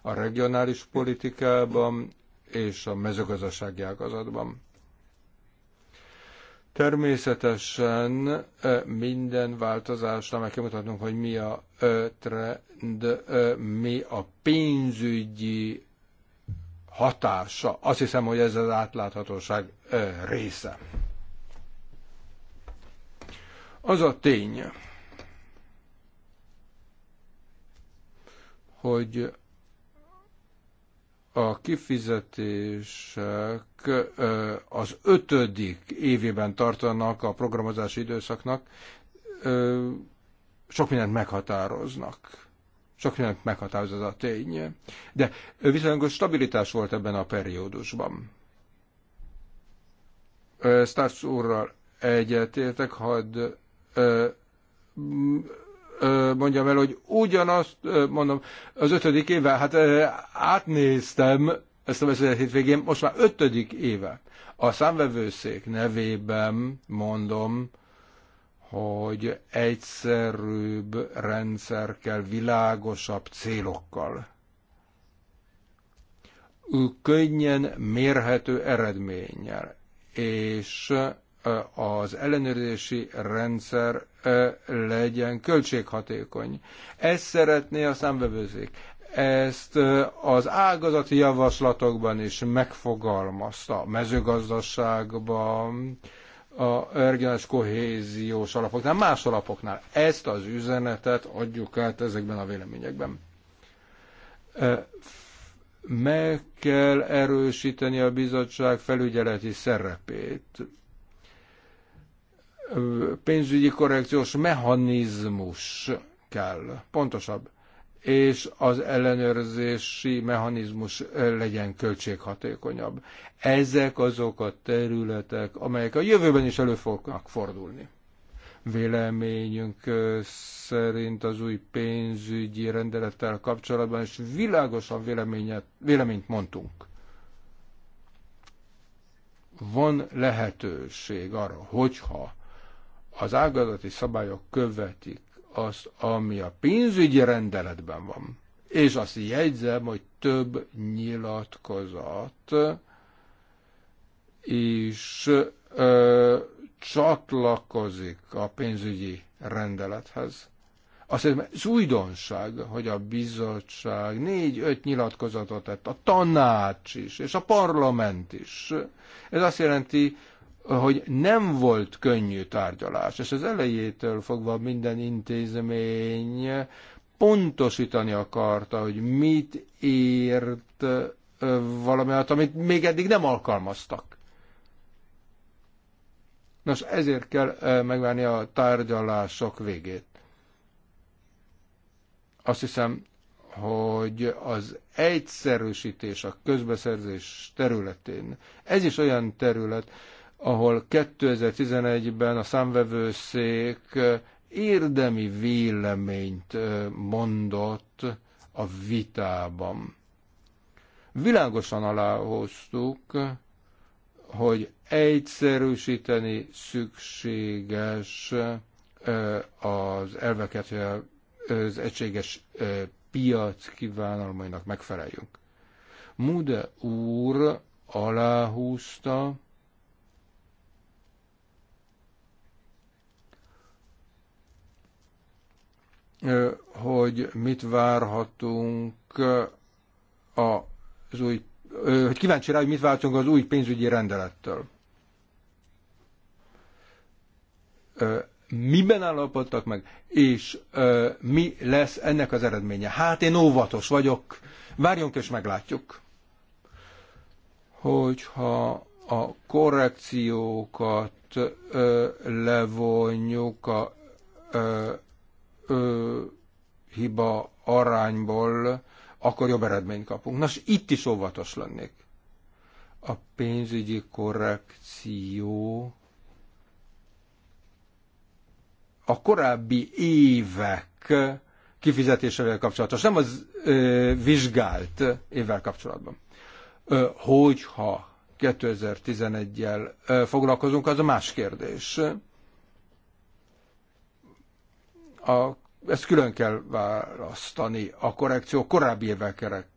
a regionális politikában és a mezőgazdasági ágazatban. Természetesen minden változásra meg kell mutatnunk, hogy mi a trend, mi a pénzügyi hatása. Azt hiszem, hogy ez az átláthatóság része. Az a tény, hogy a kifizetések az ötödik évében tartanak a programozási időszaknak, sok mindent meghatároznak meghatároz az a tény. De viszonylagos stabilitás volt ebben a periódusban. Starts úrral egyetértek, hadd mondjam el, hogy ugyanazt mondom, az ötödik éve, hát átnéztem ezt a beszédet hétvégén, most már ötödik éve. A számvevőszék nevében mondom, hogy egyszerűbb rendszer kell világosabb célokkal. Ő könnyen mérhető eredménnyel, és az ellenőrzési rendszer legyen költséghatékony. Ezt szeretné a számvevőzék. Ezt az ágazati javaslatokban is megfogalmazta, mezőgazdaságban, a regionális kohéziós alapoknál, más alapoknál. Ezt az üzenetet adjuk át ezekben a véleményekben. Meg kell erősíteni a bizottság felügyeleti szerepét. Pénzügyi korrekciós mechanizmus kell. Pontosabb és az ellenőrzési mechanizmus legyen költséghatékonyabb. Ezek azok a területek, amelyek a jövőben is elő fognak fordulni. Véleményünk szerint az új pénzügyi rendelettel kapcsolatban is világosan véleményet, véleményt mondtunk. Van lehetőség arra, hogyha az ágazati szabályok követik az, ami a pénzügyi rendeletben van. És azt jegyzem, hogy több nyilatkozat is ö, csatlakozik a pénzügyi rendelethez. Azt hiszem, ez újdonság, hogy a bizottság négy-öt nyilatkozatot tett, a tanács is, és a parlament is. Ez azt jelenti, hogy nem volt könnyű tárgyalás, és az elejétől fogva minden intézmény pontosítani akarta, hogy mit ért valami alatt, amit még eddig nem alkalmaztak. Nos, ezért kell megvárni a tárgyalások végét. Azt hiszem, hogy az egyszerűsítés a közbeszerzés területén, ez is olyan terület, ahol 2011-ben a számvevőszék érdemi véleményt mondott a vitában. Világosan aláhoztuk, hogy egyszerűsíteni szükséges az elveket, hogy az egységes piac kívánalmainak megfeleljünk. Mude úr aláhúzta, hogy mit várhatunk az új, hogy kíváncsi rá, hogy mit várhatunk az új pénzügyi rendelettől. Miben állapodtak meg, és mi lesz ennek az eredménye? Hát én óvatos vagyok, várjunk és meglátjuk. Hogyha a korrekciókat levonjuk a ö, hiba arányból, akkor jobb eredményt kapunk. Nos, itt is óvatos lennék. A pénzügyi korrekció a korábbi évek kifizetésével kapcsolatos, nem az ö, vizsgált évvel kapcsolatban. Ö, hogyha 2011-jel foglalkozunk, az a más kérdés. A, ezt külön kell választani. A korrekció korábbi évekre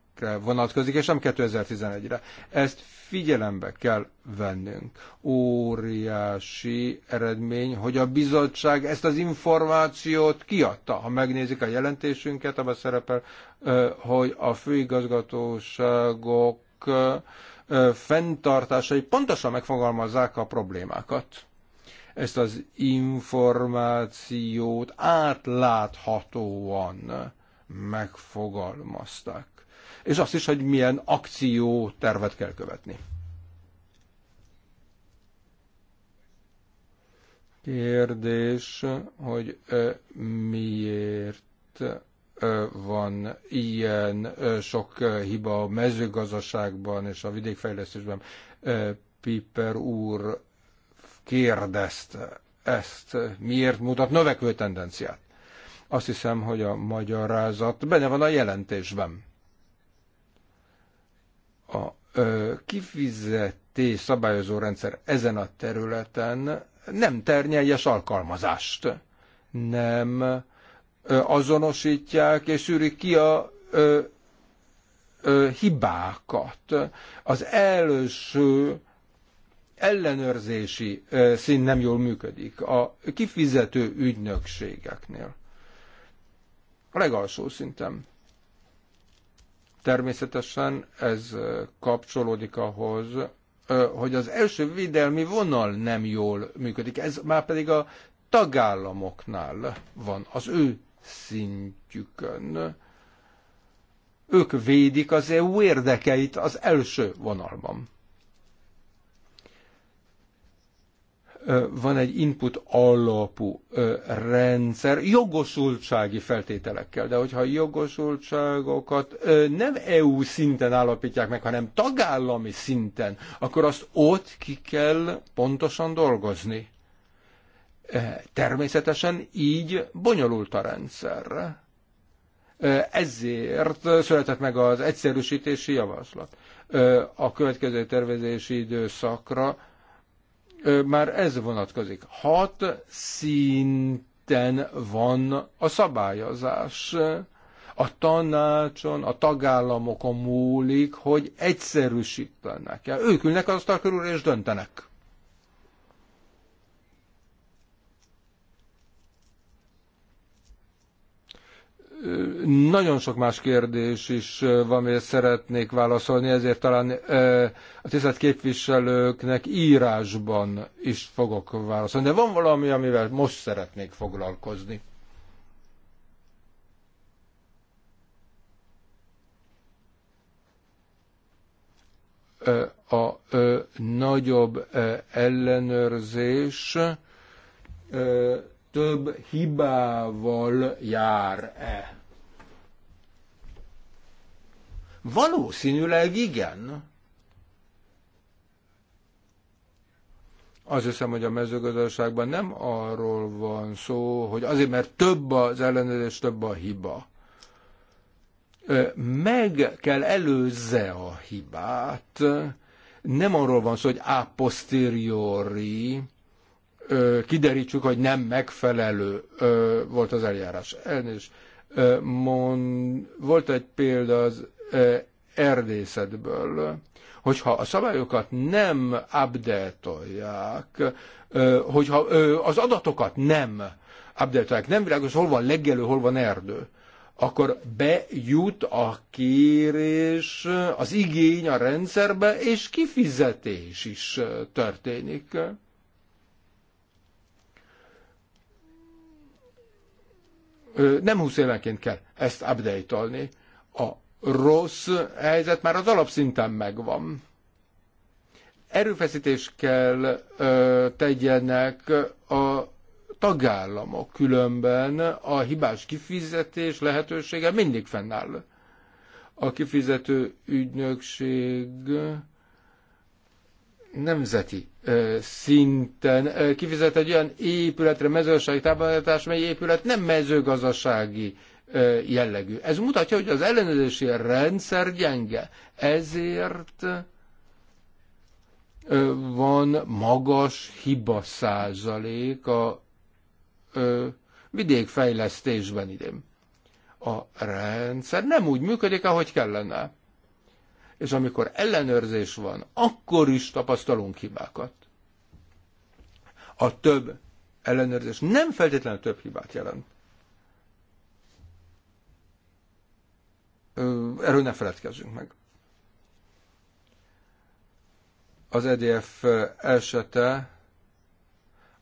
vonatkozik, és nem 2011-re. Ezt figyelembe kell vennünk. Óriási eredmény, hogy a bizottság ezt az információt kiadta. Ha megnézik a jelentésünket, abban szerepel, hogy a főigazgatóságok fenntartásai pontosan megfogalmazzák a problémákat ezt az információt átláthatóan megfogalmazták. És azt is, hogy milyen akciótervet kell követni. Kérdés, hogy miért van ilyen sok hiba a mezőgazdaságban és a vidékfejlesztésben. Piper úr kérdezte ezt, miért mutat növekvő tendenciát. Azt hiszem, hogy a magyarázat benne van a jelentésben. A ö, kifizetés szabályozó rendszer ezen a területen nem ternyeljes alkalmazást. Nem ö, azonosítják és szűrik ki a ö, ö, hibákat. Az első ellenőrzési szín nem jól működik a kifizető ügynökségeknél. A legalsó szinten. Természetesen ez kapcsolódik ahhoz, hogy az első védelmi vonal nem jól működik. Ez már pedig a tagállamoknál van, az ő szintjükön. Ők védik az EU érdekeit az első vonalban. van egy input alapú rendszer jogosultsági feltételekkel, de hogyha jogosultságokat nem EU szinten állapítják meg, hanem tagállami szinten, akkor azt ott ki kell pontosan dolgozni. Természetesen így bonyolult a rendszer. Ezért született meg az egyszerűsítési javaslat. A következő tervezési időszakra már ez vonatkozik. Hat szinten van a szabályozás. A tanácson, a tagállamokon múlik, hogy egyszerűsítenek. Ők ülnek az asztal körül és döntenek. nagyon sok más kérdés is van, amire szeretnék válaszolni, ezért talán a tisztelt képviselőknek írásban is fogok válaszolni. De van valami, amivel most szeretnék foglalkozni. A nagyobb ellenőrzés több hibával jár-e? Valószínűleg igen. Azt hiszem, hogy a mezőgazdaságban nem arról van szó, hogy azért, mert több az ellenőrzés, több a hiba. Meg kell előzze a hibát. Nem arról van szó, hogy a posteriori kiderítsük, hogy nem megfelelő volt az eljárás. Elnézést. Mond, volt egy példa az erdészetből, hogyha a szabályokat nem updatolják, hogyha az adatokat nem updatolják, nem világos, hol van legelő, hol van erdő, akkor bejut a kérés, az igény a rendszerbe, és kifizetés is történik. nem 20 évenként kell ezt update-olni. A rossz helyzet már az alapszinten megvan. Erőfeszítés kell tegyenek a tagállamok, különben a hibás kifizetés lehetősége mindig fennáll. A kifizető ügynökség nemzeti szinten kifizet egy olyan épületre mezőgazdasági támogatás, mely épület nem mezőgazdasági jellegű. Ez mutatja, hogy az ellenőrzési rendszer gyenge. Ezért van magas hiba százalék a vidékfejlesztésben idén. A rendszer nem úgy működik, ahogy kellene és amikor ellenőrzés van, akkor is tapasztalunk hibákat. A több ellenőrzés nem feltétlenül több hibát jelent. Erről ne feledkezzünk meg. Az EDF esete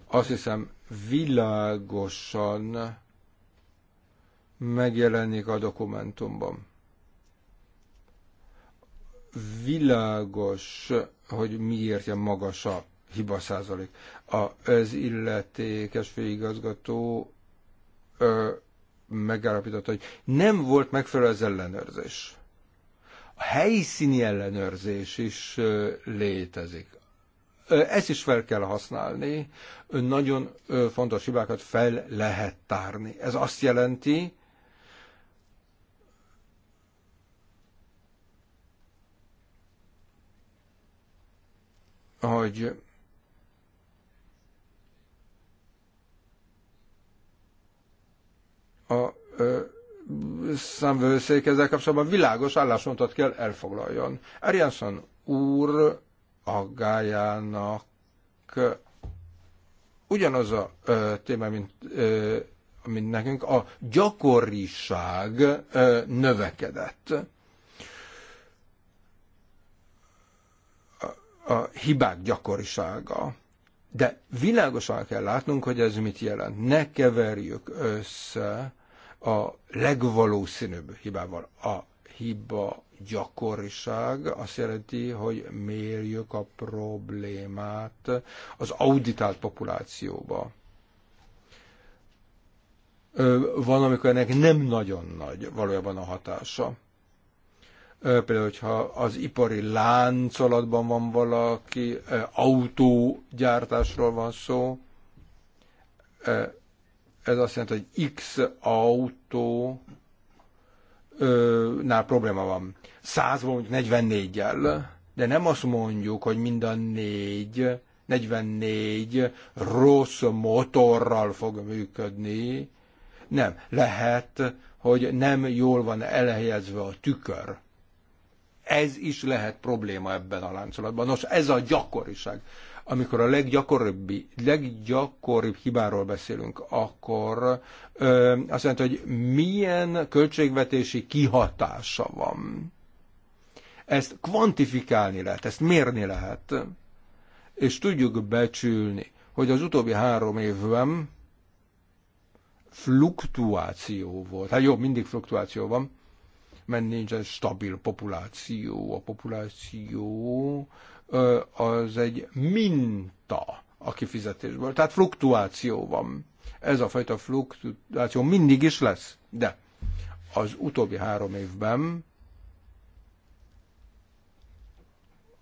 azt hiszem világosan megjelenik a dokumentumban világos, hogy miért ilyen magas a hiba százalék. A ez illetékes főigazgató ö, megállapította, hogy nem volt megfelelő az ellenőrzés. A helyszíni ellenőrzés is ö, létezik. Ö, ezt is fel kell használni. Nagyon ö, fontos hibákat fel lehet tárni. Ez azt jelenti, hogy a számvőszék ezzel kapcsolatban világos álláspontot kell elfoglaljon. Arianson úr aggájának ugyanaz a ö, téma, mint, ö, mint nekünk, a gyakoriság ö, növekedett. a hibák gyakorisága. De világosan kell látnunk, hogy ez mit jelent. Ne keverjük össze a legvalószínűbb hibával. A hiba gyakoriság azt jelenti, hogy mérjük a problémát az auditált populációba. Van, amikor ennek nem nagyon nagy valójában a hatása. Például, hogyha az ipari láncolatban van valaki, autógyártásról van szó, ez azt jelenti, hogy X autó nál probléma van. 100 mondjuk 44 el de nem azt mondjuk, hogy mind a négy, 44 rossz motorral fog működni. Nem, lehet, hogy nem jól van elhelyezve a tükör ez is lehet probléma ebben a láncolatban. Nos, ez a gyakoriság. Amikor a leggyakoribb, leggyakoribb hibáról beszélünk, akkor ö, azt jelenti, hogy milyen költségvetési kihatása van. Ezt kvantifikálni lehet, ezt mérni lehet, és tudjuk becsülni, hogy az utóbbi három évben fluktuáció volt. Hát jó, mindig fluktuáció van mert nincsen stabil populáció. A populáció az egy minta a kifizetésből, tehát fluktuáció van. Ez a fajta fluktuáció mindig is lesz, de az utóbbi három évben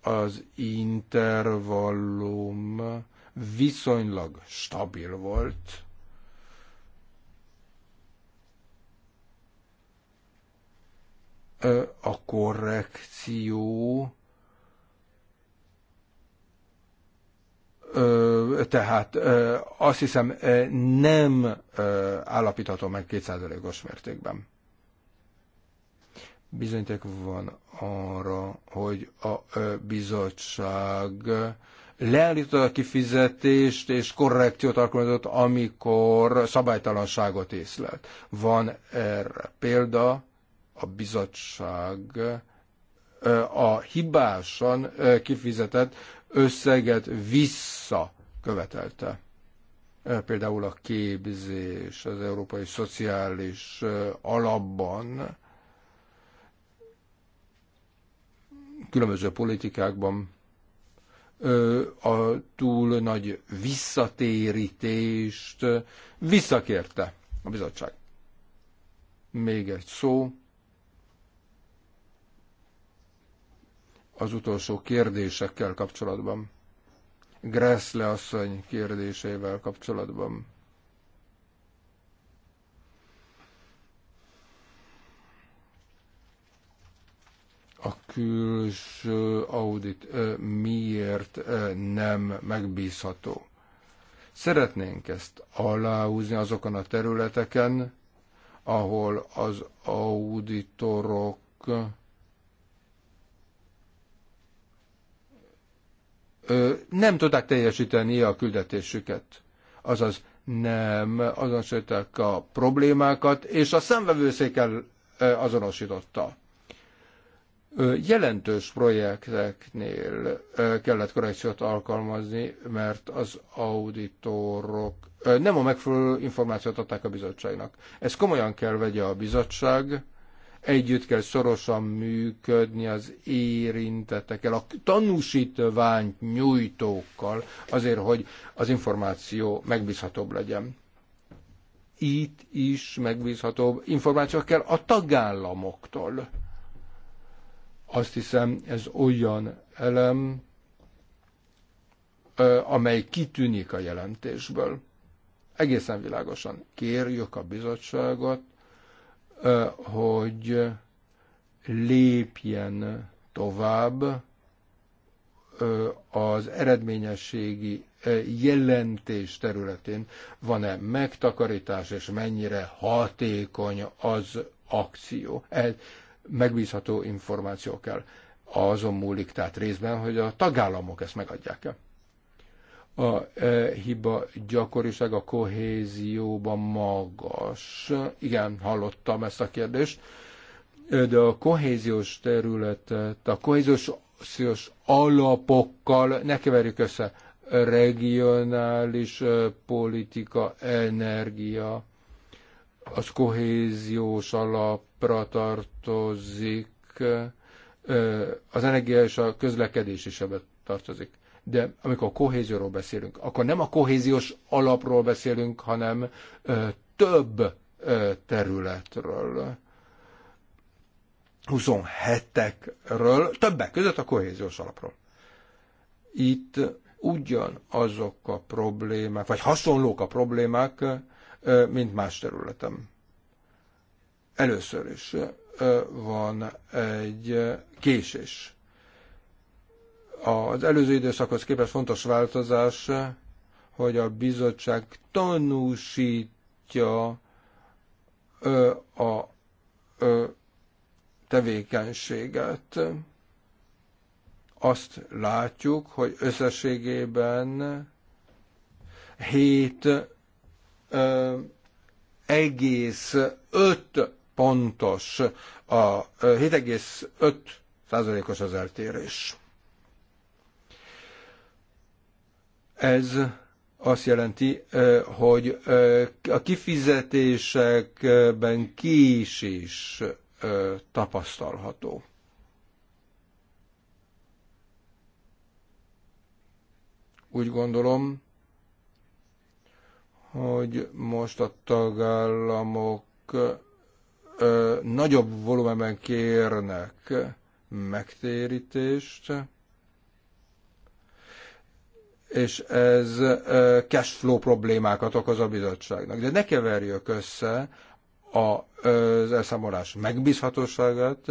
az intervallum viszonylag stabil volt, a korrekció tehát azt hiszem nem állapítható meg 2%-os mértékben. Bizonyíték van arra, hogy a bizottság leállította a kifizetést és korrekciót alkalmazott, amikor szabálytalanságot észlelt. Van erre példa, a bizottság a hibásan kifizetett összeget visszakövetelte. Például a képzés az Európai Szociális Alapban, különböző politikákban a túl nagy visszatérítést visszakérte a bizottság. Még egy szó az utolsó kérdésekkel kapcsolatban. Gressle asszony kérdésével kapcsolatban. a külső audit miért nem megbízható. Szeretnénk ezt aláhúzni azokon a területeken, ahol az auditorok nem tudták teljesíteni a küldetésüket. Azaz nem azonosították a problémákat, és a szemvevőszékkel azonosította. Jelentős projekteknél kellett korrekciót alkalmazni, mert az auditorok nem a megfelelő információt adták a bizottságnak. Ezt komolyan kell vegye a bizottság, Együtt kell szorosan működni az érintetekkel, a tanúsítványt nyújtókkal, azért, hogy az információ megbízhatóbb legyen. Itt is megbízhatóbb információ kell a tagállamoktól. Azt hiszem, ez olyan elem, amely kitűnik a jelentésből. Egészen világosan kérjük a bizottságot, hogy lépjen tovább az eredményességi jelentés területén van-e megtakarítás, és mennyire hatékony az akció. Ez megbízható információ kell. Azon múlik tehát részben, hogy a tagállamok ezt megadják-e a e, hiba gyakoriság a kohézióban magas. Igen, hallottam ezt a kérdést, de a kohéziós területet, a kohéziós alapokkal ne keverjük össze regionális politika, energia, az kohéziós alapra tartozik, az energia és a közlekedés is ebbe tartozik de amikor a kohézióról beszélünk, akkor nem a kohéziós alapról beszélünk, hanem ö, több ö, területről. 27-ekről, többek között a kohéziós alapról. Itt ugyanazok a problémák, vagy hasonlók a problémák, mint más területem. Először is van egy késés az előző időszakhoz képest fontos változás, hogy a bizottság tanúsítja ö, a ö, tevékenységet. Azt látjuk, hogy összességében hét ö, egész öt pontos, a 7,5 százalékos az eltérés. Ez azt jelenti, hogy a kifizetésekben kis is tapasztalható. Úgy gondolom, hogy most a tagállamok nagyobb volumenben kérnek megtérítést, és ez cash flow problémákat okoz a bizottságnak. De ne keverjük össze az elszámolás megbízhatóságát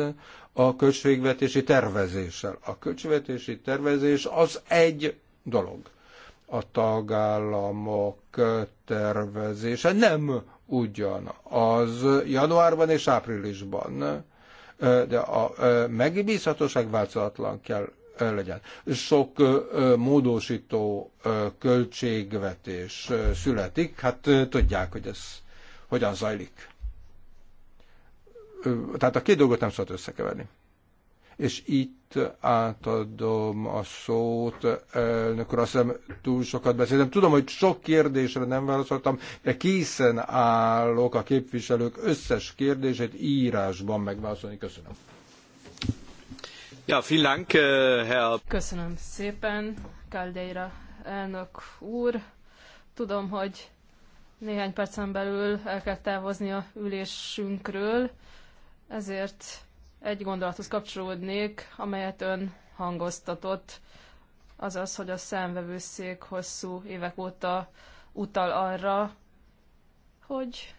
a költségvetési tervezéssel. A költségvetési tervezés az egy dolog. A tagállamok tervezése nem ugyanaz januárban és áprilisban, de a megbízhatóság változatlan kell legyen. Sok módosító költségvetés születik, hát tudják, hogy ez hogyan zajlik. Tehát a két dolgot nem szabad összekeverni. És itt átadom a szót, elnök úr, azt hiszem túl sokat beszéltem. Tudom, hogy sok kérdésre nem válaszoltam, de készen állok a képviselők összes kérdését írásban megválaszolni. Köszönöm. Ja, vielen Dank, äh, Herr. Köszönöm szépen, Caldeira elnök úr. Tudom, hogy néhány percen belül el kell távozni a ülésünkről, ezért egy gondolathoz kapcsolódnék, amelyet ön hangoztatott, azaz, hogy a számvevőszék hosszú évek óta utal arra, hogy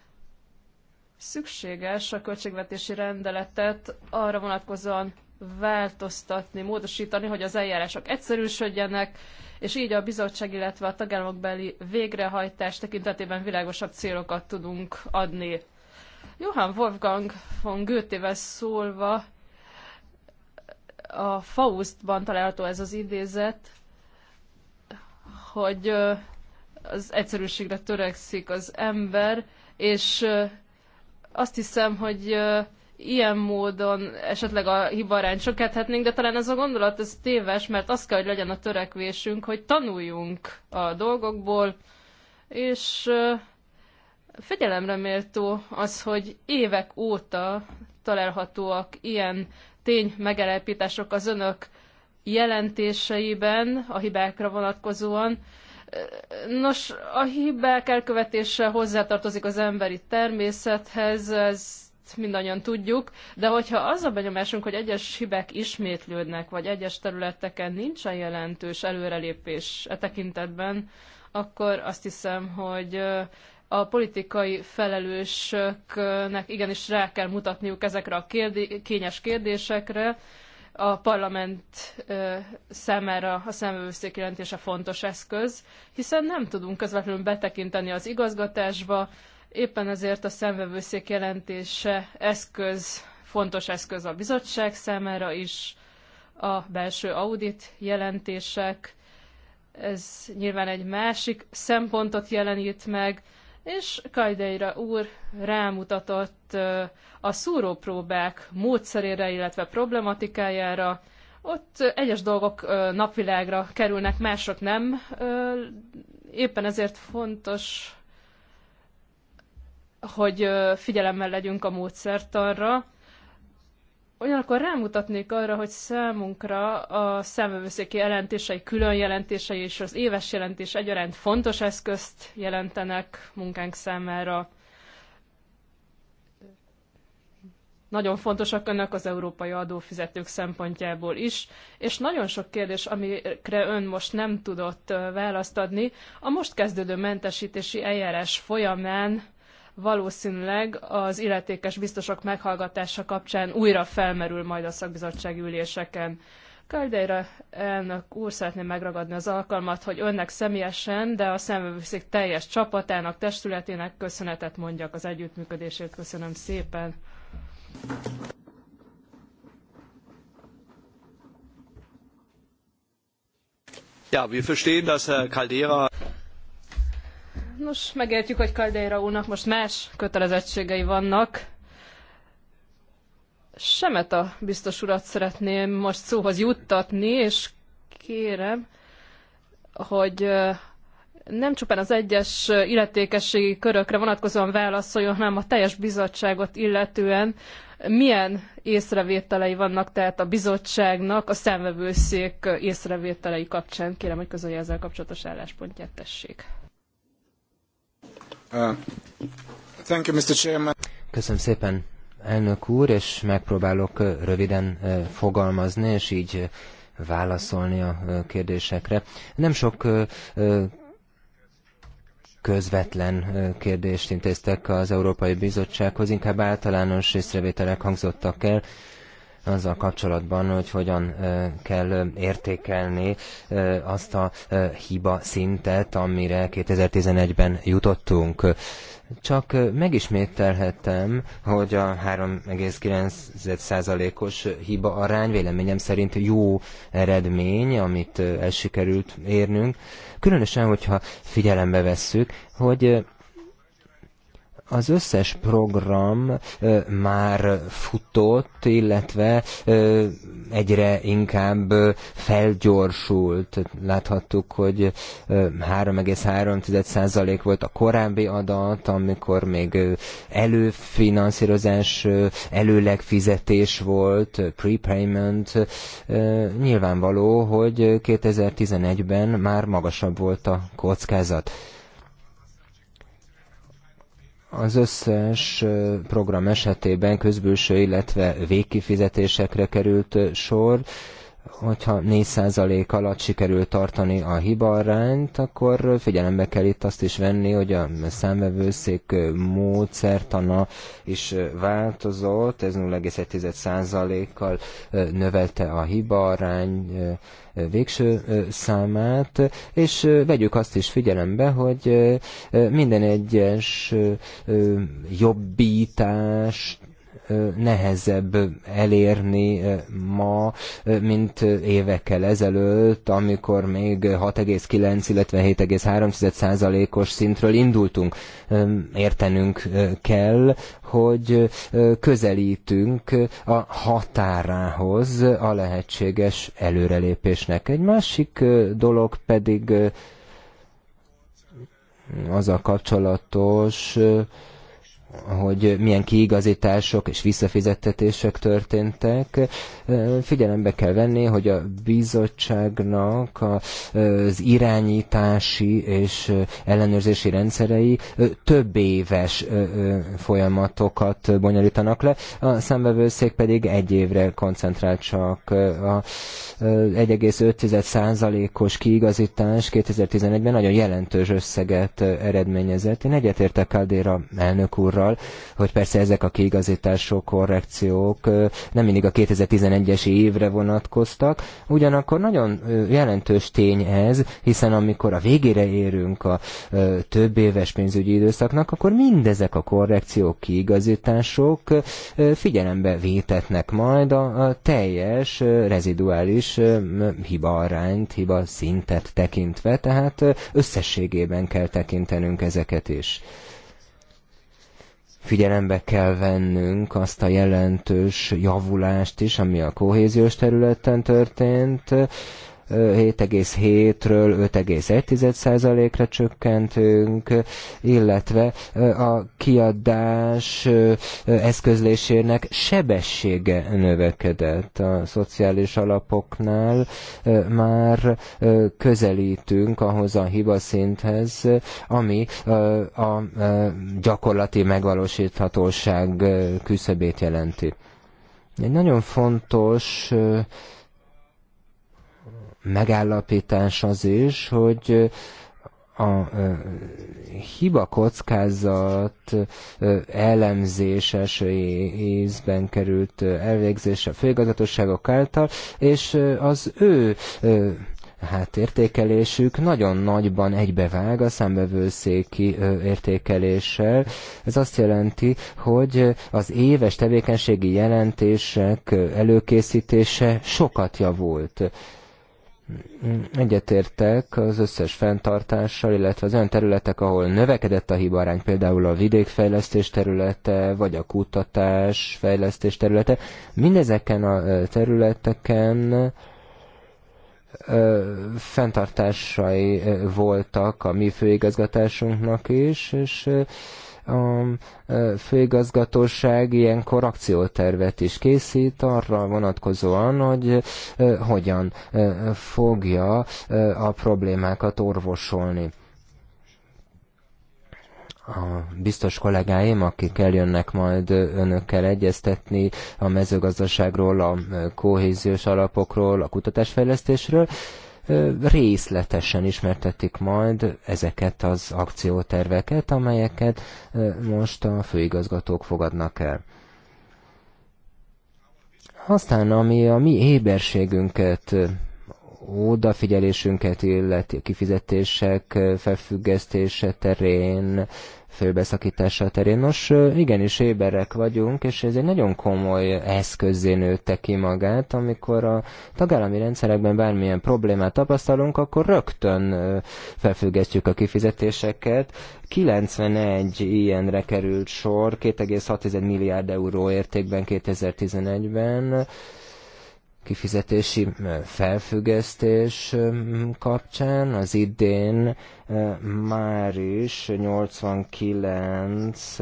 szükséges a költségvetési rendeletet arra vonatkozóan változtatni, módosítani, hogy az eljárások egyszerűsödjenek, és így a bizottság, illetve a tagállamokbeli végrehajtás tekintetében világosabb célokat tudunk adni. Johann Wolfgang von goethe szólva, a Faustban található ez az idézet, hogy az egyszerűségre törekszik az ember, és azt hiszem, hogy ilyen módon esetleg a hibarány csökkenthetnénk, de talán ez a gondolat ez téves, mert az kell, hogy legyen a törekvésünk, hogy tanuljunk a dolgokból, és figyelemre méltó az, hogy évek óta találhatóak ilyen tény megelepítások az önök jelentéseiben a hibákra vonatkozóan. Nos, a hibák elkövetése hozzátartozik az emberi természethez, ez ezt mindannyian tudjuk, de hogyha az a benyomásunk, hogy egyes hibák ismétlődnek, vagy egyes területeken nincsen jelentős előrelépés e tekintetben, akkor azt hiszem, hogy a politikai felelősöknek igenis rá kell mutatniuk ezekre a kérdé- kényes kérdésekre, a parlament ö, számára a szemvőszék jelentése fontos eszköz, hiszen nem tudunk közvetlenül betekinteni az igazgatásba, Éppen ezért a szemvevőszék jelentése eszköz, fontos eszköz a bizottság számára is, a belső audit jelentések, ez nyilván egy másik szempontot jelenít meg, és Kajdeira úr rámutatott a szúrópróbák módszerére, illetve problematikájára. Ott egyes dolgok napvilágra kerülnek, mások nem. Éppen ezért fontos hogy figyelemmel legyünk a módszertanra. Ugyanakkor rámutatnék arra, hogy számunkra a számvevőszéki jelentései, külön jelentései és az éves jelentés egyaránt fontos eszközt jelentenek munkánk számára. nagyon fontosak önök az európai adófizetők szempontjából is, és nagyon sok kérdés, amikre ön most nem tudott választ adni, a most kezdődő mentesítési eljárás folyamán valószínűleg az illetékes biztosok meghallgatása kapcsán újra felmerül majd a szakbizottsági üléseken. Kaldeira elnök úr szeretné megragadni az alkalmat, hogy önnek személyesen, de a szemvőszék teljes csapatának, testületének köszönetet mondjak az együttműködésért. Köszönöm szépen! Ja, wir verstehen, dass Herr Caldera Nos, megértjük, hogy Caldeira úrnak most más kötelezettségei vannak. Semeta biztos urat szeretném most szóhoz juttatni, és kérem, hogy nem csupán az egyes illetékességi körökre vonatkozóan válaszoljon, hanem a teljes bizottságot illetően milyen észrevételei vannak tehát a bizottságnak a számvevőszék észrevételei kapcsán. Kérem, hogy közölje ezzel kapcsolatos álláspontját tessék. Uh, Köszönöm szépen, elnök úr, és megpróbálok uh, röviden uh, fogalmazni, és így válaszolni a kérdésekre. Nem sok közvetlen kérdést intéztek az Európai Bizottsághoz, inkább általános észrevételek hangzottak el azzal kapcsolatban, hogy hogyan kell értékelni azt a hiba szintet, amire 2011-ben jutottunk. Csak megismételhetem, hogy a 3,9%-os hiba arány véleményem szerint jó eredmény, amit el sikerült érnünk. Különösen, hogyha figyelembe vesszük, hogy az összes program már futott, illetve egyre inkább felgyorsult. Láthattuk, hogy 3,3% volt a korábbi adat, amikor még előfinanszírozás, fizetés volt, prepayment. Nyilvánvaló, hogy 2011-ben már magasabb volt a kockázat. Az összes program esetében közbülső, illetve végkifizetésekre került sor, hogyha 4% alatt sikerül tartani a arányt, akkor figyelembe kell itt azt is venni, hogy a számvevőszék módszertana is változott, ez 0,1%-kal növelte a arány végső számát, és vegyük azt is figyelembe, hogy minden egyes jobbítást nehezebb elérni ma, mint évekkel ezelőtt, amikor még 6,9, illetve 73 százalékos szintről indultunk. Értenünk kell, hogy közelítünk a határához a lehetséges előrelépésnek. Egy másik dolog pedig az a kapcsolatos, hogy milyen kiigazítások és visszafizettetések történtek. Figyelembe kell venni, hogy a bizottságnak az irányítási és ellenőrzési rendszerei több éves folyamatokat bonyolítanak le, a szembevőszék pedig egy évre koncentrál csak. A 1,5%-os kiigazítás 2011-ben nagyon jelentős összeget eredményezett. Én egyetértek Kaldéra elnök úrra, úrral, hogy persze ezek a kiigazítások, korrekciók nem mindig a 2011-es évre vonatkoztak, ugyanakkor nagyon jelentős tény ez, hiszen amikor a végére érünk a több éves pénzügyi időszaknak, akkor mindezek a korrekciók, kiigazítások figyelembe vétetnek majd a teljes reziduális arányt, hiba szintet tekintve, tehát összességében kell tekintenünk ezeket is figyelembe kell vennünk azt a jelentős javulást is, ami a kohéziós területen történt, 7,7-ről 5,1%-ra csökkentünk, illetve a kiadás eszközlésének sebessége növekedett a szociális alapoknál, már közelítünk ahhoz a hibaszinthez, ami a gyakorlati megvalósíthatóság küszöbét jelenti. Egy nagyon fontos megállapítás az is, hogy a hiba kockázat elemzés első ízben került elvégzése a főigazgatóságok által, és az ő hát értékelésük nagyon nagyban egybevág a számbevőszéki értékeléssel. Ez azt jelenti, hogy az éves tevékenységi jelentések előkészítése sokat javult egyetértek az összes fenntartással, illetve az olyan területek, ahol növekedett a hibarány, például a vidékfejlesztés területe, vagy a kutatás fejlesztés területe, mindezeken a területeken fenntartásai voltak a mi főigazgatásunknak is, és ö, a főigazgatóság ilyenkor akciótervet is készít arra vonatkozóan, hogy hogyan fogja a problémákat orvosolni a biztos kollégáim, akik eljönnek majd önökkel egyeztetni a mezőgazdaságról, a kohéziós alapokról, a kutatásfejlesztésről, részletesen ismertetik majd ezeket az akcióterveket, amelyeket most a főigazgatók fogadnak el. Aztán, ami a mi éberségünket odafigyelésünket illeti a kifizetések felfüggesztése terén, főbeszakítása terén. Nos, igenis éberek vagyunk, és ez egy nagyon komoly eszközé nőtte ki magát, amikor a tagállami rendszerekben bármilyen problémát tapasztalunk, akkor rögtön felfüggesztjük a kifizetéseket. 91 ilyenre került sor, 2,6 milliárd euró értékben 2011-ben, kifizetési felfüggesztés kapcsán. Az idén már is 89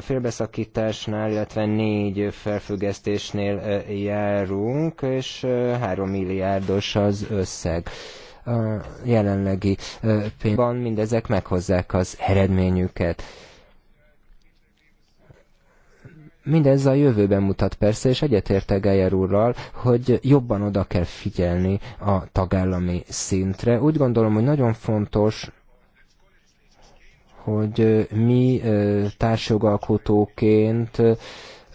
félbeszakításnál, illetve négy felfüggesztésnél járunk, és 3 milliárdos az összeg. A jelenlegi pénzben mindezek meghozzák az eredményüket. Mindez a jövőben mutat persze, és egyetérte Geyer úrral, hogy jobban oda kell figyelni a tagállami szintre. Úgy gondolom, hogy nagyon fontos, hogy mi társjogalkotóként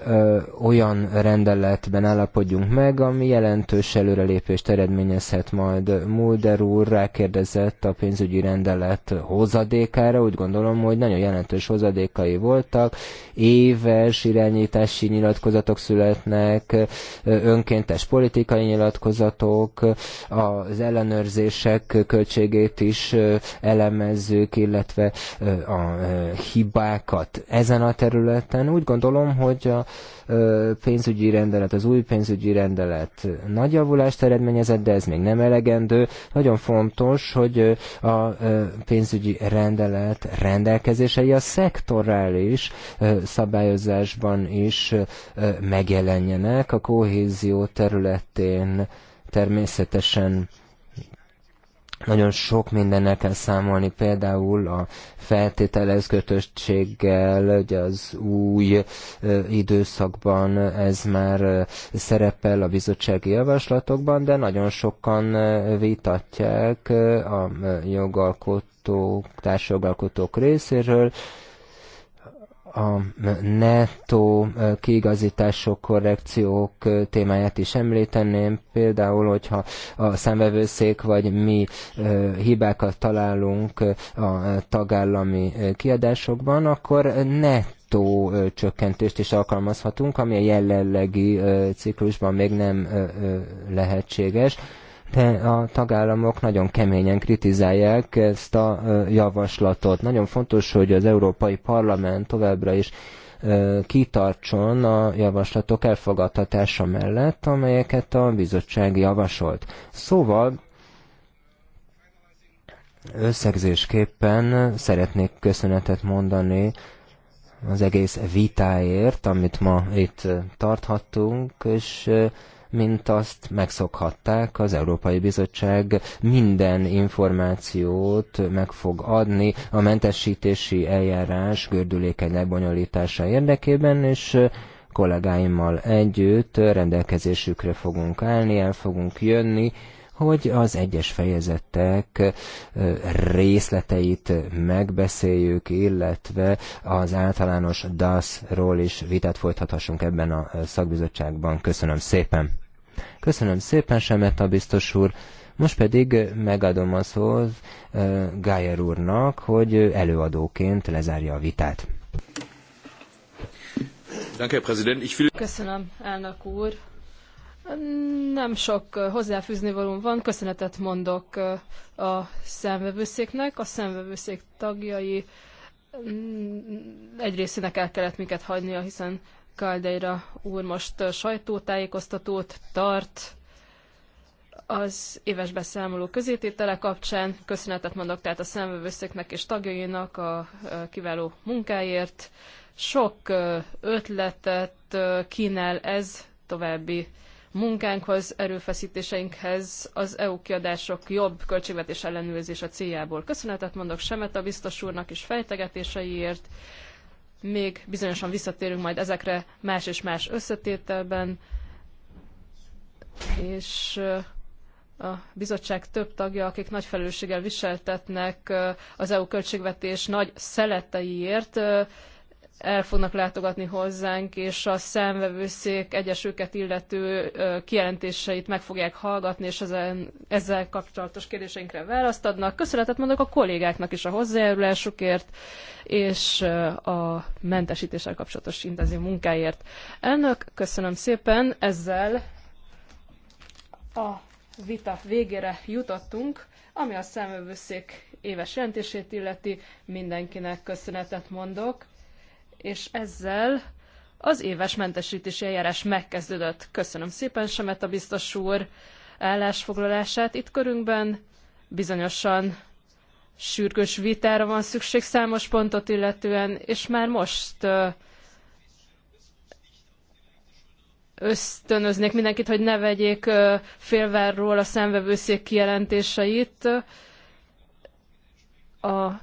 ö, olyan rendeletben állapodjunk meg, ami jelentős előrelépést eredményezhet majd. Mulder úr rákérdezett a pénzügyi rendelet hozadékára, úgy gondolom, hogy nagyon jelentős hozadékai voltak, éves irányítási nyilatkozatok születnek, önkéntes politikai nyilatkozatok, az ellenőrzések költségét is elemezzük, illetve a hibákat ezen a területen. Úgy gondolom, hogy a pénzügyi rendelet, az új pénzügyi rendelet nagy javulást eredményezett, de ez még nem elegendő. Nagyon fontos, hogy a pénzügyi rendelet rendelkezései a szektorális szabályozásban is megjelenjenek a kohézió területén természetesen nagyon sok mindennel kell számolni, például a feltételez kötöttséggel, ugye az új ö, időszakban ez már ö, szerepel a bizottsági javaslatokban, de nagyon sokan ö, vitatják ö, a jogalkotók, társjogalkotók részéről, a netto kiigazítások, korrekciók témáját is említeném, például, hogyha a szemvevőszék vagy mi hibákat találunk a tagállami kiadásokban, akkor netto csökkentést is alkalmazhatunk, ami a jelenlegi ciklusban még nem lehetséges de a tagállamok nagyon keményen kritizálják ezt a javaslatot. Nagyon fontos, hogy az Európai Parlament továbbra is kitartson a javaslatok elfogadtatása mellett, amelyeket a bizottság javasolt. Szóval összegzésképpen szeretnék köszönetet mondani az egész vitáért, amit ma itt tarthattunk, és mint azt megszokhatták, az Európai Bizottság minden információt meg fog adni a mentesítési eljárás gördülékeny lebonyolítása érdekében, és kollégáimmal együtt rendelkezésükre fogunk állni, el fogunk jönni, hogy az egyes fejezetek részleteit megbeszéljük, illetve az általános DAS-ról is vitát folytathassunk ebben a szakbizottságban. Köszönöm szépen! Köszönöm szépen, Semeta biztos úr! Most pedig megadom a szót Gájer úrnak, hogy előadóként lezárja a vitát. Köszönöm, elnök úr! Nem sok hozzáfűzni valóm van. Köszönetet mondok a szemvevőszéknek. A szemvevőszék tagjai mm, egy részének el kellett minket hagynia, hiszen Kaldeira úr most sajtótájékoztatót tart az éves beszámoló közététele kapcsán. Köszönetet mondok tehát a szemvevőszéknek és tagjainak a kiváló munkáért. Sok ötletet kínál ez további munkánkhoz, erőfeszítéseinkhez az EU kiadások jobb költségvetés ellenőrzése céljából. Köszönetet mondok Semet a biztos úrnak is fejtegetéseiért. Még bizonyosan visszatérünk majd ezekre más és más összetételben, és a bizottság több tagja, akik nagy felelősséggel viseltetnek az EU költségvetés nagy szeleteiért, el fognak látogatni hozzánk, és a számvevőszék egyesüket illető kijelentéseit meg fogják hallgatni, és ezen, ezzel kapcsolatos kérdéseinkre választ adnak. Köszönetet mondok a kollégáknak is a hozzájárulásukért, és a mentesítéssel kapcsolatos intenzív munkáért. Elnök, köszönöm szépen, ezzel a vita végére jutottunk, ami a számövőszék éves jelentését illeti. Mindenkinek köszönetet mondok és ezzel az éves mentesítési eljárás megkezdődött. Köszönöm szépen Semet a biztos úr állásfoglalását itt körünkben. Bizonyosan sürgős vitára van szükség számos pontot illetően, és már most ösztönöznék mindenkit, hogy ne vegyék félvárról a szemvevőszék kijelentéseit. A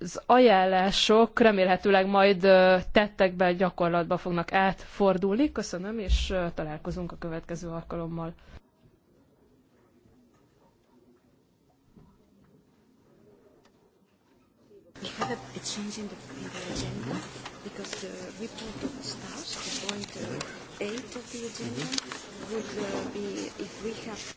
az ajánlások remélhetőleg majd tettekbe, gyakorlatba fognak átfordulni. Köszönöm, és találkozunk a következő alkalommal. We have a change in the, in the agenda because uh, the report of the point uh, eight of the agenda, would uh, be if we have.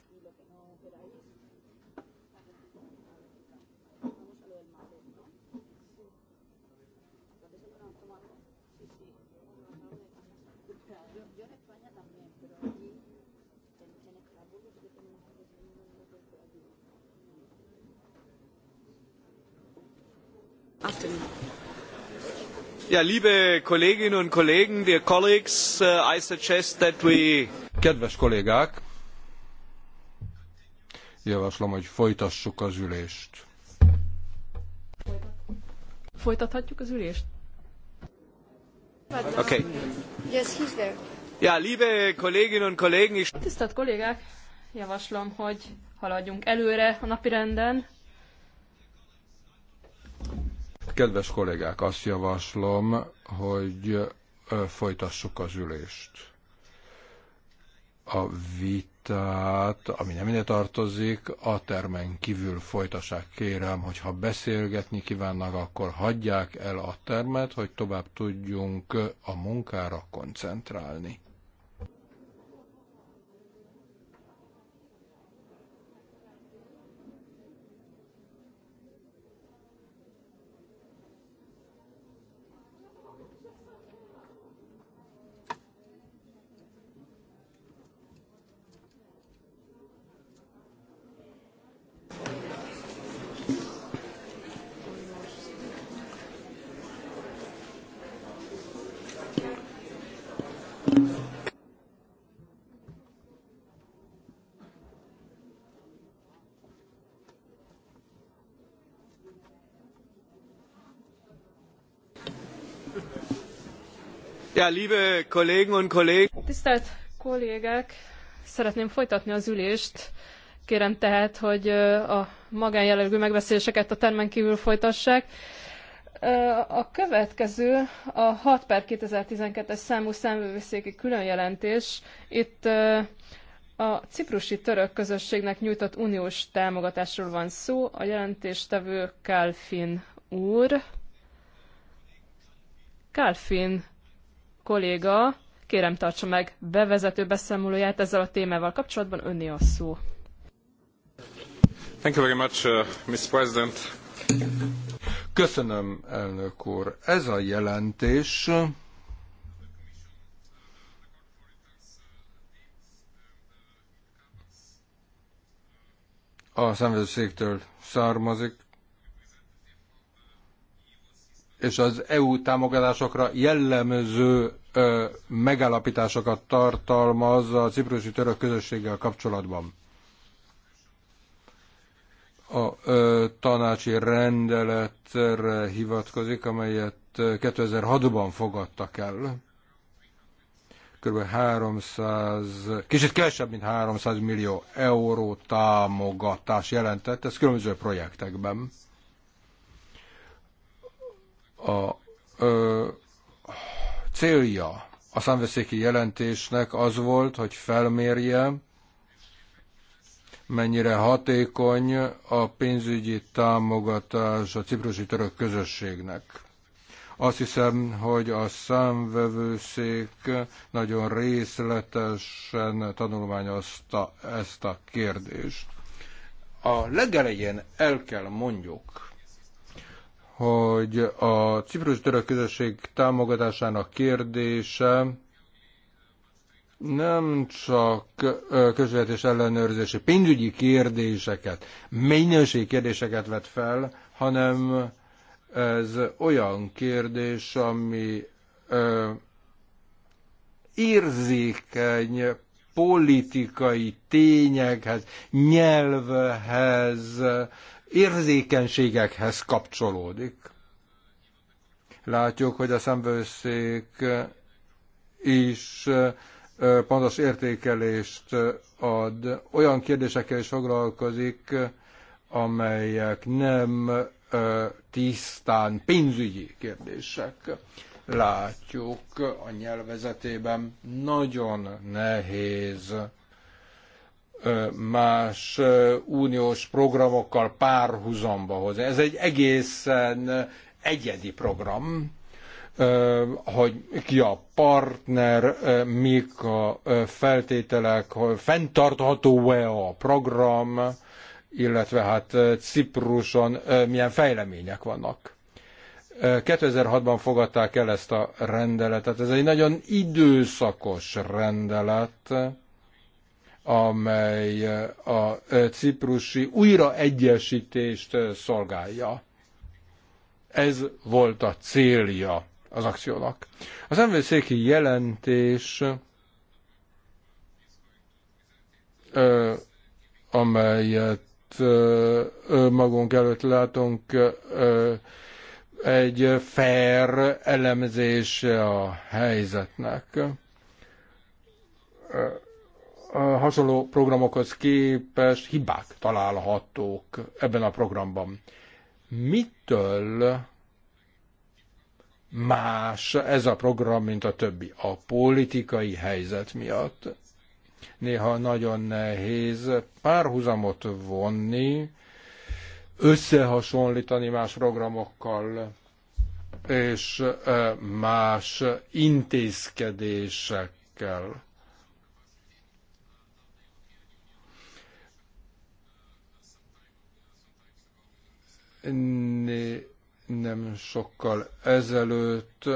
afternoon. Yeah, liebe Kolleginnen und Kollegen, dear colleagues, uh, I suggest that we... Kedves kollégák, javaslom, hogy folytassuk az ülést. Folytathatjuk az ülést? Okay. Yes, he's there. Ja, liebe Kolleginnen und Kollegen, ich... Tisztelt kollégák, javaslom, hogy haladjunk előre a napirenden Kedves kollégák, azt javaslom, hogy folytassuk az ülést. A vitát, ami nem ide tartozik, a termen kívül folytassák. Kérem, hogy ha beszélgetni kívánnak, akkor hagyják el a termet, hogy tovább tudjunk a munkára koncentrálni. liebe Kollegen und Kollegen. Tisztelt kollégák, szeretném folytatni az ülést. Kérem tehát, hogy a magánjellegű megbeszéléseket a termen kívül folytassák. A következő a 6 per 2012-es számú számvevőszéki különjelentés. Itt a ciprusi török közösségnek nyújtott uniós támogatásról van szó. A jelentéstevő Kálfin úr. Kálfin kolléga, kérem tartsa meg bevezető beszámolóját ezzel a témával kapcsolatban, önné a szó. Thank you very much, uh, Mr. President. Köszönöm, elnök úr. Ez a jelentés a szemvezőszéktől származik, és az EU támogatásokra jellemző ö, megállapításokat tartalmaz a ciprusi török közösséggel kapcsolatban. A ö, tanácsi rendeletre hivatkozik, amelyet 2006-ban fogadtak el. Kb. 300, kicsit kevesebb, mint 300 millió euró támogatás jelentett, ez különböző projektekben a ö, célja a számveszéki jelentésnek az volt, hogy felmérje, mennyire hatékony a pénzügyi támogatás a ciprusi török közösségnek. Azt hiszem, hogy a számvevőszék nagyon részletesen tanulmányozta ezt a kérdést. A legelején el kell mondjuk, hogy a ciprus török közösség támogatásának kérdése nem csak közvetés ellenőrzési pénzügyi kérdéseket, minőségi kérdéseket vet fel, hanem ez olyan kérdés, ami ö, érzékeny politikai tényekhez, nyelvhez, érzékenységekhez kapcsolódik. Látjuk, hogy a szemvőszék is pontos értékelést ad. Olyan kérdésekkel is foglalkozik, amelyek nem tisztán pénzügyi kérdések. Látjuk a nyelvezetében nagyon nehéz más uniós programokkal párhuzamba hoz. Ez egy egészen egyedi program, hogy ki a partner, mik a feltételek, hogy fenntartható-e a program, illetve hát Cipruson milyen fejlemények vannak. 2006-ban fogadták el ezt a rendeletet. Ez egy nagyon időszakos rendelet amely a ciprusi újraegyesítést szolgálja. Ez volt a célja az akciónak. Az emlőszéki jelentés, amelyet magunk előtt látunk, egy fair elemzése a helyzetnek hasonló programokhoz képest hibák találhatók ebben a programban. Mitől más ez a program, mint a többi? A politikai helyzet miatt néha nagyon nehéz párhuzamot vonni, összehasonlítani más programokkal és más intézkedésekkel nem sokkal ezelőtt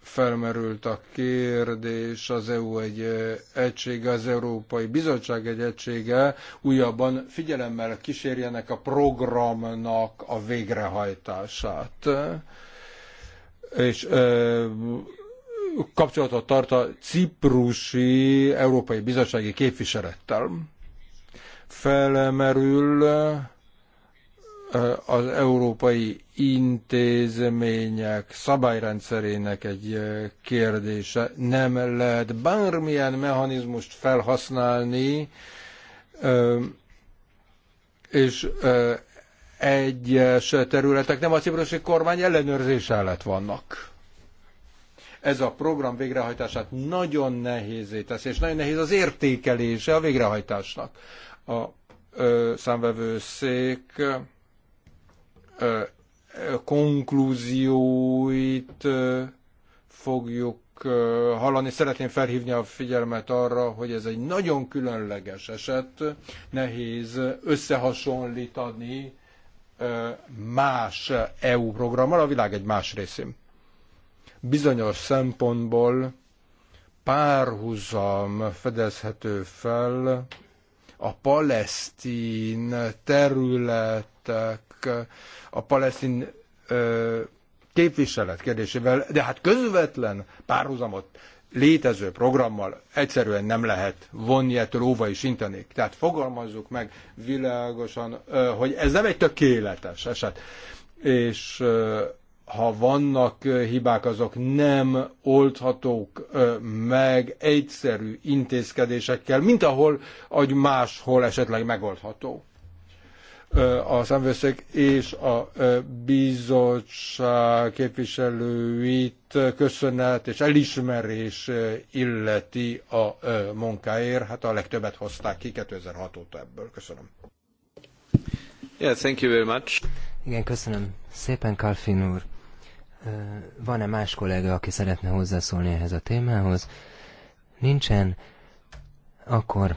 felmerült a kérdés, az EU egy eh, egysége, az Európai Bizottság egy egysége újabban figyelemmel kísérjenek a programnak a végrehajtását. És e, kapcsolatot tart a ciprusi Európai Bizottsági képviselettel. Felmerül az európai intézmények szabályrendszerének egy kérdése. Nem lehet bármilyen mechanizmust felhasználni, és egyes területek nem a ciprusi kormány ellenőrzés alatt vannak. Ez a program végrehajtását nagyon nehézé teszi, és nagyon nehéz az értékelése a végrehajtásnak. A számvevőszék konklúzióit fogjuk hallani. Szeretném felhívni a figyelmet arra, hogy ez egy nagyon különleges eset, nehéz összehasonlítani más EU programmal a világ egy más részén. Bizonyos szempontból párhuzam fedezhető fel a palesztin területek a palesztin képviselet kérdésével, de hát közvetlen párhuzamot létező programmal egyszerűen nem lehet vonni ettől óva is intenék. Tehát fogalmazzuk meg világosan, hogy ez nem egy tökéletes eset. És ha vannak hibák, azok nem oldhatók meg egyszerű intézkedésekkel, mint ahol, ahogy máshol esetleg megoldható a szemvőszék és a bizottság képviselőit köszönet és elismerés illeti a munkáért. Hát a legtöbbet hozták ki 2006 óta ebből. Köszönöm. Yeah, thank you very much. Igen, köszönöm szépen, Kalfin úr. Van-e más kollega, aki szeretne hozzászólni ehhez a témához? Nincsen? Akkor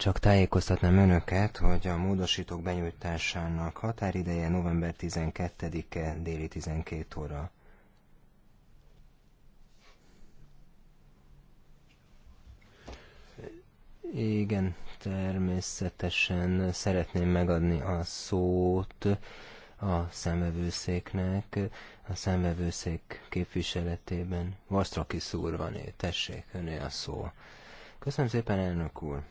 csak tájékoztatnám önöket, hogy a módosítók benyújtásának határideje november 12-e déli 12 óra. Igen, természetesen szeretném megadni a szót a szemvevőszéknek, a szemvevőszék képviseletében. Vasztrakis úr van, tessék, öné a szó. Köszönöm szépen, elnök úr!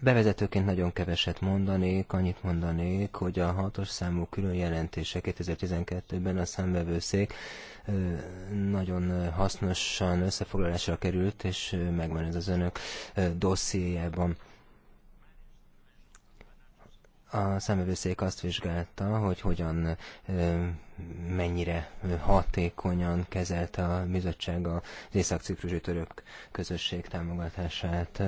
Bevezetőként nagyon keveset mondanék, annyit mondanék, hogy a hatos számú külön jelentése 2012-ben a számbevőszék nagyon hasznosan összefoglalásra került, és megvan ez az önök dossziéjában a szemövőszék azt vizsgálta, hogy hogyan mennyire hatékonyan kezelte a bizottság az észak-ciprusi török közösség támogatását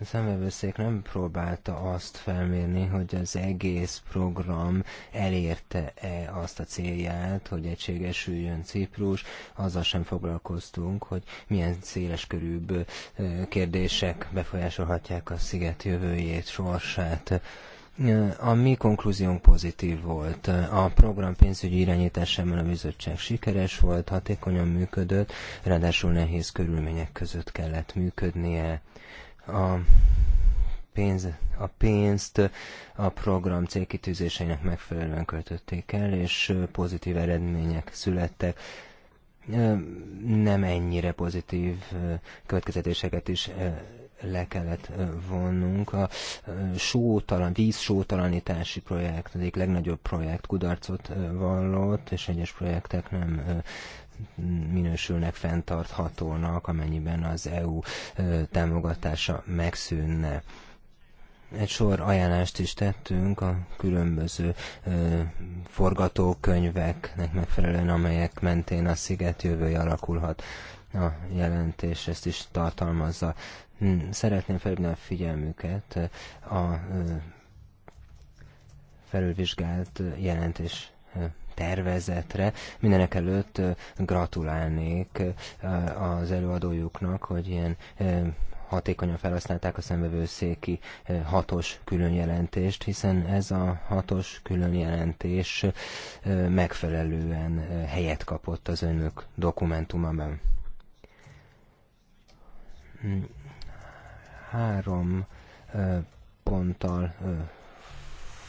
a szemvevőszék nem próbálta azt felmérni, hogy az egész program elérte-e azt a célját, hogy egységesüljön Ciprus. Azzal sem foglalkoztunk, hogy milyen körűbb kérdések befolyásolhatják a sziget jövőjét, sorsát. A mi konklúziónk pozitív volt. A program pénzügyi irányításában a bizottság sikeres volt, hatékonyan működött, ráadásul nehéz körülmények között kellett működnie a pénz, a pénzt a program célkitűzéseinek megfelelően költötték el, és pozitív eredmények születtek. Nem ennyire pozitív következetéseket is le kellett vonnunk. A sótalan, vízsótalanítási projekt, az egyik legnagyobb projekt kudarcot vallott, és egyes projektek nem minősülnek fenntarthatónak, amennyiben az EU támogatása megszűnne egy sor ajánlást is tettünk a különböző ö, forgatókönyveknek megfelelően, amelyek mentén a sziget jövője alakulhat. A jelentés ezt is tartalmazza. Hm, szeretném felhívni a figyelmüket a ö, felülvizsgált jelentés tervezetre. Mindenek előtt gratulálnék az előadójuknak, hogy ilyen hatékonyan felhasználták a szembevőszéki hatos különjelentést, hiszen ez a hatos különjelentés megfelelően helyet kapott az önök dokumentumában. Három ponttal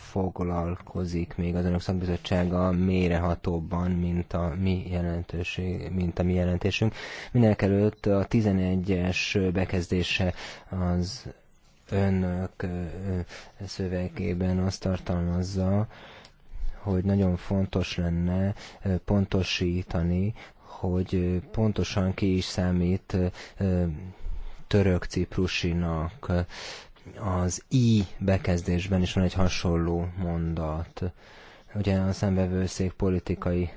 foglalkozik még az önök szakbizottsága mérehatóbban, mint a mi, jelentőség, mint a mi jelentésünk. Mindenek előtt a 11-es bekezdése az önök szövegében azt tartalmazza, hogy nagyon fontos lenne pontosítani, hogy pontosan ki is számít török-ciprusinak az I bekezdésben is van egy hasonló mondat. Ugye a szembevőszék politikai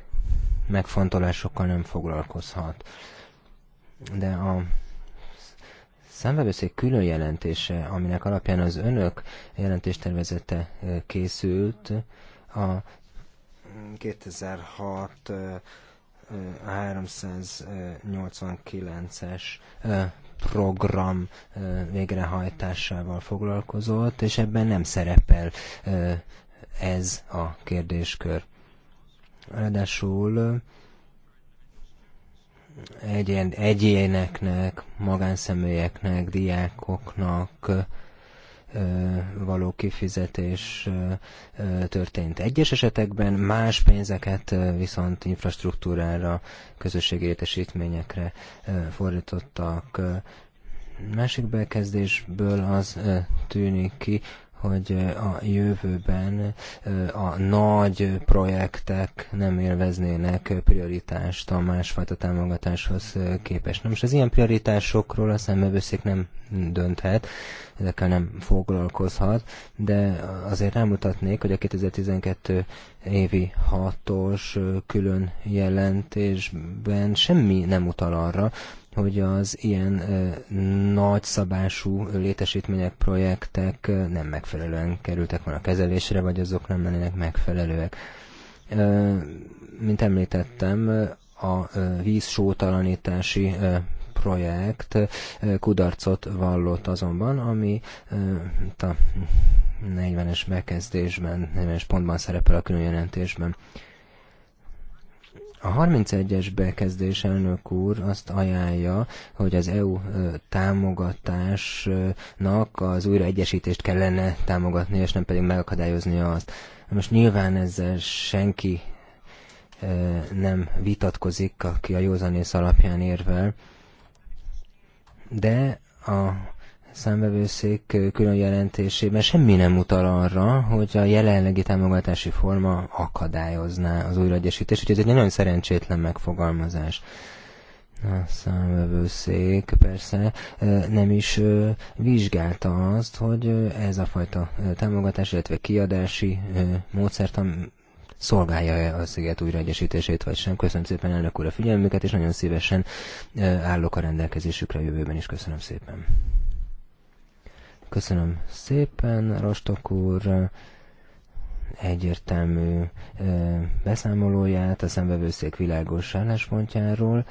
megfontolásokkal nem foglalkozhat. De a szembevőszék külön jelentése, aminek alapján az önök jelentéstervezete készült, a 2006 389-es program végrehajtásával foglalkozott, és ebben nem szerepel ez a kérdéskör. Ráadásul egyéneknek, magánszemélyeknek, diákoknak való kifizetés történt egyes esetekben, más pénzeket viszont infrastruktúrára, közösségi értesítményekre fordítottak. Másik bekezdésből az tűnik ki, hogy a jövőben a nagy projektek nem élveznének prioritást a másfajta támogatáshoz képest. Na most az ilyen prioritásokról a szembevőszék nem dönthet, ezekkel nem foglalkozhat, de azért rámutatnék, hogy a 2012 évi hatos külön jelentésben semmi nem utal arra, hogy az ilyen nagyszabású létesítmények, projektek nem megfelelően kerültek volna kezelésre, vagy azok nem lennének megfelelőek. Mint említettem, a vízsótalanítási projekt kudarcot vallott azonban, ami a 40-es bekezdésben, 40-es pontban szerepel a különjelentésben. jelentésben. A 31-es bekezdés elnök úr azt ajánlja, hogy az EU támogatásnak az újraegyesítést kellene támogatni, és nem pedig megakadályozni azt. Most nyilván ezzel senki nem vitatkozik, aki a józanész alapján érvel, de a számvevőszék külön jelentésében semmi nem utal arra, hogy a jelenlegi támogatási forma akadályozná az újraegyesítést, úgyhogy ez egy nagyon szerencsétlen megfogalmazás. A számvevőszék persze nem is vizsgálta azt, hogy ez a fajta támogatás, illetve kiadási módszert szolgálja-e a sziget újraegyesítését, vagy sem. Köszönöm szépen elnök úr a figyelmüket, és nagyon szívesen állok a rendelkezésükre a jövőben is. Köszönöm szépen. Köszönöm szépen, Rostok úr egyértelmű beszámolóját a szembevőszék világos álláspontjáról.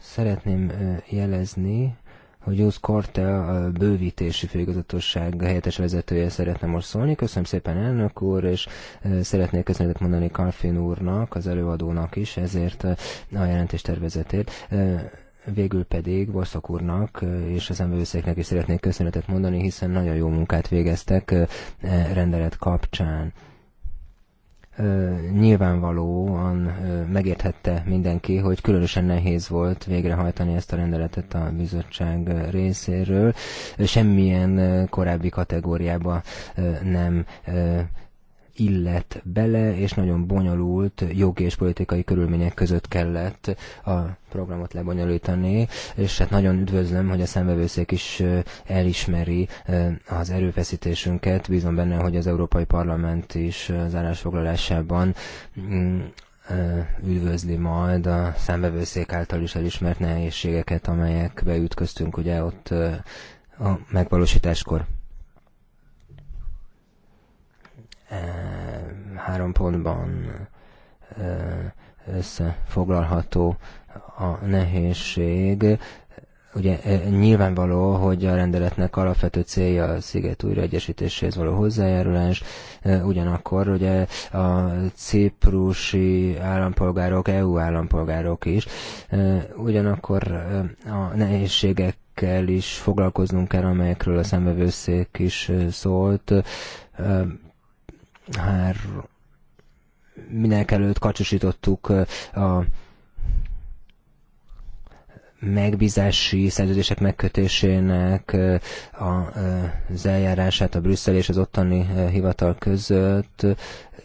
Szeretném jelezni, hogy Jusz Korte, a bővítési főigazgatóság helyettes vezetője szeretne most szólni. Köszönöm szépen elnök úr, és szeretnék köszönetet mondani Kalfin úrnak, az előadónak is, ezért a jelentéstervezetét Végül pedig Borszak úrnak és az emberőszéknek is szeretnék köszönetet mondani, hiszen nagyon jó munkát végeztek e, rendelet kapcsán. Nyilvánvalóan megérthette mindenki, hogy különösen nehéz volt végrehajtani ezt a rendeletet a bizottság részéről. Semmilyen korábbi kategóriába nem illet bele, és nagyon bonyolult jogi és politikai körülmények között kellett a programot lebonyolítani, és hát nagyon üdvözlöm, hogy a szembevőszék is elismeri az erőfeszítésünket. Bízom benne, hogy az Európai Parlament is az állásfoglalásában mm, üdvözli majd a számbevőszék által is elismert nehézségeket, amelyek beütköztünk ugye ott a megvalósításkor. három pontban összefoglalható a nehézség. Ugye nyilvánvaló, hogy a rendeletnek alapvető célja a sziget újraegyesítéséhez való hozzájárulás, ugyanakkor ugye a ciprusi állampolgárok, EU állampolgárok is, ugyanakkor a nehézségek kell is foglalkoznunk kell, amelyekről a szembevőszék is szólt hár, mindenek előtt kacsosítottuk a megbízási szerződések megkötésének az eljárását a Brüsszel és az ottani hivatal között,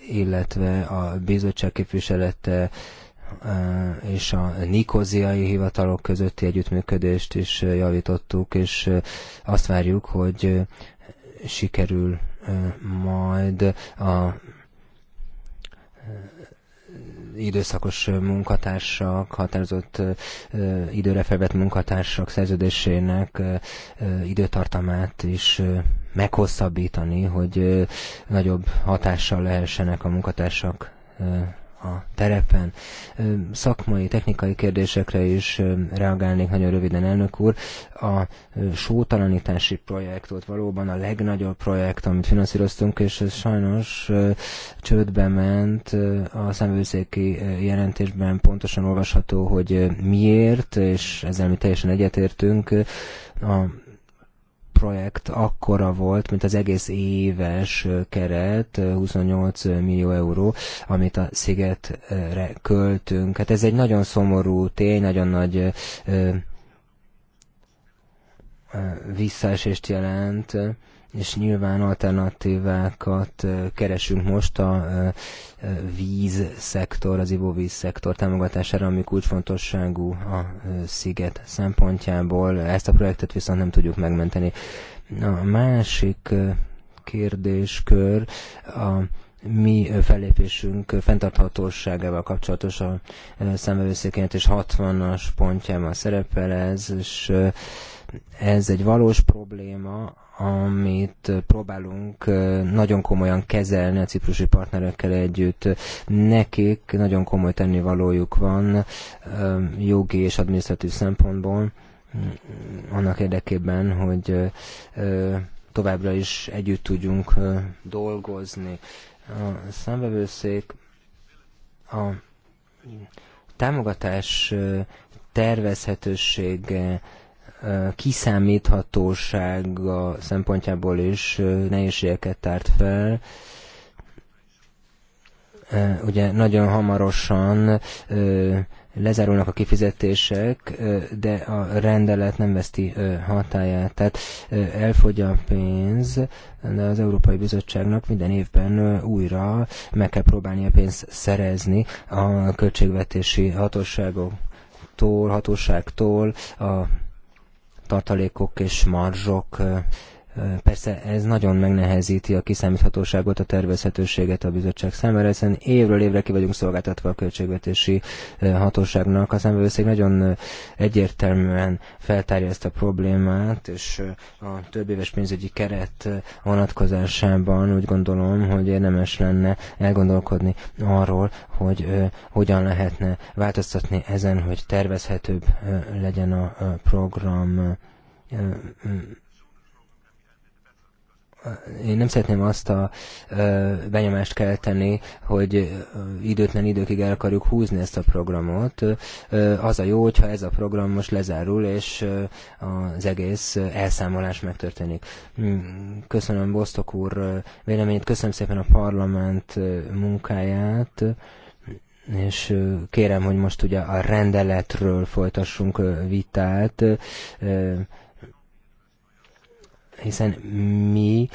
illetve a bizottság képviselete és a nikoziai hivatalok közötti együttműködést is javítottuk, és azt várjuk, hogy sikerül majd a időszakos munkatársak, határozott időre felvett munkatársak szerződésének időtartamát is meghosszabbítani, hogy nagyobb hatással lehessenek a munkatársak a terepen. Szakmai, technikai kérdésekre is reagálnék nagyon röviden, elnök úr. A sótalanítási projekt volt valóban a legnagyobb projekt, amit finanszíroztunk, és ez sajnos csődbe ment. A szemvőszéki jelentésben pontosan olvasható, hogy miért, és ezzel mi teljesen egyetértünk. A projekt akkora volt, mint az egész éves keret, 28 millió euró, amit a szigetre költünk. Hát ez egy nagyon szomorú tény, nagyon nagy visszaesést jelent és nyilván alternatívákat keresünk most a víz szektor, az ivóvíz szektor támogatására, ami kulcsfontosságú a sziget szempontjából. Ezt a projektet viszont nem tudjuk megmenteni. A másik kérdéskör a mi fellépésünk fenntarthatóságával kapcsolatos a szemvevőszékenyet, és 60-as pontjában szerepel ez, és ez egy valós probléma, amit próbálunk nagyon komolyan kezelni a ciprusi partnerekkel együtt. Nekik nagyon komoly tennivalójuk van jogi és adminisztratív szempontból, mm, annak érdekében, hogy továbbra is együtt tudjunk dolgozni. A számvevőszék a támogatás tervezhetősége kiszámíthatósága szempontjából is nehézségeket tárt fel. Ugye nagyon hamarosan lezárulnak a kifizetések, de a rendelet nem veszti hatáját. Tehát elfogy a pénz, de az Európai Bizottságnak minden évben újra meg kell próbálni a pénzt szerezni a költségvetési hatóságoktól, hatóságtól, a tartalékok és marzsok Persze ez nagyon megnehezíti a kiszámíthatóságot, a tervezhetőséget a bizottság számára, hiszen évről évre ki vagyunk szolgáltatva a költségvetési hatóságnak. A számbevőszék nagyon egyértelműen feltárja ezt a problémát, és a több éves pénzügyi keret vonatkozásában úgy gondolom, hogy érdemes lenne elgondolkodni arról, hogy hogyan lehetne változtatni ezen, hogy tervezhetőbb legyen a program én nem szeretném azt a benyomást kelteni, hogy időtlen időkig el akarjuk húzni ezt a programot. Az a jó, hogyha ez a program most lezárul, és az egész elszámolás megtörténik. Mm, köszönöm Bosztok úr véleményét, köszönöm szépen a parlament munkáját és kérem, hogy most ugye a rendeletről folytassunk vitát hiszen mi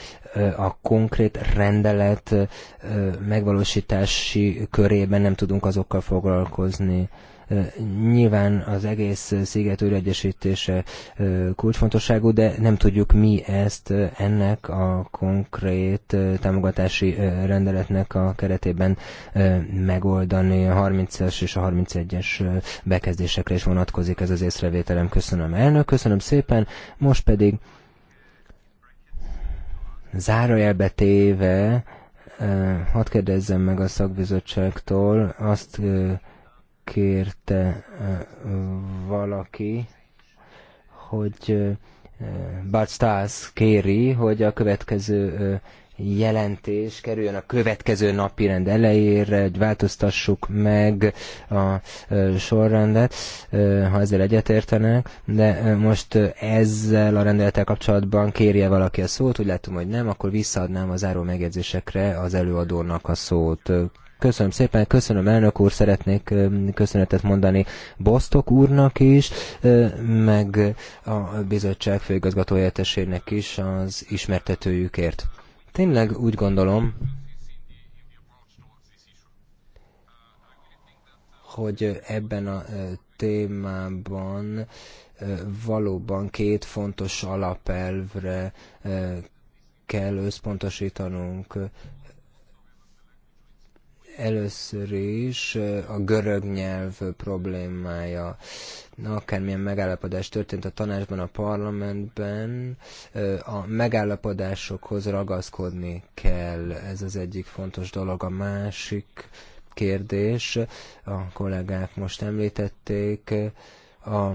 a konkrét rendelet megvalósítási körében nem tudunk azokkal foglalkozni. Nyilván az egész sziget újraegyesítése kulcsfontosságú, de nem tudjuk mi ezt ennek a konkrét támogatási rendeletnek a keretében megoldani. A 30-es és a 31-es bekezdésekre is vonatkozik ez az észrevételem. Köszönöm elnök, köszönöm szépen, most pedig Zárójelbe téve, hadd kérdezzem meg a szakbizottságtól, azt kérte valaki, hogy Bart Stas kéri, hogy a következő jelentés kerüljön a következő napi rend elejére, hogy változtassuk meg a sorrendet, ha ezzel egyetértenek, de most ezzel a rendelettel kapcsolatban kérje valaki a szót, úgy látom, hogy nem, akkor visszaadnám az záró megjegyzésekre az előadónak a szót. Köszönöm szépen, köszönöm elnök úr, szeretnék köszönetet mondani Bosztok úrnak is, meg a bizottság főigazgató is az ismertetőjükért. Tényleg úgy gondolom, hogy ebben a témában valóban két fontos alapelvre kell összpontosítanunk. Először is a görög nyelv problémája. Akármilyen megállapodás történt a tanácsban, a parlamentben, a megállapodásokhoz ragaszkodni kell. Ez az egyik fontos dolog. A másik kérdés, a kollégák most említették, a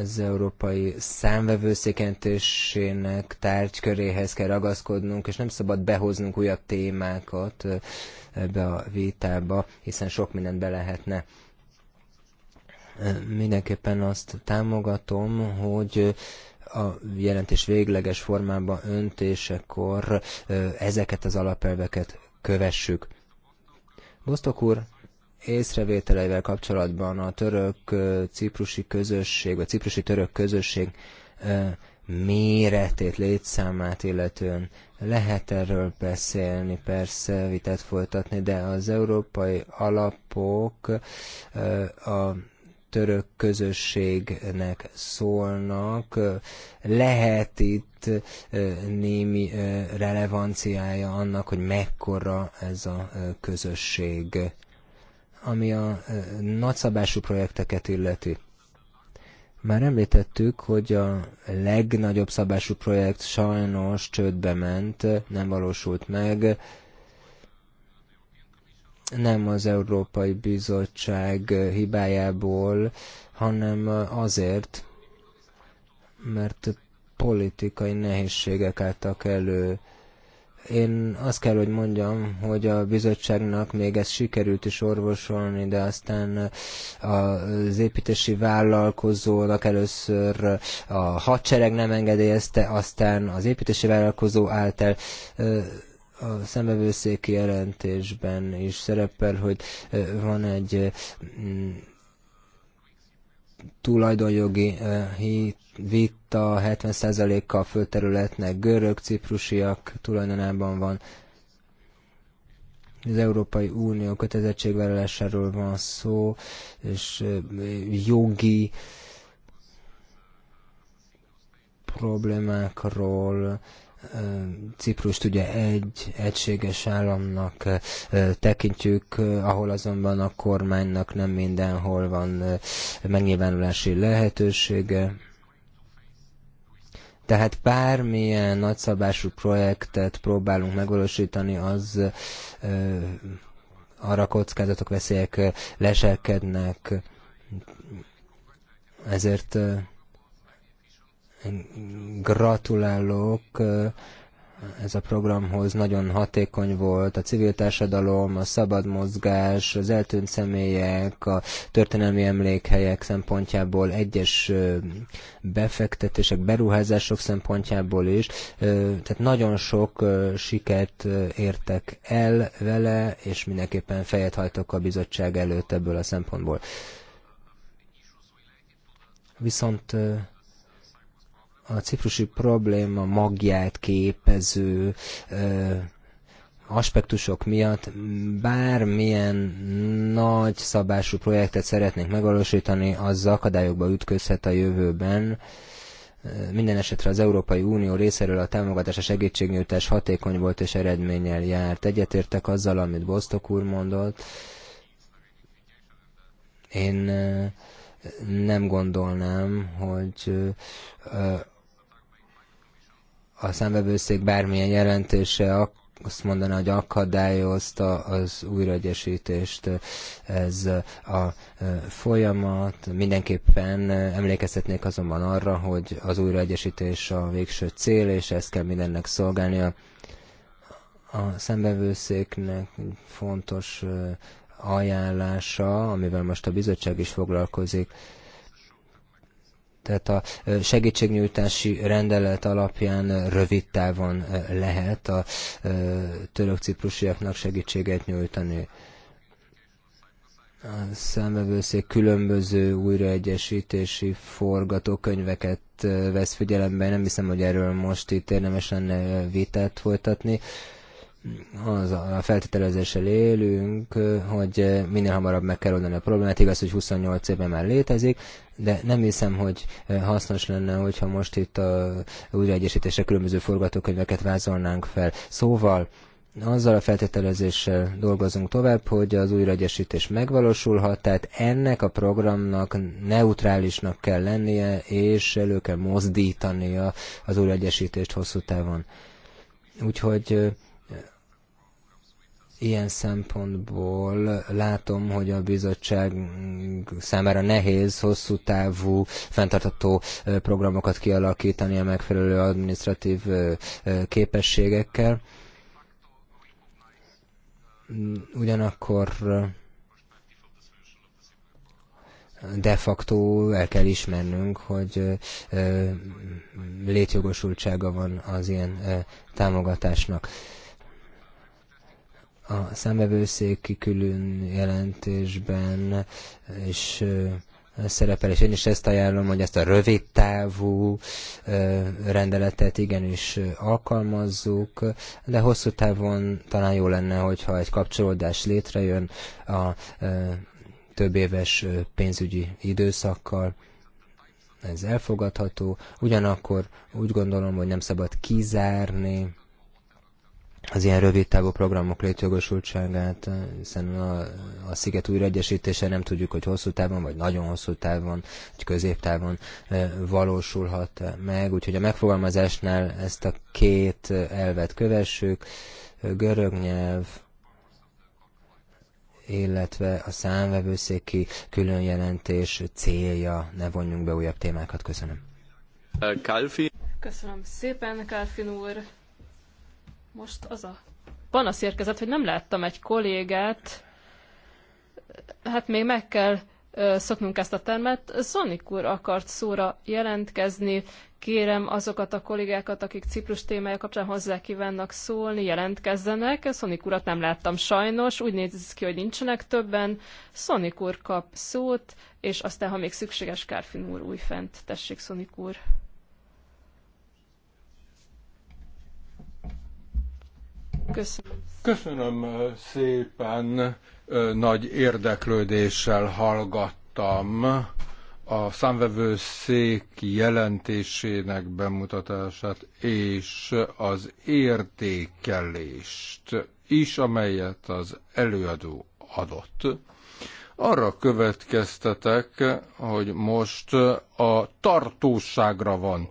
az európai számvevőszékentésének tárgyköréhez kell ragaszkodnunk, és nem szabad behoznunk újabb témákat ebbe a vitába, hiszen sok mindent be lehetne mindenképpen azt támogatom, hogy a jelentés végleges formába öntésekor ezeket az alapelveket kövessük. Bosztok úr észrevételeivel kapcsolatban a török-ciprusi közösség, vagy ciprusi török közösség méretét, létszámát illetően lehet erről beszélni, persze vitát folytatni, de az európai alapok a török közösségnek szólnak. Lehet itt némi relevanciája annak, hogy mekkora ez a közösség, ami a nagyszabású projekteket illeti már említettük, hogy a legnagyobb szabású projekt sajnos csődbe ment, nem valósult meg. Nem az Európai Bizottság hibájából, hanem azért, mert politikai nehézségek álltak elő én azt kell, hogy mondjam, hogy a bizottságnak még ezt sikerült is orvosolni, de aztán eh, az építési vállalkozónak először eh, a hadsereg nem engedélyezte, aztán az építési vállalkozó által eh, a szembevőszéki jelentésben is szerepel, hogy van egy mm, tulajdonjogi eh, vita 70%-a a földterületnek görög, ciprusiak tulajdonában van. Az Európai Unió kötelezettségvállalásáról van szó, és eh, jogi problémákról, Ciprust ugye egy egységes államnak tekintjük, ahol azonban a kormánynak nem mindenhol van megnyilvánulási lehetősége. Tehát bármilyen nagyszabású projektet próbálunk megvalósítani, az arra kockázatok, veszélyek leselkednek. Ezért Gratulálok ez a programhoz nagyon hatékony volt, a civil társadalom, a szabad mozgás, az eltűnt személyek, a történelmi emlékhelyek szempontjából, egyes befektetések, beruházások szempontjából is, tehát nagyon sok sikert értek el vele, és mindenképpen fejet hajtok a bizottság előtt ebből a szempontból. Viszont a ciprusi probléma magját képező aspektusok miatt bármilyen nagy szabású projektet szeretnénk megvalósítani, az akadályokba ütközhet a jövőben. Minden esetre az Európai Unió részéről a támogatás és segítségnyújtás hatékony volt és eredménnyel járt. Egyetértek azzal, amit Bosztok úr mondott. Én nem gondolnám, hogy a számvevőszék bármilyen jelentése azt mondaná, hogy akadályozta az újraegyesítést ez a folyamat. Mindenképpen emlékeztetnék azonban arra, hogy az újraegyesítés a végső cél, és ezt kell mindennek szolgálnia. A szembevőszéknek fontos ajánlása, amivel most a bizottság is foglalkozik, tehát a segítségnyújtási rendelet alapján rövid távon lehet a török-ciprusiaknak segítséget nyújtani a számvevőszék különböző újraegyesítési forgatókönyveket vesz figyelembe. Nem hiszem, hogy erről most itt érdemes lenne vitát folytatni az a feltételezéssel élünk, hogy minél hamarabb meg kell oldani a problémát. Igaz, hogy 28 éve már létezik, de nem hiszem, hogy hasznos lenne, hogyha most itt a újraegyesítésre különböző forgatókönyveket vázolnánk fel. Szóval azzal a feltételezéssel dolgozunk tovább, hogy az újraegyesítés megvalósulhat, tehát ennek a programnak neutrálisnak kell lennie, és elő kell mozdítania az újraegyesítést hosszú távon. Úgyhogy ilyen szempontból látom, hogy a bizottság számára nehéz, hosszú távú, fenntartató programokat kialakítani a megfelelő administratív képességekkel. Ugyanakkor de facto el kell ismernünk, hogy létjogosultsága van az ilyen támogatásnak a számvevőszéki külön jelentésben is szerepel, és én is ezt ajánlom, hogy ezt a rövid távú rendeletet igenis alkalmazzuk, de hosszú távon talán jó lenne, hogyha egy kapcsolódás létrejön a több éves pénzügyi időszakkal, ez elfogadható, ugyanakkor úgy gondolom, hogy nem szabad kizárni az ilyen rövid távú programok létjogosultságát, eh, hiszen a, a sziget újraegyesítése nem tudjuk, hogy hosszú távon, vagy nagyon hosszú távon, vagy középtávon e, valósulhat eh, meg. Úgyhogy a megfogalmazásnál ezt a két elvet kövessük, görög nyelv, illetve a számvevőszéki jelentés célja, ne vonjunk be újabb témákat. Köszönöm. Kálfi. Köszönöm szépen, Kálfin úr. Most az a panasz érkezett, hogy nem láttam egy kollégát, hát még meg kell szoknunk ezt a termet. Szonik úr akart szóra jelentkezni. Kérem azokat a kollégákat, akik Ciprus témája kapcsán hozzá kívánnak szólni, jelentkezzenek. Szonik urat nem láttam sajnos, úgy néz ki, hogy nincsenek többen. Szonik úr kap szót, és aztán, ha még szükséges, Kárfin úr újfent. Tessék, Szonik úr. Köszönöm. Köszönöm szépen, nagy érdeklődéssel hallgattam a számvevőszék jelentésének bemutatását és az értékelést is, amelyet az előadó adott. Arra következtetek, hogy most a tartóságra van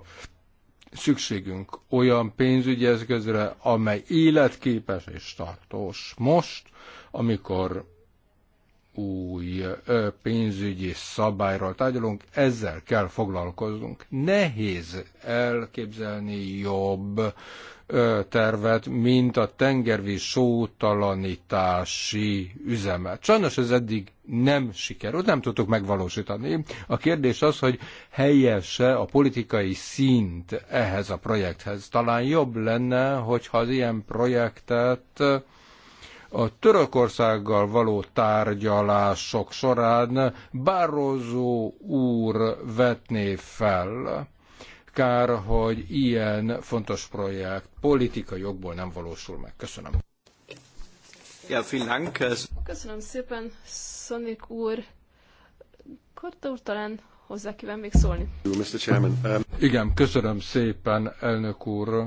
szükségünk olyan pénzügyi eszközre, amely életképes és tartós. Most, amikor új pénzügyi szabályról tárgyalunk, ezzel kell foglalkoznunk. Nehéz elképzelni jobb tervet, mint a tengervíz sótalanítási üzemet. Sajnos ez eddig nem sikerült, nem tudtuk megvalósítani. A kérdés az, hogy helyese a politikai szint ehhez a projekthez. Talán jobb lenne, hogyha az ilyen projektet a Törökországgal való tárgyalások során Bározó úr vetné fel Kár, hogy ilyen fontos projekt politikai jogból nem valósul meg. Köszönöm. Ja, vielen Dank. Köszönöm szépen, Sonic úr. Korta úr talán hozzá kíván még szólni. Mr. Chairman, um... Igen, köszönöm szépen, elnök úr.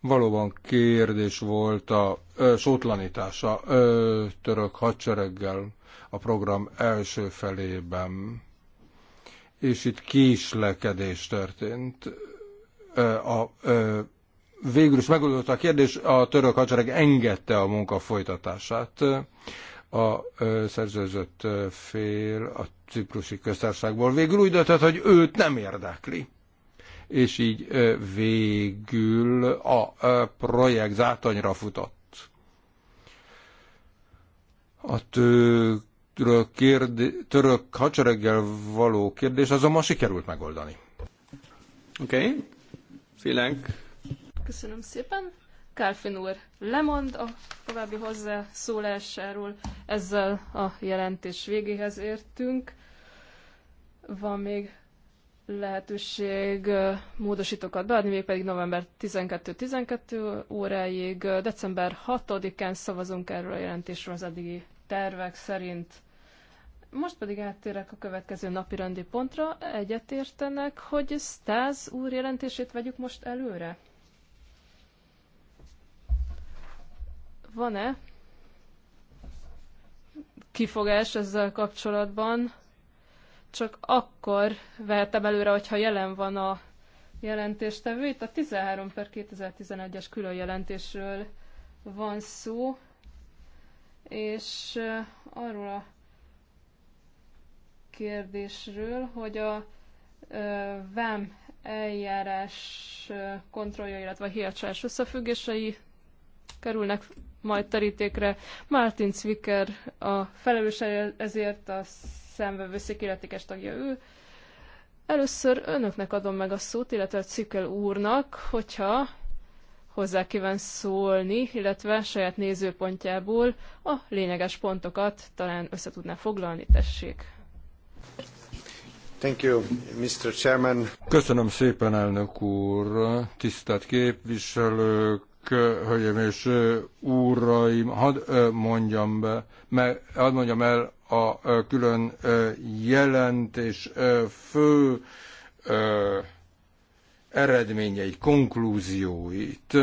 Valóban kérdés volt a ö, szótlanítása ö, török hadsereggel a program első felében és itt késlekedés történt. A, végül is megoldott a kérdés, a török hadsereg engedte a munka folytatását. A szerződött fél a ciprusi köztársaságból végül úgy döntött, hogy őt nem érdekli és így végül a projekt zátonyra futott. A tők török, kérdé, török hadsereggel való kérdés azonban sikerült megoldani. Oké, okay. Félek. Köszönöm szépen. Kálfin úr lemond a további hozzászólásáról. Ezzel a jelentés végéhez értünk. Van még lehetőség módosítókat beadni, mégpedig november 12-12 óráig. December 6-án szavazunk erről a jelentésről az eddigi tervek szerint. Most pedig áttérek a következő napi rendi pontra. Egyetértenek, hogy Stáz úr jelentését vegyük most előre? Van-e kifogás ezzel kapcsolatban? Csak akkor vehetem előre, hogyha jelen van a jelentéstevő. Itt a 13 per 2011-es külön jelentésről van szó és arról a kérdésről, hogy a VAM eljárás kontrollja, illetve a hiacsás összefüggései kerülnek majd terítékre. Martin Zwicker a felelős ezért a szemvevőszék illetékes tagja ő. Először önöknek adom meg a szót, illetve a cikkel úrnak, hogyha hozzá kíván szólni, illetve saját nézőpontjából a lényeges pontokat talán össze tudná foglalni, tessék. Thank you, Mr. Chairman. Köszönöm szépen, elnök úr, tisztelt képviselők, hölgyeim és úraim, hadd mondjam, be, me, hadd mondjam el a külön jelentés fő eredményei, konklúzióit.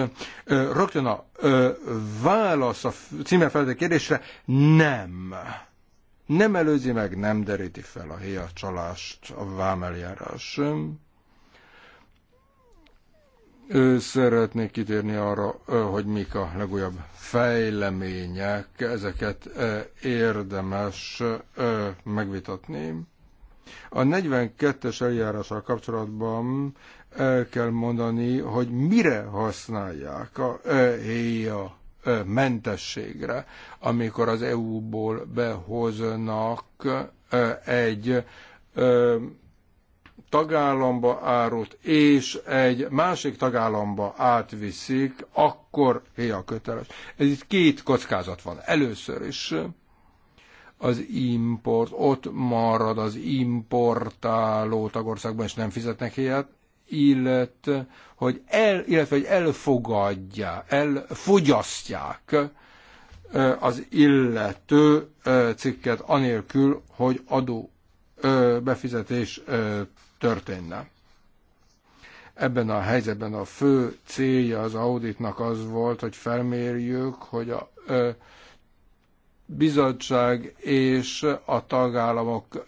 Rögtön a válasz a címerfelelő kérdésre nem. Nem előzi meg, nem deríti fel a héja csalást, a vámeljárás. Ő szeretnék kitérni arra, hogy mik a legújabb fejlemények, ezeket érdemes megvitatni. A 42-es eljárással kapcsolatban el kell mondani, hogy mire használják a héja mentességre, amikor az EU-ból behoznak egy tagállamba árut, és egy másik tagállamba átviszik, akkor a köteles. Ez itt két kockázat van. Először is az import, ott marad az importáló tagországban, és nem fizetnek ilyet, illet, hogy el, illetve hogy elfogadják, elfogyasztják az illető cikket anélkül, hogy adó befizetés történne. Ebben a helyzetben a fő célja az auditnak az volt, hogy felmérjük, hogy a bizottság és a tagállamok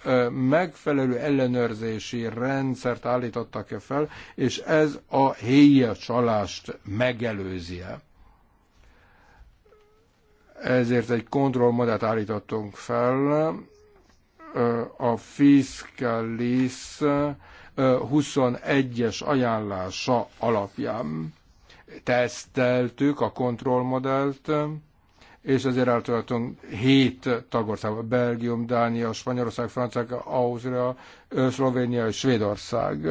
megfelelő ellenőrzési rendszert állítottak-e fel, és ez a héja csalást megelőzi-e. Ezért egy kontrollmodát állítottunk fel, a Fiscalis 21-es ajánlása alapján teszteltük a kontrollmodellt, és azért általában hét tagország, Belgium, Dánia, Spanyolország, Franciaország, Ausztria, Szlovénia és Svédország.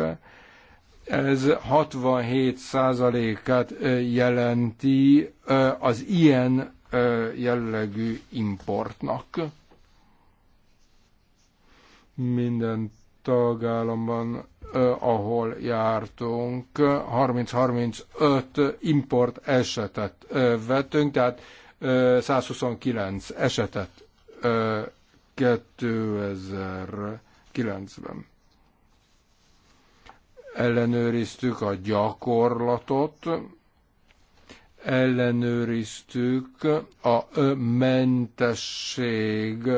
Ez 67 százalékát jelenti az ilyen jellegű importnak. Minden tagállamban, ahol jártunk, 30-35 import esetet vettünk, tehát 129 esetet 2009-ben. Ellenőriztük a gyakorlatot, ellenőriztük a mentesség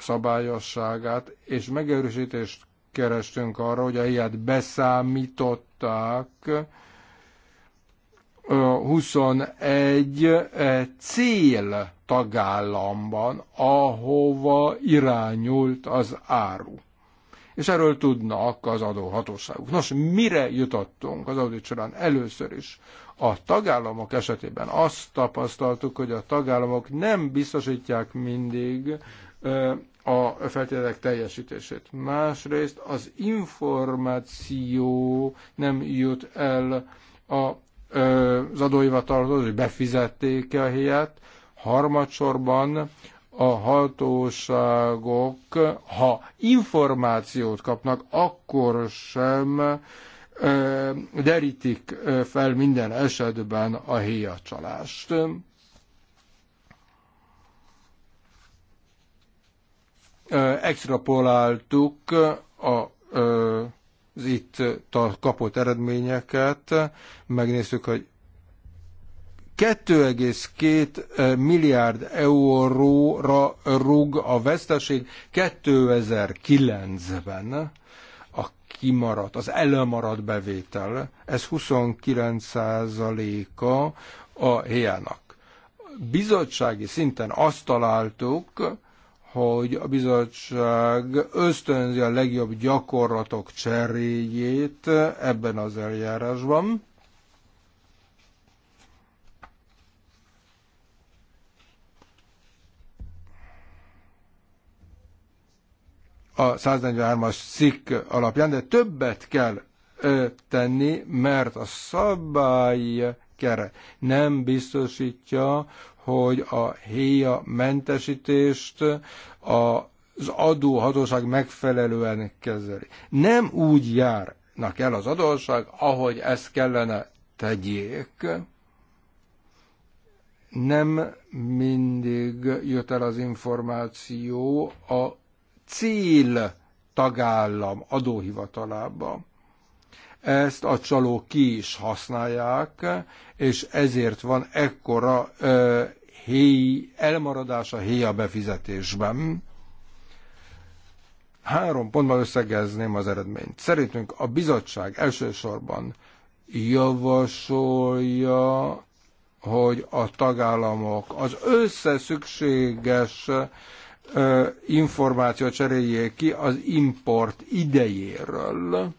szabályosságát, és megerősítést kerestünk arra, hogy a ilyet beszámították 21 eh, cél tagállamban, ahova irányult az áru. És erről tudnak az adóhatóságok. Nos, mire jutottunk az audit során először is? A tagállamok esetében azt tapasztaltuk, hogy a tagállamok nem biztosítják mindig eh, a feltételek teljesítését. Másrészt az információ nem jut el a az adóhivatalhoz, hogy befizették a helyet, harmadsorban a hatóságok, ha információt kapnak, akkor sem derítik fel minden esetben a héjacsalást. Extrapoláltuk a az itt kapott eredményeket, megnéztük, hogy 2,2 milliárd euróra rúg a veszteség 2009-ben a kimaradt, az elmaradt bevétel. Ez 29%-a a héjának. Bizottsági szinten azt találtuk, hogy a bizottság ösztönzi a legjobb gyakorlatok cseréjét ebben az eljárásban. a 143-as cikk alapján, de többet kell tenni, mert a szabály kere nem biztosítja, hogy a héja mentesítést az adóhatóság megfelelően kezeli. Nem úgy járnak el az adóság, ahogy ezt kellene tegyék. Nem mindig jött el az információ a cél tagállam adóhivatalába. Ezt a csalók ki is használják, és ezért van ekkora ö, héj, elmaradása a héja befizetésben. Három pontban összegezném az eredményt. Szerintünk a bizottság elsősorban javasolja, hogy a tagállamok az összeszükséges szükséges információt cseréljék ki az import idejéről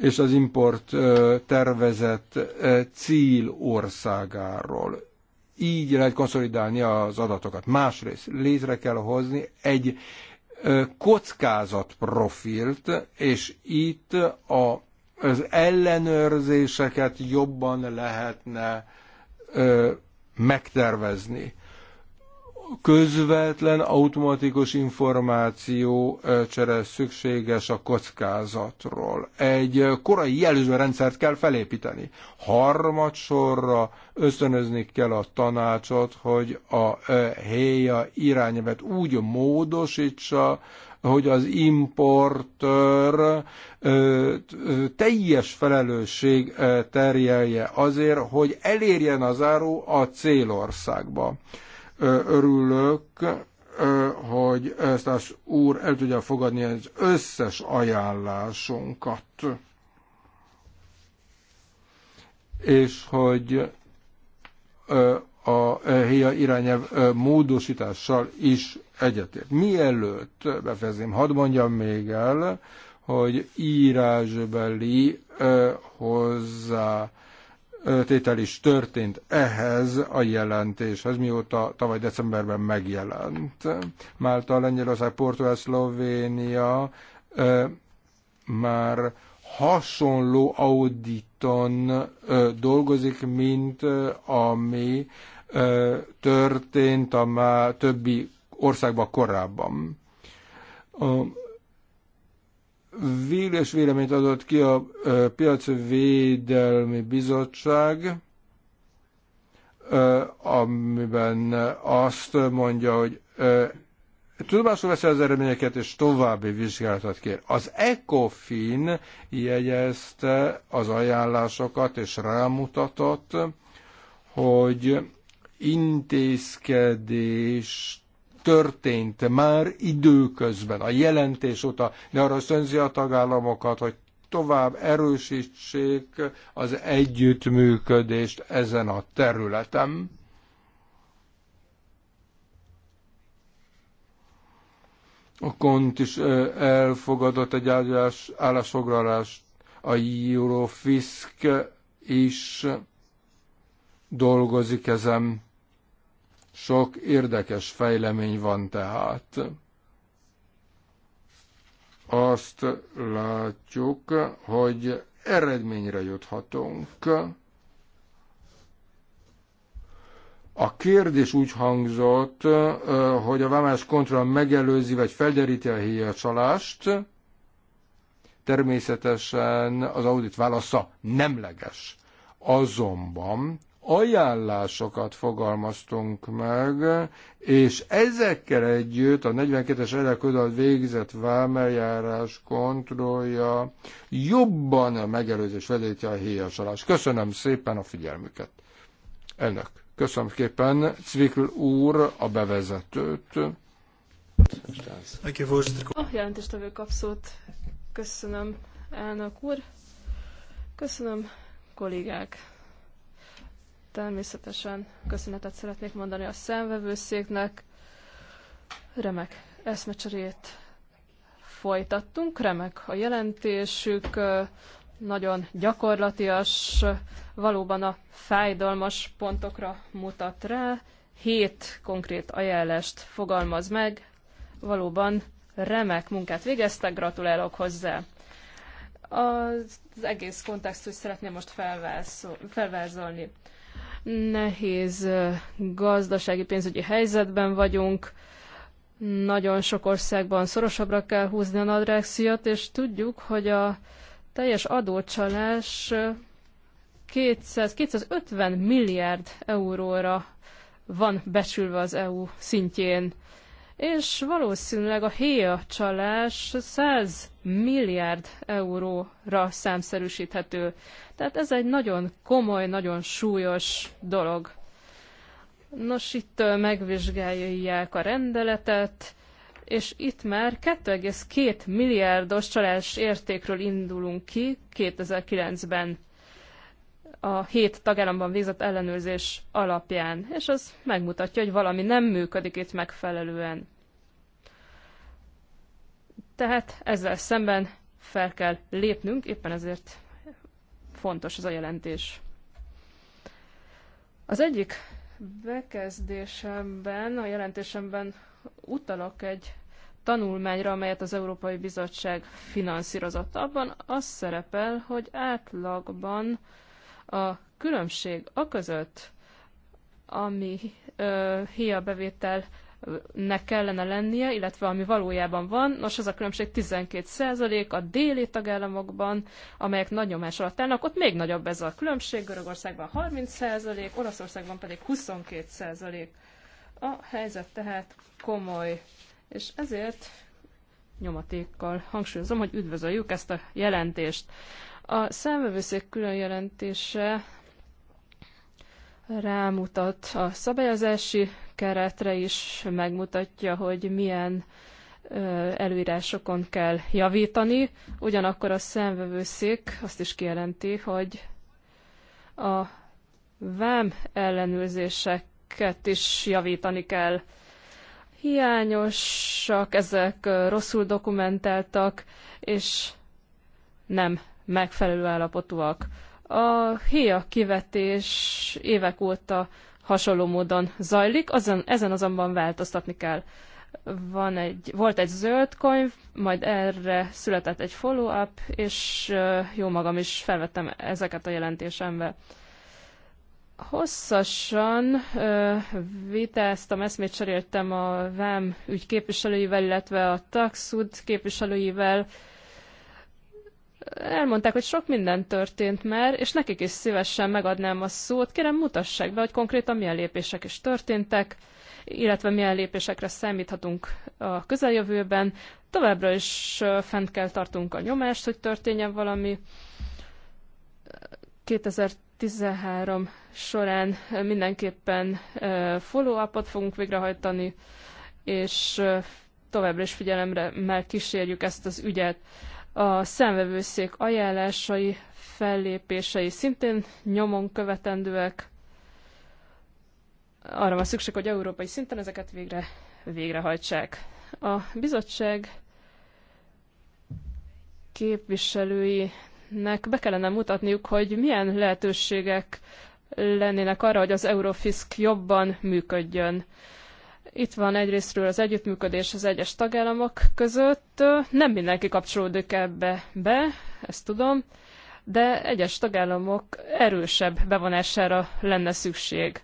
és az import tervezett országáról így lehet konszolidálni az adatokat. Másrészt létre kell hozni egy kockázatprofilt, és itt a, az ellenőrzéseket jobban lehetne ö, megtervezni közvetlen automatikus információ csere szükséges a kockázatról. Egy korai jelzőrendszert kell felépíteni. Harmadsorra ösztönözni kell a tanácsot, hogy a héja irányelvet úgy módosítsa, hogy az importőr teljes felelősség terjelje azért, hogy elérjen az áru a célországba Örülök, hogy ezt az úr el tudja fogadni az összes ajánlásunkat, és hogy a héja irányelv módosítással is egyetért. Mielőtt befejezném, hadd mondjam még el, hogy írásbeli hozzá tétel is történt ehhez a jelentéshez, mióta tavaly decemberben megjelent. Málta, Lengyelország, Portugál, Szlovénia már hasonló auditon dolgozik, mint ami történt a már többi országban korábban. A véles véleményt adott ki a Piacvédelmi Bizottság, amiben azt mondja, hogy tudomásul veszi az eredményeket, és további vizsgálatot kér. Az ECOFIN jegyezte az ajánlásokat, és rámutatott, hogy intézkedést történt már időközben, a jelentés óta, de arra szönzi a tagállamokat, hogy tovább erősítsék az együttműködést ezen a területen. A kont is elfogadott egy állás, állásfoglalást, a Eurofisk is dolgozik ezen. Sok érdekes fejlemény van tehát. Azt látjuk, hogy eredményre juthatunk. A kérdés úgy hangzott, hogy a vámás kontroll megelőzi vagy felderíti a híjacsalást. Természetesen az audit válasza nemleges. Azonban ajánlásokat fogalmaztunk meg, és ezekkel együtt a 42-es eleködött végzett vámeljárás kontrollja jobban a megelőzés vedétje a héjasalás. Köszönöm szépen a figyelmüket. Ennek. köszönöm szépen Cvikl úr a bevezetőt. A jelentéstevő kapszót köszönöm, elnök úr. Köszönöm, kollégák. Természetesen köszönetet szeretnék mondani a szemvevőszéknek. Remek eszmecserét folytattunk, remek a jelentésük, nagyon gyakorlatias, valóban a fájdalmas pontokra mutat rá, hét konkrét ajánlást fogalmaz meg, valóban remek munkát végeztek, gratulálok hozzá. Az egész kontextust szeretném most felvázolni. Nehéz gazdasági pénzügyi helyzetben vagyunk, nagyon sok országban szorosabbra kell húzni a nadrágszíjat, és tudjuk, hogy a teljes adócsalás 200-250 milliárd euróra van becsülve az EU szintjén. És valószínűleg a héja csalás 100 milliárd euróra számszerűsíthető. Tehát ez egy nagyon komoly, nagyon súlyos dolog. Nos, itt megvizsgálják a rendeletet, és itt már 2,2 milliárdos csalás értékről indulunk ki 2009-ben a hét tagállamban végzett ellenőrzés alapján, és az megmutatja, hogy valami nem működik itt megfelelően. Tehát ezzel szemben fel kell lépnünk, éppen ezért fontos ez a jelentés. Az egyik bekezdésemben, a jelentésemben utalok egy tanulmányra, amelyet az Európai Bizottság finanszírozott. Abban az szerepel, hogy átlagban a különbség a között, ami ö, hiabevétel bevétel nek kellene lennie, illetve ami valójában van. Nos, ez a különbség 12 százalék a déli tagállamokban, amelyek nagy nyomás alatt állnak, ott még nagyobb ez a különbség, Görögországban 30 százalék, Olaszországban pedig 22 százalék. A helyzet tehát komoly, és ezért nyomatékkal hangsúlyozom, hogy üdvözöljük ezt a jelentést. A számvevőszék külön jelentése rámutat a szabályozási keretre is megmutatja, hogy milyen előírásokon kell javítani. Ugyanakkor a szemvevőszék azt is kijelenti, hogy a vám ellenőrzéseket is javítani kell. Hiányosak, ezek rosszul dokumentáltak, és nem megfelelő állapotúak. A héja kivetés évek óta hasonló módon zajlik, azon, ezen azonban változtatni kell. Van egy, volt egy zöld könyv, majd erre született egy follow-up, és jó magam is felvettem ezeket a jelentésembe hosszasan ö, vitáztam, eszmét cseréltem a VEM ügy képviselőivel, illetve a TAXUD képviselőivel, elmondták, hogy sok minden történt már, és nekik is szívesen megadnám a szót. Kérem, mutassák be, hogy konkrétan milyen lépések is történtek, illetve milyen lépésekre számíthatunk a közeljövőben. Továbbra is fent kell tartunk a nyomást, hogy történjen valami. 2013 során mindenképpen follow-upot fogunk végrehajtani, és továbbra is figyelemre már kísérjük ezt az ügyet. A szemvevőszék ajánlásai, fellépései szintén nyomon követendőek. Arra van szükség, hogy európai szinten ezeket végre végrehajtsák. A bizottság képviselőinek be kellene mutatniuk, hogy milyen lehetőségek lennének arra, hogy az Eurofisk jobban működjön. Itt van egyrésztről az együttműködés az egyes tagállamok között. Nem mindenki kapcsolódik ebbe be, ezt tudom, de egyes tagállamok erősebb bevonására lenne szükség.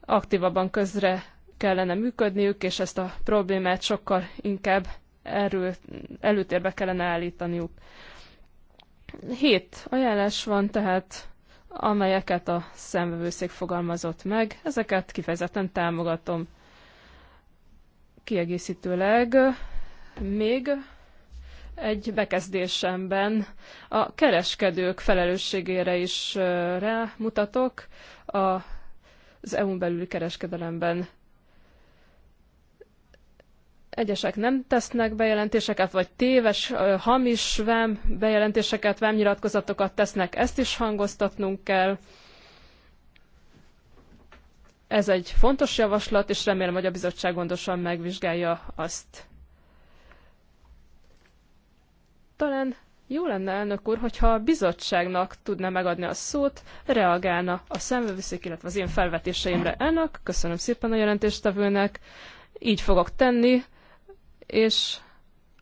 Aktívabban közre kellene működniük, és ezt a problémát sokkal inkább erő, előtérbe kellene állítaniuk. Hét ajánlás van tehát, amelyeket a szemvevőszék fogalmazott meg, ezeket kifejezetten támogatom. Kiegészítőleg még egy bekezdésemben a kereskedők felelősségére is rámutatok az EU-n belüli kereskedelemben. Egyesek nem tesznek bejelentéseket, vagy téves, hamis vám bejelentéseket, vámnyilatkozatokat tesznek, ezt is hangoztatnunk kell. Ez egy fontos javaslat, és remélem, hogy a bizottság gondosan megvizsgálja azt. Talán jó lenne, elnök úr, hogyha a bizottságnak tudna megadni a szót, reagálna a szemvevőszék, illetve az én felvetéseimre. Elnök, köszönöm szépen a jelentéstevőnek, így fogok tenni, és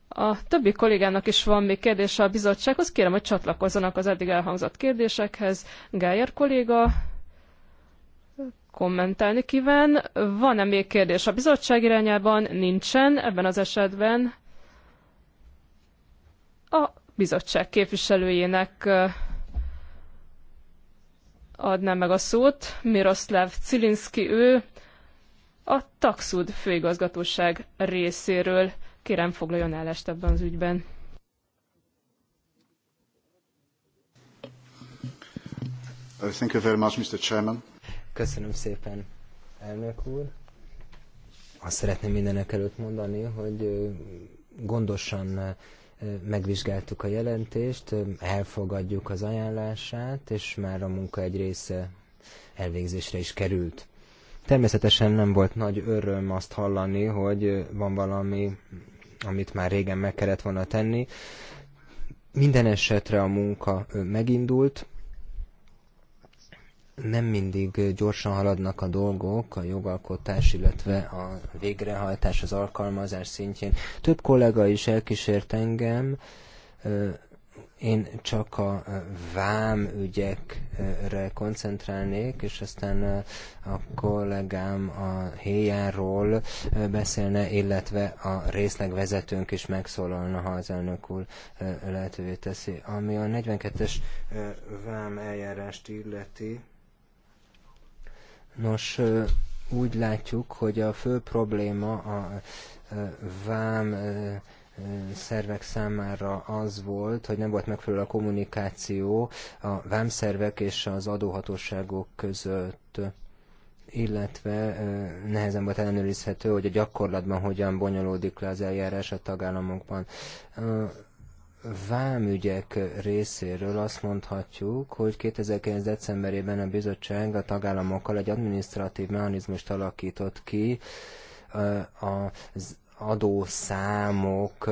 a többi kollégának is van még kérdése a bizottsághoz, kérem, hogy csatlakozzanak az eddig elhangzott kérdésekhez. Gájer kolléga, kommentálni kíván. Van-e még kérdés a bizottság irányában? Nincsen. Ebben az esetben a bizottság képviselőjének eh, adnám meg a szót. Miroslav Cilinski ő a Taxud főigazgatóság részéről. Kérem foglaljon állást ebben az ügyben. Uh, thank you very much, Mr. Chairman. Köszönöm szépen, elnök úr. Azt szeretném mindenek előtt mondani, hogy gondosan megvizsgáltuk a jelentést, elfogadjuk az ajánlását, és már a munka egy része elvégzésre is került. Természetesen nem volt nagy öröm azt hallani, hogy van valami, amit már régen meg kellett volna tenni. Minden esetre a munka megindult, nem mindig gyorsan haladnak a dolgok, a jogalkotás, illetve a végrehajtás, az alkalmazás szintjén. Több kollega is elkísért engem, én csak a vám ügyekre koncentrálnék, és aztán a kollégám a héjáról beszélne, illetve a részlegvezetőnk is megszólalna, ha az elnök úr lehetővé teszi. Ami a 42-es vám eljárást illeti, Nos, úgy látjuk, hogy a fő probléma a vám szervek számára az volt, hogy nem volt megfelelő a kommunikáció a vámszervek és az adóhatóságok között, illetve nehezen volt ellenőrizhető, hogy a gyakorlatban hogyan bonyolódik le az eljárás a tagállamokban vámügyek részéről azt mondhatjuk, hogy 2009. decemberében a bizottság a tagállamokkal egy adminisztratív mechanizmust alakított ki az adószámok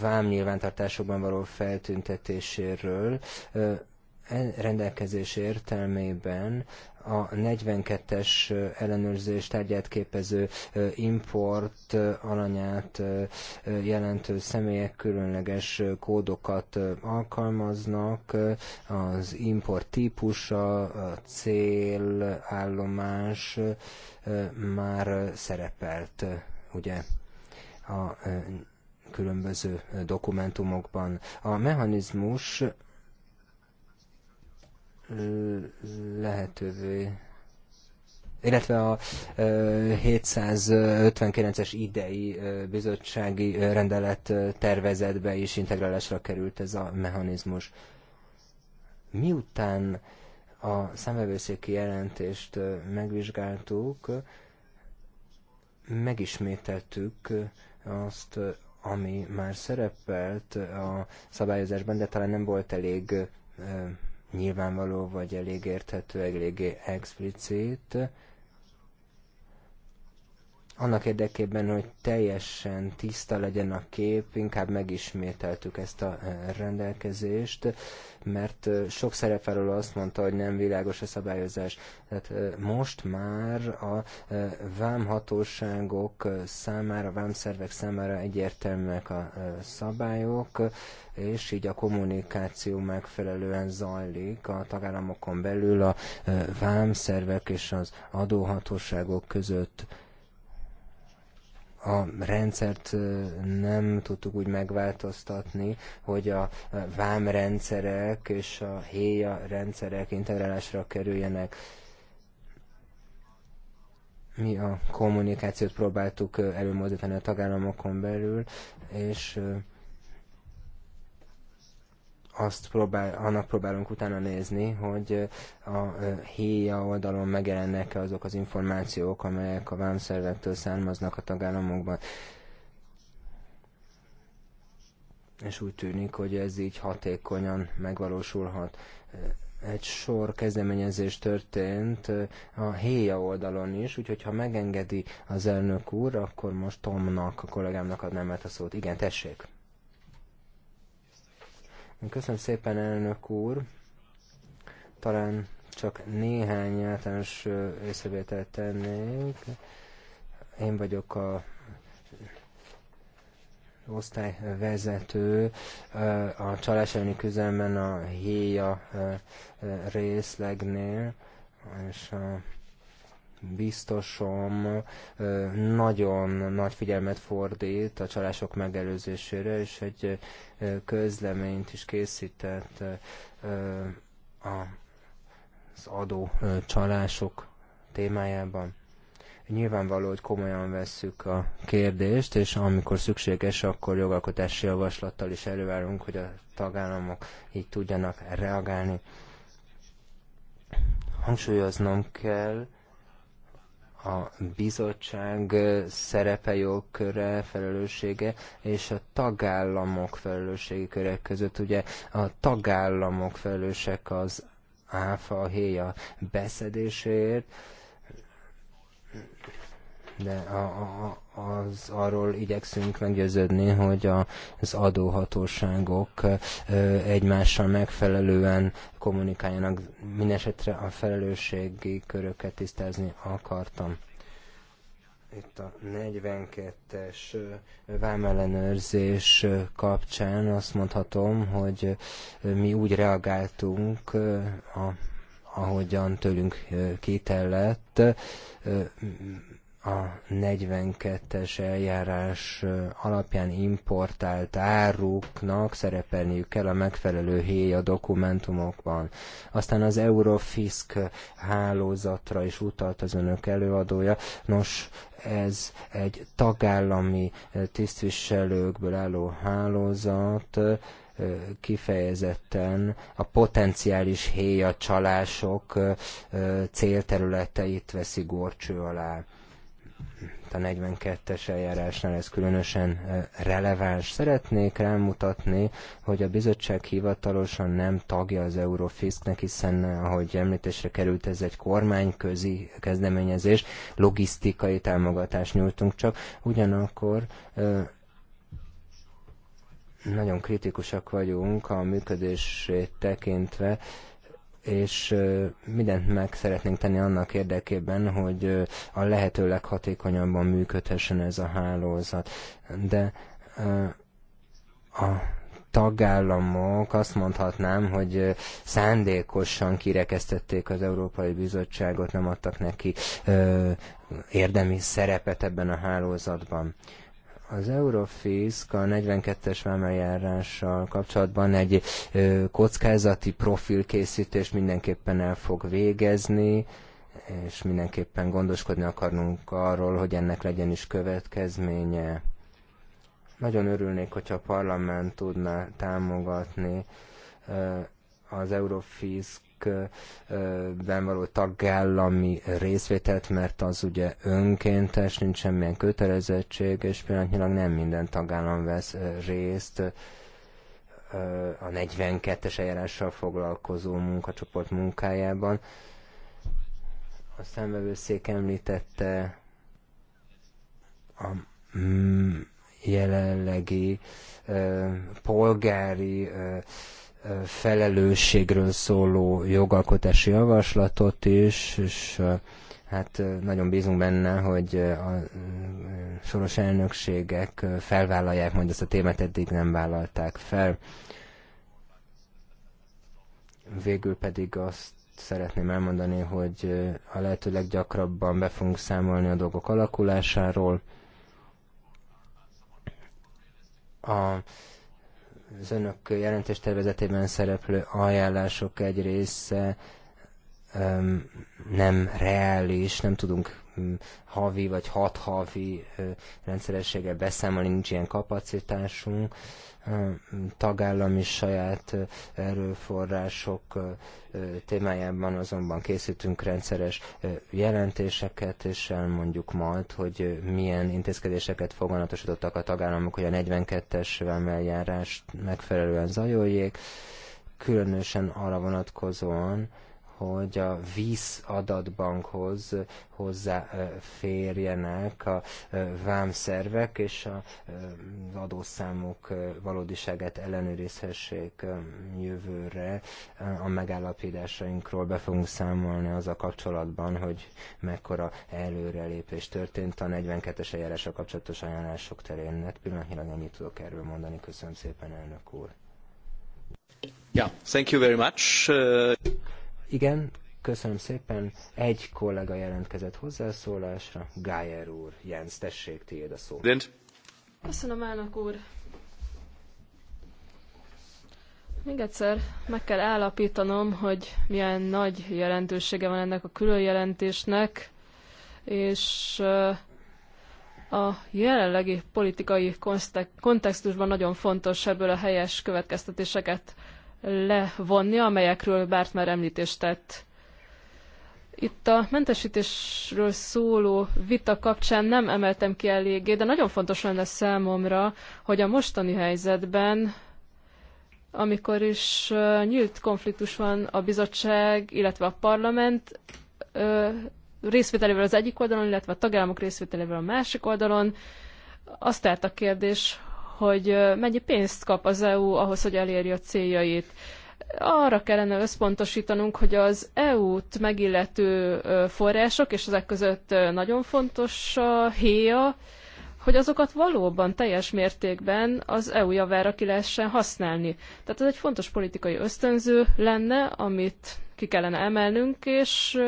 vámnyilvántartásokban való feltüntetéséről e- rendelkezés értelmében a 42-es ellenőrzés tárgyát képező import alanyát jelentő személyek különleges kódokat alkalmaznak, az import típusa, a cél, állomás már szerepelt, ugye, a különböző dokumentumokban. A mechanizmus lehetővé illetve a 759-es idei bizottsági rendelet tervezetbe is integrálásra került ez a mechanizmus. Miután a szemvevőszéki jelentést megvizsgáltuk, megismételtük azt, ami már szerepelt a szabályozásban, de talán nem volt elég nyilvánvaló, vagy elég érthető, eléggé explicit. Annak érdekében, hogy teljesen tiszta legyen a kép, inkább megismételtük ezt a eh, rendelkezést mert sok szerepelő azt mondta, hogy nem világos a szabályozás. Tehát most már a vámhatóságok számára, vámszervek számára egyértelműek a szabályok, és így a kommunikáció megfelelően zajlik a tagállamokon belül a vámszervek és az adóhatóságok között a rendszert nem tudtuk úgy megváltoztatni, hogy a vámrendszerek és a héja rendszerek integrálásra kerüljenek mi a kommunikációt próbáltuk előmozdítani a tagállamokon belül, és azt próbál, annak próbálunk utána nézni, hogy a héja oldalon megjelennek-e azok az információk, amelyek a vámszervektől származnak a tagállamokban. És úgy tűnik, hogy ez így hatékonyan megvalósulhat. Egy sor kezdeményezés történt a héja oldalon is, úgyhogy ha megengedi az elnök úr, akkor most Tomnak, a kollégámnak adnám át a szót. Igen, tessék! Köszönöm szépen, elnök úr. Talán csak néhány általános észrevételt tennék. Én vagyok a osztályvezető a csalásányi küzemben a héja részlegnél, és a biztosom nagyon nagy figyelmet fordít a csalások megelőzésére, és egy közleményt is készített az adó csalások témájában. Nyilvánvaló, hogy komolyan vesszük a kérdést, és amikor szükséges, akkor jogalkotási javaslattal is előállunk, hogy a tagállamok így tudjanak reagálni. Hangsúlyoznom kell, a bizottság szerepe, jogköre, felelőssége és a tagállamok felelősségi körek között. Ugye a tagállamok felelősek az áfa, a héja beszedéséért, de a, a, az arról igyekszünk meggyőződni, hogy a, az adóhatóságok ö, egymással megfelelően kommunikáljanak. Mindenesetre a felelősségi köröket tisztázni akartam itt a 42-es vámellenőrzés kapcsán azt mondhatom, hogy mi úgy reagáltunk, ahogyan tőlünk kitellett, a 42-es eljárás alapján importált áruknak szerepelniük kell a megfelelő héj a dokumentumokban. Aztán az Eurofisk hálózatra is utalt az önök előadója. Nos, ez egy tagállami tisztviselőkből álló hálózat, kifejezetten a potenciális héja csalások célterületeit veszi górcső alá a 42-es eljárásnál ez különösen releváns. Szeretnék rámutatni, hogy a bizottság hivatalosan nem tagja az Eurofisknek, hiszen, ahogy említésre került, ez egy kormányközi kezdeményezés, logisztikai támogatást nyújtunk csak, ugyanakkor nagyon kritikusak vagyunk a működését tekintve, és mindent meg szeretnénk tenni annak érdekében, hogy a lehető leghatékonyabban működhessen ez a hálózat. De a tagállamok azt mondhatnám, hogy szándékosan kirekesztették az Európai Bizottságot, nem adtak neki érdemi szerepet ebben a hálózatban. Az Eurofisk a 42-es vámeljárással kapcsolatban egy kockázati profilkészítést mindenképpen el fog végezni, és mindenképpen gondoskodni akarnunk arról, hogy ennek legyen is következménye. Nagyon örülnék, hogyha a parlament tudná támogatni az Eurofisk ben való tagállami részvételt, mert az ugye önkéntes, nincs semmilyen kötelezettség, és pillanatnyilag nem minden tagállam vesz részt a 42-es eljárással foglalkozó munkacsoport munkájában. A szemvevőszék említette a mm, jelenlegi polgári felelősségről szóló jogalkotási javaslatot is, és hát nagyon bízunk benne, hogy a soros elnökségek felvállalják majd ezt a témát, eddig nem vállalták fel. Végül pedig azt szeretném elmondani, hogy a lehető leggyakrabban be fogunk számolni a dolgok alakulásáról. A az önök jelentéstervezetében szereplő ajánlások egy része nem reális, nem tudunk hm, havi vagy hat havi rendszerességgel beszámolni, nincs ilyen kapacitásunk tagállami saját erőforrások témájában azonban készítünk rendszeres jelentéseket, és elmondjuk majd, hogy milyen intézkedéseket foganatosítottak a tagállamok, hogy a 42-es eljárást megfelelően zajoljék, különösen arra vonatkozóan, hogy a vízadatbankhoz hozzáférjenek a vámszervek, és az adószámok valódiságát ellenőrizhessék jövőre. A megállapításainkról be fogunk számolni az a kapcsolatban, hogy mekkora előrelépés történt a 42-es eljárással kapcsolatos ajánlások terén. Hát pillanatnyilag ennyit tudok erről mondani. Köszönöm szépen, elnök úr. Yeah, thank you very much. Uh... Igen, köszönöm szépen. Egy kollega jelentkezett hozzászólásra. Gájer úr, Jens, tessék, tiéd a szó. Köszönöm, elnök úr. Még egyszer meg kell állapítanom, hogy milyen nagy jelentősége van ennek a külön jelentésnek, és a jelenlegi politikai kontextusban nagyon fontos ebből a helyes következtetéseket levonni, amelyekről Bárt már említést tett. Itt a mentesítésről szóló vita kapcsán nem emeltem ki eléggé, de nagyon fontos lenne számomra, hogy a mostani helyzetben, amikor is nyílt konfliktus van a bizottság, illetve a parlament részvételével az egyik oldalon, illetve a tagállamok részvételével a másik oldalon, azt állt a kérdés, hogy mennyi pénzt kap az EU ahhoz, hogy elérje a céljait. Arra kellene összpontosítanunk, hogy az EU-t megillető források, és ezek között nagyon fontos a héja, hogy azokat valóban teljes mértékben az EU javára ki lehessen használni. Tehát ez egy fontos politikai ösztönző lenne, amit ki kellene emelnünk, és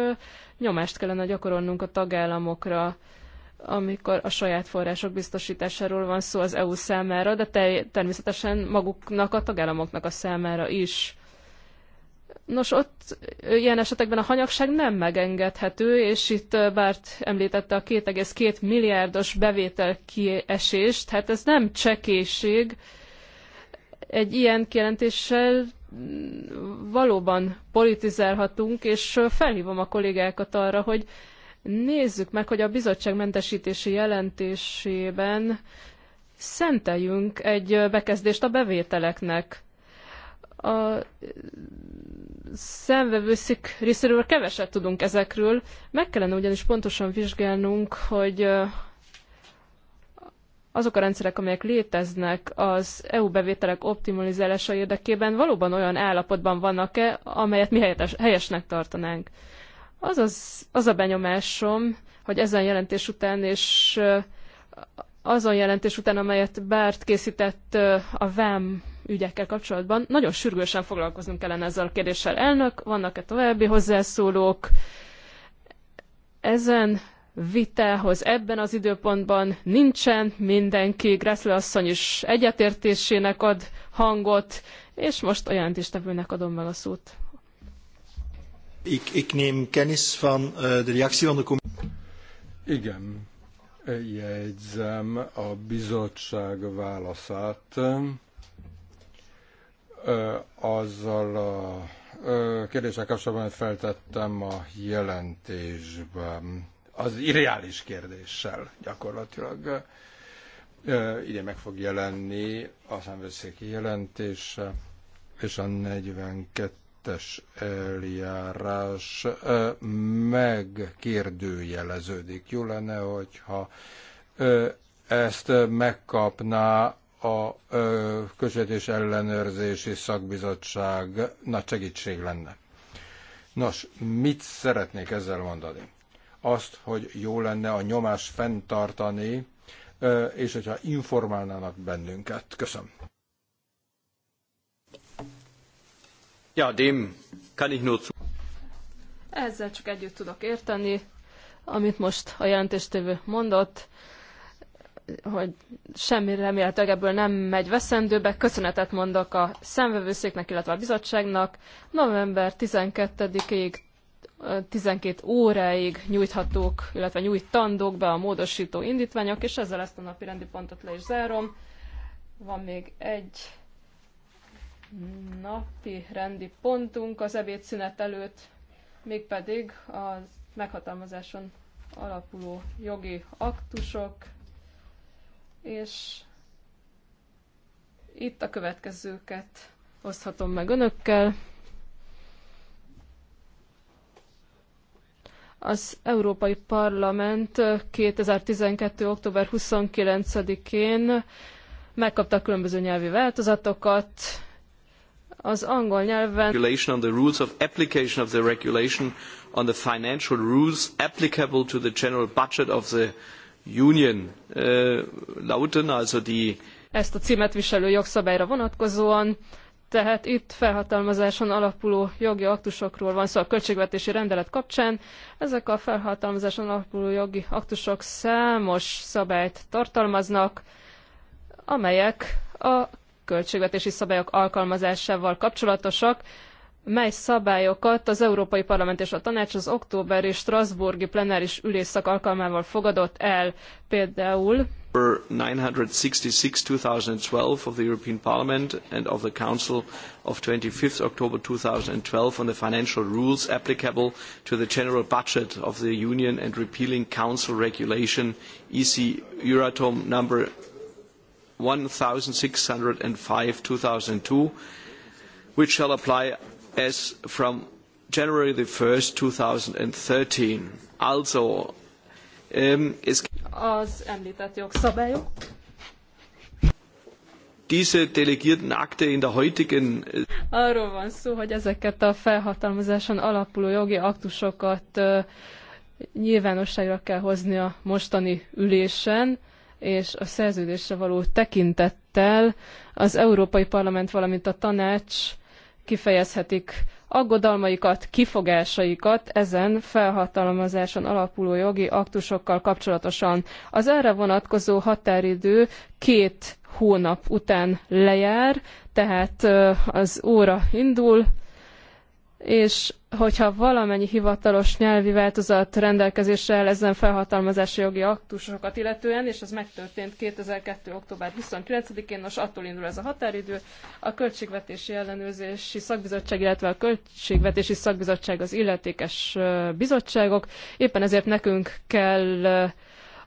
nyomást kellene gyakorolnunk a tagállamokra amikor a saját források biztosításáról van szó az EU számára, de te, természetesen maguknak, a tagállamoknak a számára is. Nos, ott ilyen esetekben a hanyagság nem megengedhető, és itt Bárt említette a 2,2 milliárdos bevétel kiesést, hát ez nem csekéség. Egy ilyen kijelentéssel valóban politizálhatunk, és felhívom a kollégákat arra, hogy Nézzük meg, hogy a bizottság mentesítési jelentésében szenteljünk egy bekezdést a bevételeknek. A szemvevőszik részéről keveset tudunk ezekről. Meg kellene ugyanis pontosan vizsgálnunk, hogy azok a rendszerek, amelyek léteznek az EU bevételek optimalizálása érdekében, valóban olyan állapotban vannak-e, amelyet mi helyesnek tartanánk. Az, az, az a benyomásom, hogy ezen jelentés után és azon jelentés után, amelyet Bárt készített a VAM ügyekkel kapcsolatban, nagyon sürgősen foglalkoznunk kellene ezzel a kérdéssel. Elnök, vannak-e további hozzászólók? Ezen vitához ebben az időpontban nincsen mindenki. Gressle asszony is egyetértésének ad hangot, és most a jelentéstevőnek adom meg a szót. Ik, ik neem kennis van eh, de reactie van de commissie. Igen, jegyzem a bizottság válaszát azzal a kérdéssel kapcsolatban feltettem a jelentésben. Az irreális kérdéssel gyakorlatilag ide meg fog jelenni a számveszéki jelentése, és a 42 kettes eljárás megkérdőjeleződik. Jó lenne, hogyha ezt megkapná a közvetés ellenőrzési szakbizottság nagy segítség lenne. Nos, mit szeretnék ezzel mondani? Azt, hogy jó lenne a nyomást fenntartani, és hogyha informálnának bennünket. Köszönöm. Ja, dem kann ich nur zu... Ezzel csak együtt tudok érteni, amit most a jelentéstevő mondott, hogy semmi remélhetőleg ebből nem megy veszendőbe. Köszönetet mondok a szemvevőszéknek, illetve a bizottságnak. November 12-ig 12 óráig nyújthatók, illetve nyújtandók be a módosító indítványok, és ezzel ezt a napi rendi pontot le is zárom. Van még egy napi rendi pontunk az ebédszünet előtt, mégpedig a meghatalmazáson alapuló jogi aktusok, és itt a következőket oszthatom meg önökkel. Az Európai Parlament 2012. október 29-én megkapta a különböző nyelvi változatokat, az angol nyelven regulation on the rules of application of the regulation on the financial rules applicable to the general budget of the Union uh, lauten, also die ezt a címet viselő jogszabályra vonatkozóan, tehát itt felhatalmazáson alapuló jogi aktusokról van szó szóval a költségvetési rendelet kapcsán. Ezek a felhatalmazáson alapuló jogi aktusok számos szabályt tartalmaznak, amelyek a költségvetési szabályok alkalmazásával kapcsolatosak, mely szabályokat az Európai Parlament és a Tanács az októberi Strasbourgi plenáris ülésszak alkalmával fogadott el. Például 966-2012 of the European Parliament and of the Council of 25 October 2012 on the financial rules applicable to the general budget of the Union and repealing Council Regulation EC Euratom number 1605 2002 which shall apply as from January 1 2013 also um, es az említett jogszabályok diese delegierten Akte in der heutigen äh, Arról van szó, hogy ezeket a felhatalmazáson alapuló jogi aktusokat uh, nyilvánosságra kell hozni a mostani ülésen és a szerződésre való tekintettel az Európai Parlament, valamint a tanács kifejezhetik aggodalmaikat, kifogásaikat ezen felhatalmazáson alapuló jogi aktusokkal kapcsolatosan. Az erre vonatkozó határidő két hónap után lejár, tehát az óra indul, és hogyha valamennyi hivatalos nyelvi változat rendelkezésre áll ezen felhatalmazási jogi aktusokat illetően, és ez megtörtént 2002. október 29-én, nos attól indul ez a határidő, a Költségvetési Ellenőrzési Szakbizottság, illetve a Költségvetési Szakbizottság az illetékes bizottságok, éppen ezért nekünk kell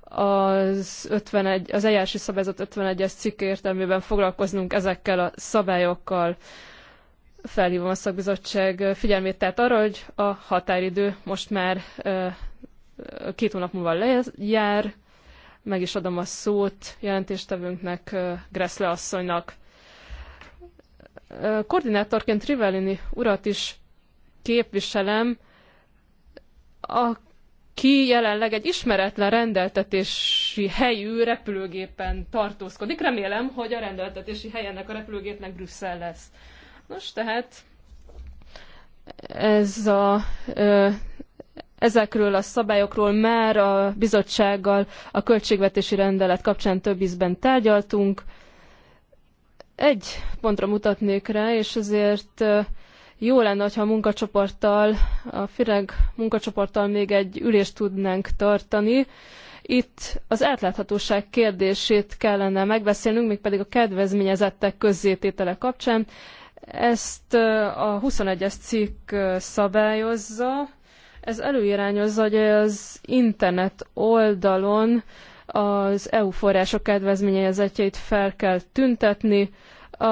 az, 51, az eljárási szabályzat 51-es cikk értelmében foglalkoznunk ezekkel a szabályokkal felhívom a szakbizottság figyelmét tehát arra, hogy a határidő most már két hónap múlva lejár, meg is adom a szót jelentéstevőnknek, Gressle asszonynak. Koordinátorként Rivellini urat is képviselem, aki jelenleg egy ismeretlen rendeltetési helyű repülőgépen tartózkodik. Remélem, hogy a rendeltetési hely ennek a repülőgépnek Brüsszel lesz. Nos, tehát ez a, ezekről a szabályokról már a bizottsággal a költségvetési rendelet kapcsán több ízben tárgyaltunk. Egy pontra mutatnék rá, és ezért jó lenne, ha a munkacsoporttal, a Fireg munkacsoporttal még egy ülést tudnánk tartani. Itt az átláthatóság kérdését kellene megbeszélnünk, mégpedig a kedvezményezettek közzététele kapcsán. Ezt a 21-es cikk szabályozza, ez előirányozza, hogy az internet oldalon az EU források kedvezményezetjeit fel kell tüntetni. A,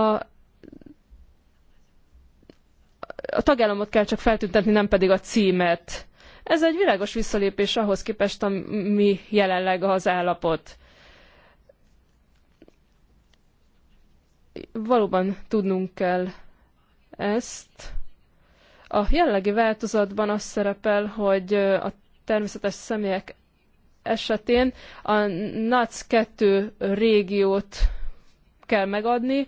a tagállamot kell csak feltüntetni, nem pedig a címet. Ez egy világos visszalépés ahhoz képest, ami jelenleg az állapot. valóban tudnunk kell ezt. A jelenlegi változatban az szerepel, hogy a természetes személyek esetén a NAC 2 régiót kell megadni.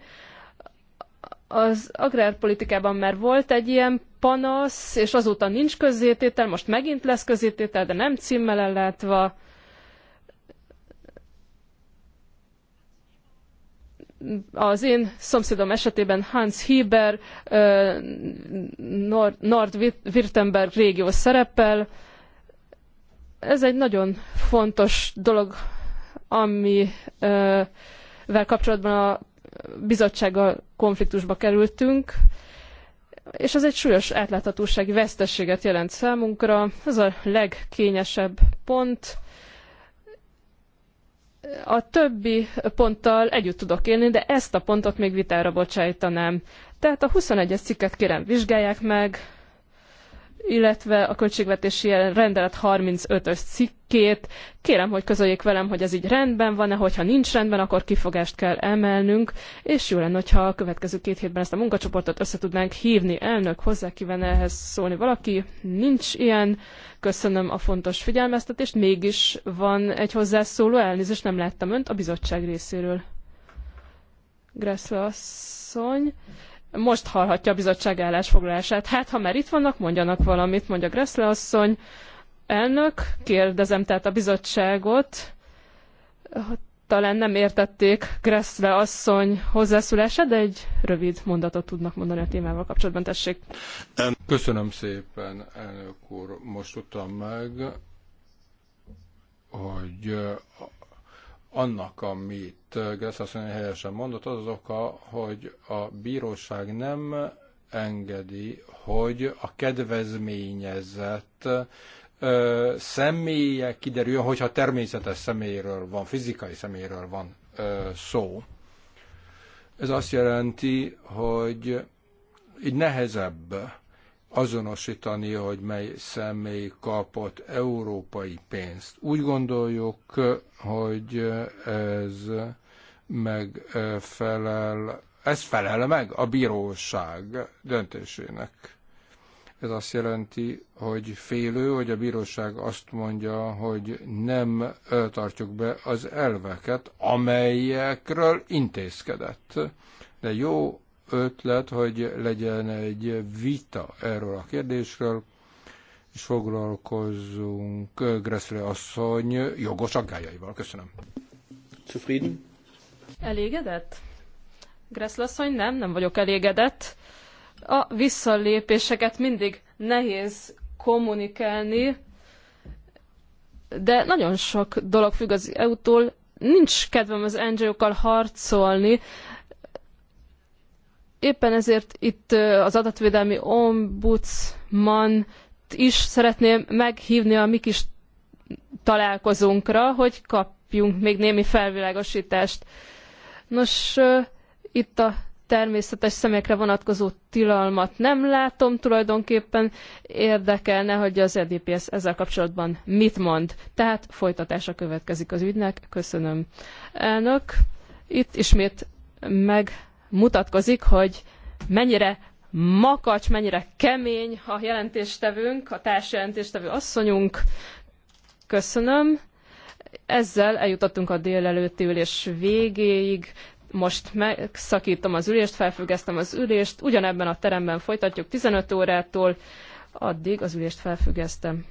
Az agrárpolitikában már volt egy ilyen panasz, és azóta nincs közzététel, most megint lesz közzététel, de nem címmel ellátva. az én szomszédom esetében Hans Hieber, Nord-Württemberg régió szerepel. Ez egy nagyon fontos dolog, amivel kapcsolatban a bizottsággal konfliktusba kerültünk, és ez egy súlyos átláthatósági veszteséget jelent számunkra. Ez a legkényesebb pont a többi ponttal együtt tudok élni, de ezt a pontot még vitára bocsájtanám. Tehát a 21-es cikket kérem vizsgálják meg, illetve a költségvetési rendelet 35-ös cikkét. Kérem, hogy közöljék velem, hogy ez így rendben van-e, hogyha nincs rendben, akkor kifogást kell emelnünk, és jó lenne, hogyha a következő két hétben ezt a munkacsoportot össze tudnánk hívni. Elnök, hozzá kívánne ehhez szólni valaki? Nincs ilyen. Köszönöm a fontos figyelmeztetést. Mégis van egy hozzászóló elnézést, nem láttam önt a bizottság részéről. Gressle asszony most hallhatja a bizottság állásfoglalását. Hát, ha már itt vannak, mondjanak valamit, mondja Gressle asszony. Elnök, kérdezem tehát a bizottságot, talán nem értették Gressle asszony hozzászólását, de egy rövid mondatot tudnak mondani a témával kapcsolatban, tessék. Köszönöm szépen, elnök úr. Most tudtam meg, hogy annak, amit amit Gresszasszony helyesen mondott, az az oka, hogy a bíróság nem engedi, hogy a kedvezményezett ö, személye kiderül, hogyha természetes személyről van, fizikai személyről van ö, szó. Ez azt jelenti, hogy így nehezebb azonosítani, hogy mely személy kapott európai pénzt. Úgy gondoljuk, hogy ez megfelel, ez felel meg a bíróság döntésének. Ez azt jelenti, hogy félő, hogy a bíróság azt mondja, hogy nem tartjuk be az elveket, amelyekről intézkedett. De jó ötlet, hogy legyen egy vita erről a kérdésről, és foglalkozzunk Gressle asszony jogos aggájaival. Köszönöm. Zufrieden? Elégedett? Greszlasszony, nem, nem vagyok elégedett. A visszalépéseket mindig nehéz kommunikálni, de nagyon sok dolog függ az EU-tól. Nincs kedvem az NGO-kkal harcolni, éppen ezért itt az adatvédelmi ombudsman is szeretném meghívni a mi kis találkozónkra, hogy kapjunk még némi felvilágosítást. Nos, itt a természetes személyekre vonatkozó tilalmat nem látom tulajdonképpen. Érdekelne, hogy az EDPS ezzel kapcsolatban mit mond. Tehát folytatása következik az ügynek. Köszönöm, elnök. Itt ismét megmutatkozik, hogy mennyire makacs, mennyire kemény a jelentéstevőnk, a társjelentéstevő asszonyunk. Köszönöm. Ezzel eljutottunk a délelőtti ülés végéig, most megszakítom az ülést, felfüggesztem az ülést, ugyanebben a teremben folytatjuk 15 órától, addig az ülést felfüggesztem.